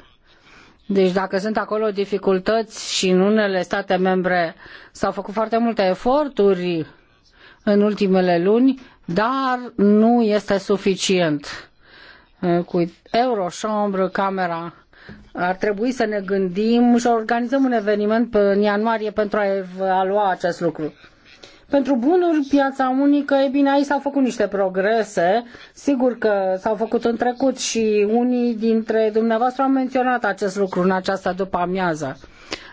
Deci dacă sunt acolo dificultăți și în unele state membre s-au făcut foarte multe eforturi în ultimele luni, dar nu este suficient Uh, cu Euroșombră, Camera ar trebui să ne gândim și organizăm un eveniment în ianuarie pentru a evalua acest lucru. Pentru bunuri, piața unică, e bine, aici s-au făcut niște progrese, sigur că s-au făcut în trecut și unii dintre dumneavoastră au menționat acest lucru în această după amiază.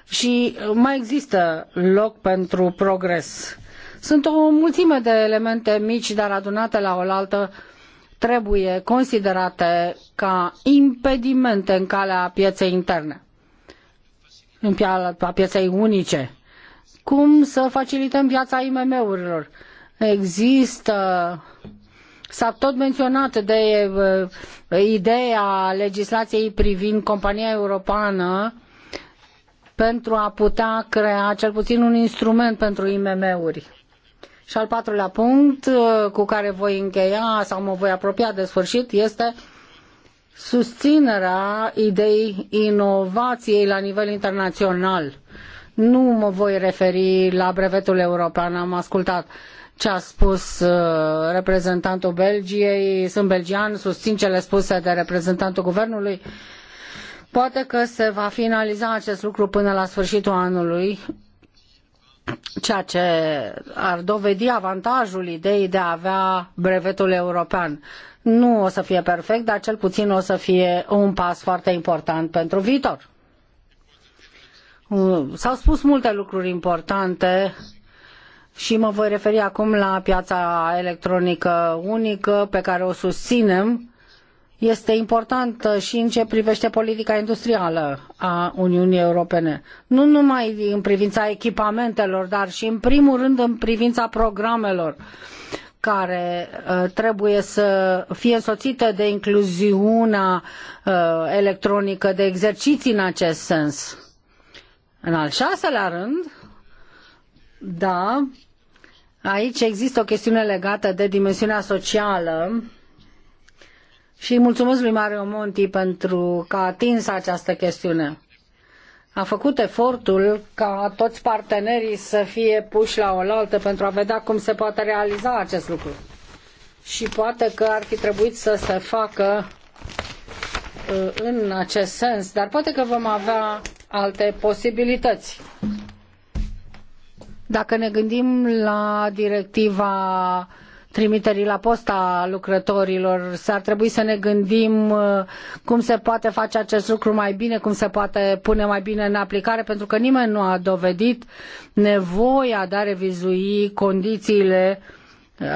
Și mai există loc pentru progres. Sunt o mulțime de elemente mici, dar adunate la oaltă, trebuie considerate ca impedimente în calea pieței interne, în calea pieței unice. Cum să facilităm viața IMM-urilor? Există S-a tot menționat de uh, ideea legislației privind compania europeană pentru a putea crea cel puțin un instrument pentru IMM-uri și al patrulea punct uh, cu care voi încheia sau mă voi apropia de sfârșit este susținerea ideii inovației la nivel internațional. Nu mă voi referi la brevetul european, am ascultat ce a spus uh, reprezentantul Belgiei, sunt belgian, susțin cele spuse de reprezentantul guvernului. Poate că se va finaliza acest lucru până la sfârșitul anului ceea ce ar dovedi avantajul ideii de a avea brevetul european. Nu o să fie perfect, dar cel puțin o să fie un pas foarte important pentru viitor. S-au spus multe lucruri importante și mă voi referi acum la piața electronică unică pe care o susținem este importantă și în ce privește politica industrială a Uniunii Europene. Nu numai în privința echipamentelor, dar și în primul rând în privința programelor care uh, trebuie să fie însoțite de incluziunea uh, electronică, de exerciții în acest sens. În al șaselea rând, da, aici există o chestiune legată de dimensiunea socială și mulțumesc lui Mario Monti pentru că a atins această chestiune. A făcut efortul ca toți partenerii să fie puși la oaltă pentru a vedea cum se poate realiza acest lucru. Și poate că ar fi trebuit să se facă uh, în acest sens, dar poate că vom avea alte posibilități. Dacă ne gândim la directiva trimiterii la posta lucrătorilor. S-ar trebui să ne gândim uh, cum se poate face acest lucru mai bine, cum se poate pune mai bine în aplicare, pentru că nimeni nu a dovedit nevoia de a revizui condițiile uh,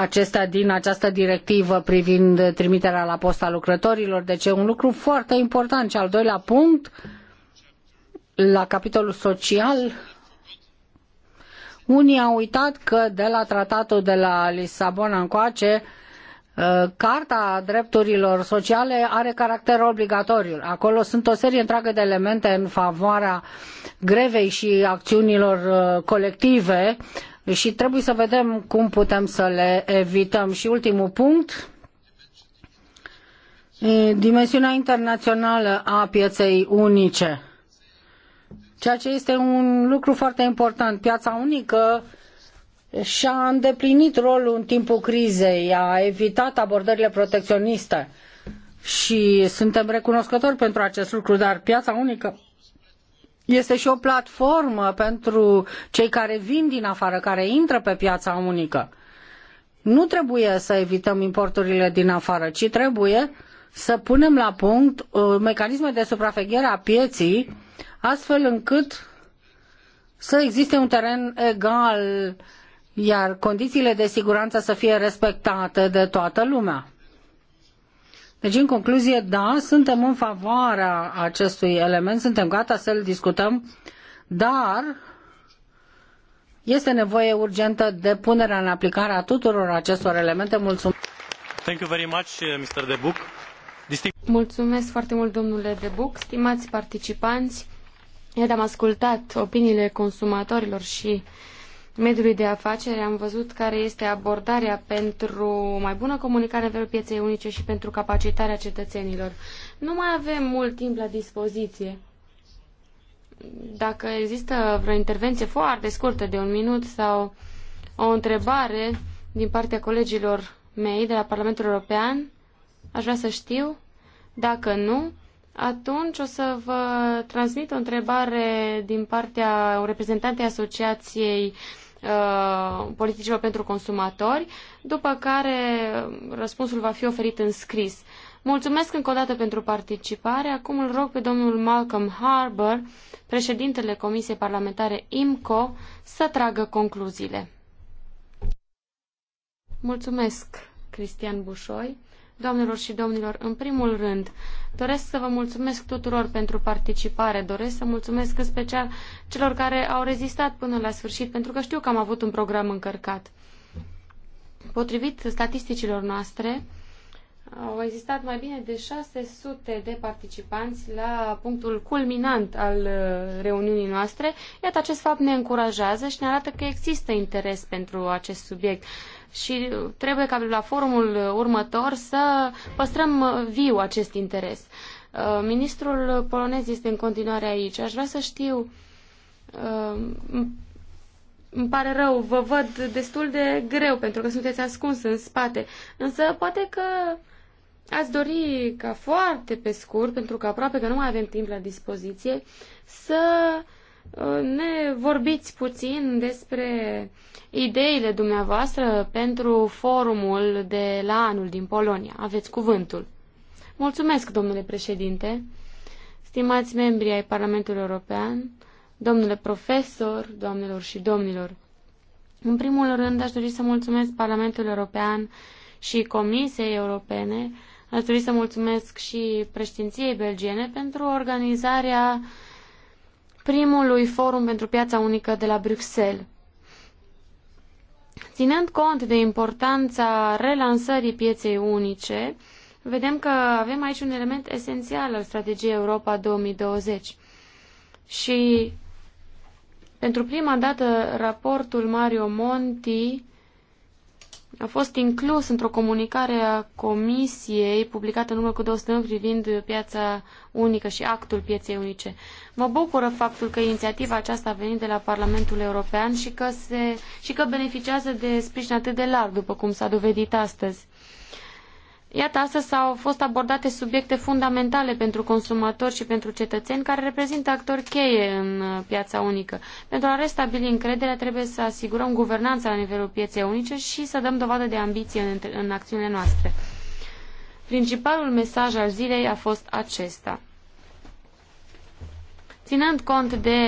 acestea din această directivă privind trimiterea la posta lucrătorilor. Deci e un lucru foarte important. Și al doilea punct, la capitolul social, unii au uitat că de la tratatul de la Lisabona încoace, uh, Carta drepturilor sociale are caracter obligatoriu. Acolo sunt o serie întreagă de elemente în favoarea grevei și acțiunilor uh, colective și trebuie să vedem cum putem să le evităm. Și ultimul punct, dimensiunea internațională a pieței unice ceea ce este un lucru foarte important. Piața unică și-a îndeplinit rolul în timpul crizei, a evitat abordările protecționiste și suntem recunoscători pentru acest lucru, dar piața unică este și o platformă pentru cei care vin din afară, care intră pe piața unică. Nu trebuie să evităm importurile din afară, ci trebuie să punem la punct uh, mecanisme de supraveghere a pieții astfel încât să existe un teren egal, iar condițiile de siguranță să fie respectate de toată lumea. Deci, în concluzie, da, suntem în favoarea acestui element, suntem gata să-l discutăm, dar este nevoie urgentă de punerea în aplicare a tuturor acestor elemente. Mulțumesc! Thank you very much, uh, Mr. Mulțumesc foarte mult, domnule de Buc, stimați participanți. Iată, am ascultat opiniile consumatorilor și mediului de afaceri, am văzut care este abordarea pentru mai bună comunicare în nivelul pieței unice și pentru capacitarea cetățenilor. Nu mai avem mult timp la dispoziție. Dacă există vreo intervenție foarte scurtă de un minut sau o întrebare din partea colegilor mei de la Parlamentul European, Aș vrea să știu. Dacă nu, atunci o să vă transmit o întrebare din partea un reprezentantei Asociației uh, Politicilor pentru Consumatori, după care răspunsul va fi oferit în scris. Mulțumesc încă o dată pentru participare. Acum îl rog pe domnul Malcolm Harbour, președintele Comisiei Parlamentare IMCO, să tragă concluziile. Mulțumesc, Cristian Bușoi. Doamnelor și domnilor, în primul rând, doresc să vă mulțumesc tuturor pentru participare, doresc să mulțumesc în special celor care au rezistat până la sfârșit, pentru că știu că am avut un program încărcat. Potrivit statisticilor noastre, au existat mai bine de 600 de participanți la punctul culminant al uh, reuniunii noastre. Iată, acest fapt ne încurajează și ne arată că există interes pentru acest subiect și trebuie ca la forumul următor să păstrăm viu acest interes. Uh, ministrul polonez este în continuare aici. Aș vrea să știu. Uh, îmi pare rău, vă văd destul de greu pentru că sunteți ascuns în spate. Însă poate că ați dori ca foarte pe scurt, pentru că aproape că nu mai avem timp la dispoziție, să uh, ne vorbiți puțin despre uh, ideile dumneavoastră pentru forumul de la anul din Polonia. Aveți cuvântul. Mulțumesc, domnule președinte, stimați membri ai Parlamentului European, domnule profesor, doamnelor și domnilor. În primul rând, aș dori să mulțumesc Parlamentului European și Comisiei Europene, aș dori să mulțumesc și președinției belgiene pentru organizarea primului forum pentru piața unică de la Bruxelles. Ținând cont de importanța relansării pieței unice, vedem că avem aici un element esențial al strategiei Europa 2020. Și pentru prima dată raportul Mario Monti a fost inclus într-o comunicare a Comisiei publicată în urmă cu două săptămâni privind piața unică și actul pieței unice. Mă bucură faptul că inițiativa aceasta a venit de la Parlamentul European și că, se, și că beneficiază de sprijin atât de larg, după cum s-a dovedit astăzi. Iată, astăzi au fost abordate subiecte fundamentale pentru consumatori și pentru cetățeni, care reprezintă actori cheie în uh, piața unică. Pentru a restabili încrederea, trebuie să asigurăm guvernanța la nivelul pieței unice și să dăm dovadă de ambiție în, în acțiunile noastre. Principalul mesaj al zilei a fost acesta. Ținând cont de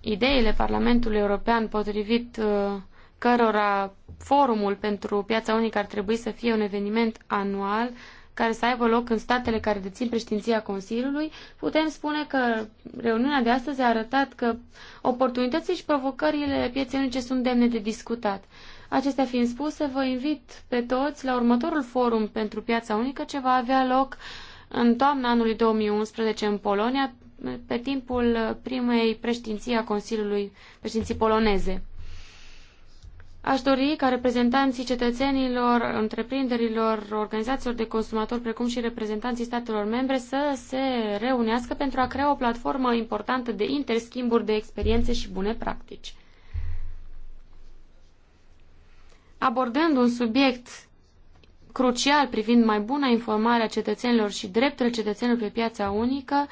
ideile Parlamentului European potrivit uh, cărora forumul pentru piața unică ar trebui să fie un eveniment anual care să aibă loc în statele care dețin președinția Consiliului, putem spune că reuniunea de astăzi a arătat că oportunitățile și provocările pieței unice sunt demne de discutat. Acestea fiind spuse, vă invit pe toți la următorul forum pentru piața unică ce va avea loc în toamna anului 2011 în Polonia, pe timpul primei președinții a Consiliului, președinții poloneze. Aș dori ca reprezentanții cetățenilor, întreprinderilor, organizațiilor de consumatori, precum și reprezentanții statelor membre să se reunească pentru a crea o platformă importantă de interschimburi de experiențe și bune practici. Abordând un subiect crucial privind mai bună informare a cetățenilor și drepturile cetățenilor pe piața unică,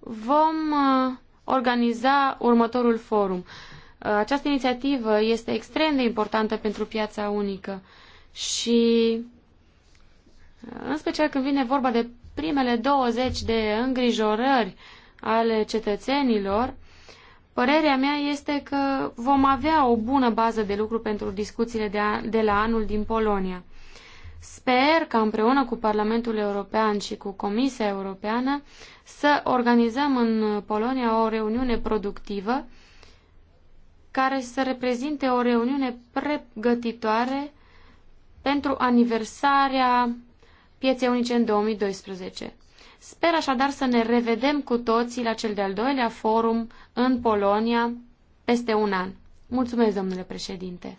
vom uh, organiza următorul forum. Uh, această inițiativă este extrem de importantă pentru piața unică și uh, în special când vine vorba de primele 20 de îngrijorări ale cetățenilor, părerea mea este că vom avea o bună bază de lucru pentru discuțiile de, a, de la anul din Polonia. Sper că împreună cu Parlamentul European și cu Comisia Europeană să organizăm în Polonia o reuniune productivă care să reprezinte o reuniune pregătitoare pentru aniversarea pieței unice în 2012. Sper așadar să ne revedem cu toții la cel de-al doilea forum în Polonia peste un an. Mulțumesc, domnule președinte!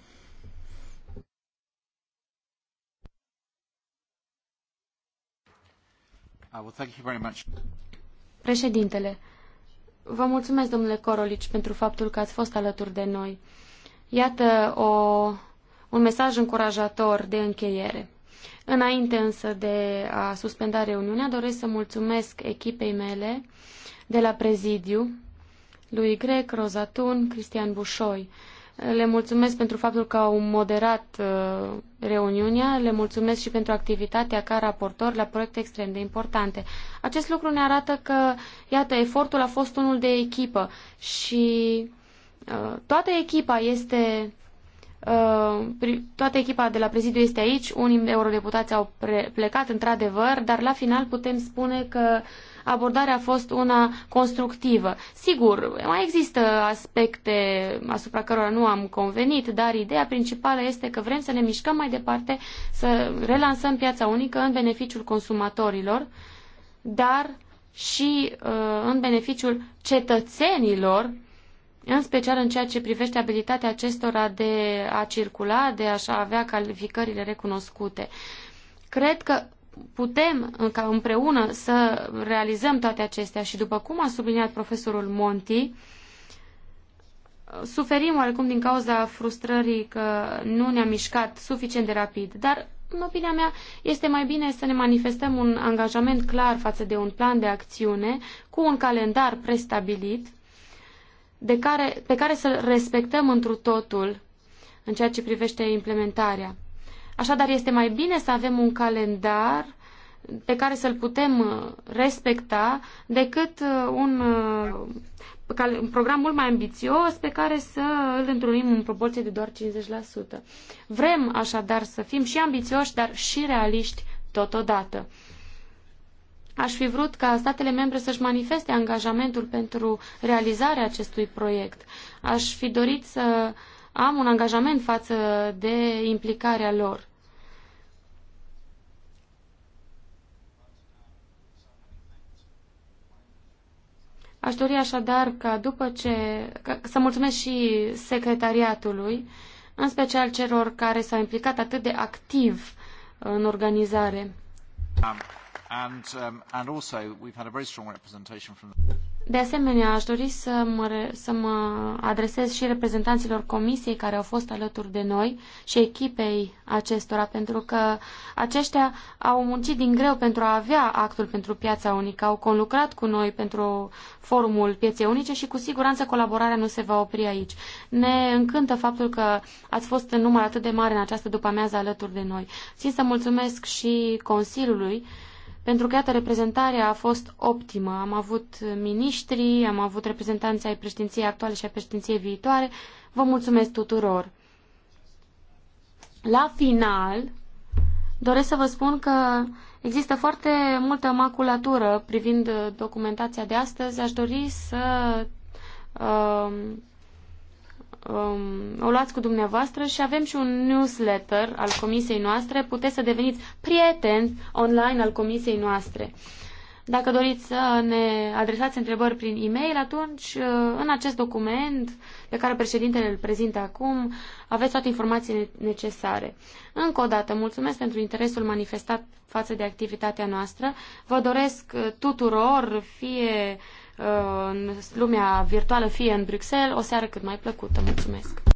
Ah, Președintele, Vă mulțumesc, domnule Corolici, pentru faptul că ați fost alături de noi. Iată o, un mesaj încurajator de încheiere. Înainte însă de a suspenda reuniunea, doresc să mulțumesc echipei mele de la prezidiu, lui Grec, Rozatun, Cristian Bușoi, le mulțumesc pentru faptul că au moderat uh, reuniunea, le mulțumesc și pentru activitatea ca raportor la proiecte extrem de importante. Acest lucru ne arată că, iată, efortul a fost unul de echipă și uh, toată echipa este uh, toată echipa de la prezidiu este aici, unii eurodeputați au plecat într-adevăr, dar la final putem spune că uh, abordarea a fost una constructivă. Sigur, mai există aspecte asupra cărora nu am convenit, dar ideea principală este că vrem să ne mișcăm mai departe, să relansăm piața unică în beneficiul consumatorilor, dar și uh, în beneficiul cetățenilor, în special în ceea ce privește abilitatea acestora de a circula, de a avea calificările recunoscute. Cred că putem ca împreună să realizăm toate acestea și după cum a subliniat profesorul Monti, suferim oarecum din cauza frustrării că nu ne-am mișcat suficient de rapid, dar în opinia mea, este mai bine să ne manifestăm un angajament clar față de un plan de acțiune cu un calendar prestabilit de care, pe care să-l respectăm întru totul în ceea ce privește implementarea. Așadar, este mai bine să avem un calendar pe care să-l putem uh, respecta decât uh, un, uh, un program mult mai ambițios pe care să îl întrunim în proporție de doar 50%. Vrem așadar să fim și ambițioși, dar și realiști totodată. Aș fi vrut ca statele membre să-și manifeste angajamentul pentru realizarea acestui proiect. Aș fi dorit să uh, am un angajament față de implicarea lor. Aș dori așadar ca după ce ca, să mulțumesc și secretariatului, în special celor care s-au implicat atât de activ în organizare. Um, and, um, and also we've had a very strong representation from the... De asemenea, aș dori să mă, să mă adresez și reprezentanților comisiei care au fost alături de noi și echipei acestora, pentru că aceștia au muncit din greu pentru a avea actul pentru piața unică, au conlucrat cu noi pentru forumul pieței unice și cu siguranță colaborarea nu se va opri aici. Ne încântă faptul că ați fost în număr atât de mare în această după-amiază alături de noi. Țin să mulțumesc și Consiliului, uh, pentru că, iată, reprezentarea a fost optimă. Am avut miniștri, am avut reprezentanții ai președinției actuale și ai președinției viitoare. Vă mulțumesc tuturor! La final, doresc să vă spun că există foarte multă maculatură privind documentația de astăzi. Aș dori să uh, um, o luați cu dumneavoastră și avem și un newsletter al comisiei noastre. Puteți să deveniți prieteni online al comisiei noastre. Dacă doriți să ne adresați întrebări prin e-mail, atunci uh, în acest document pe care președintele îl prezintă acum, aveți toate informațiile necesare. Încă o dată, mulțumesc pentru interesul manifestat față de activitatea noastră. Vă doresc uh, tuturor, fie uh, Uh, în lumea virtuală, fie în Bruxelles, o seară cât mai plăcută. Mulțumesc!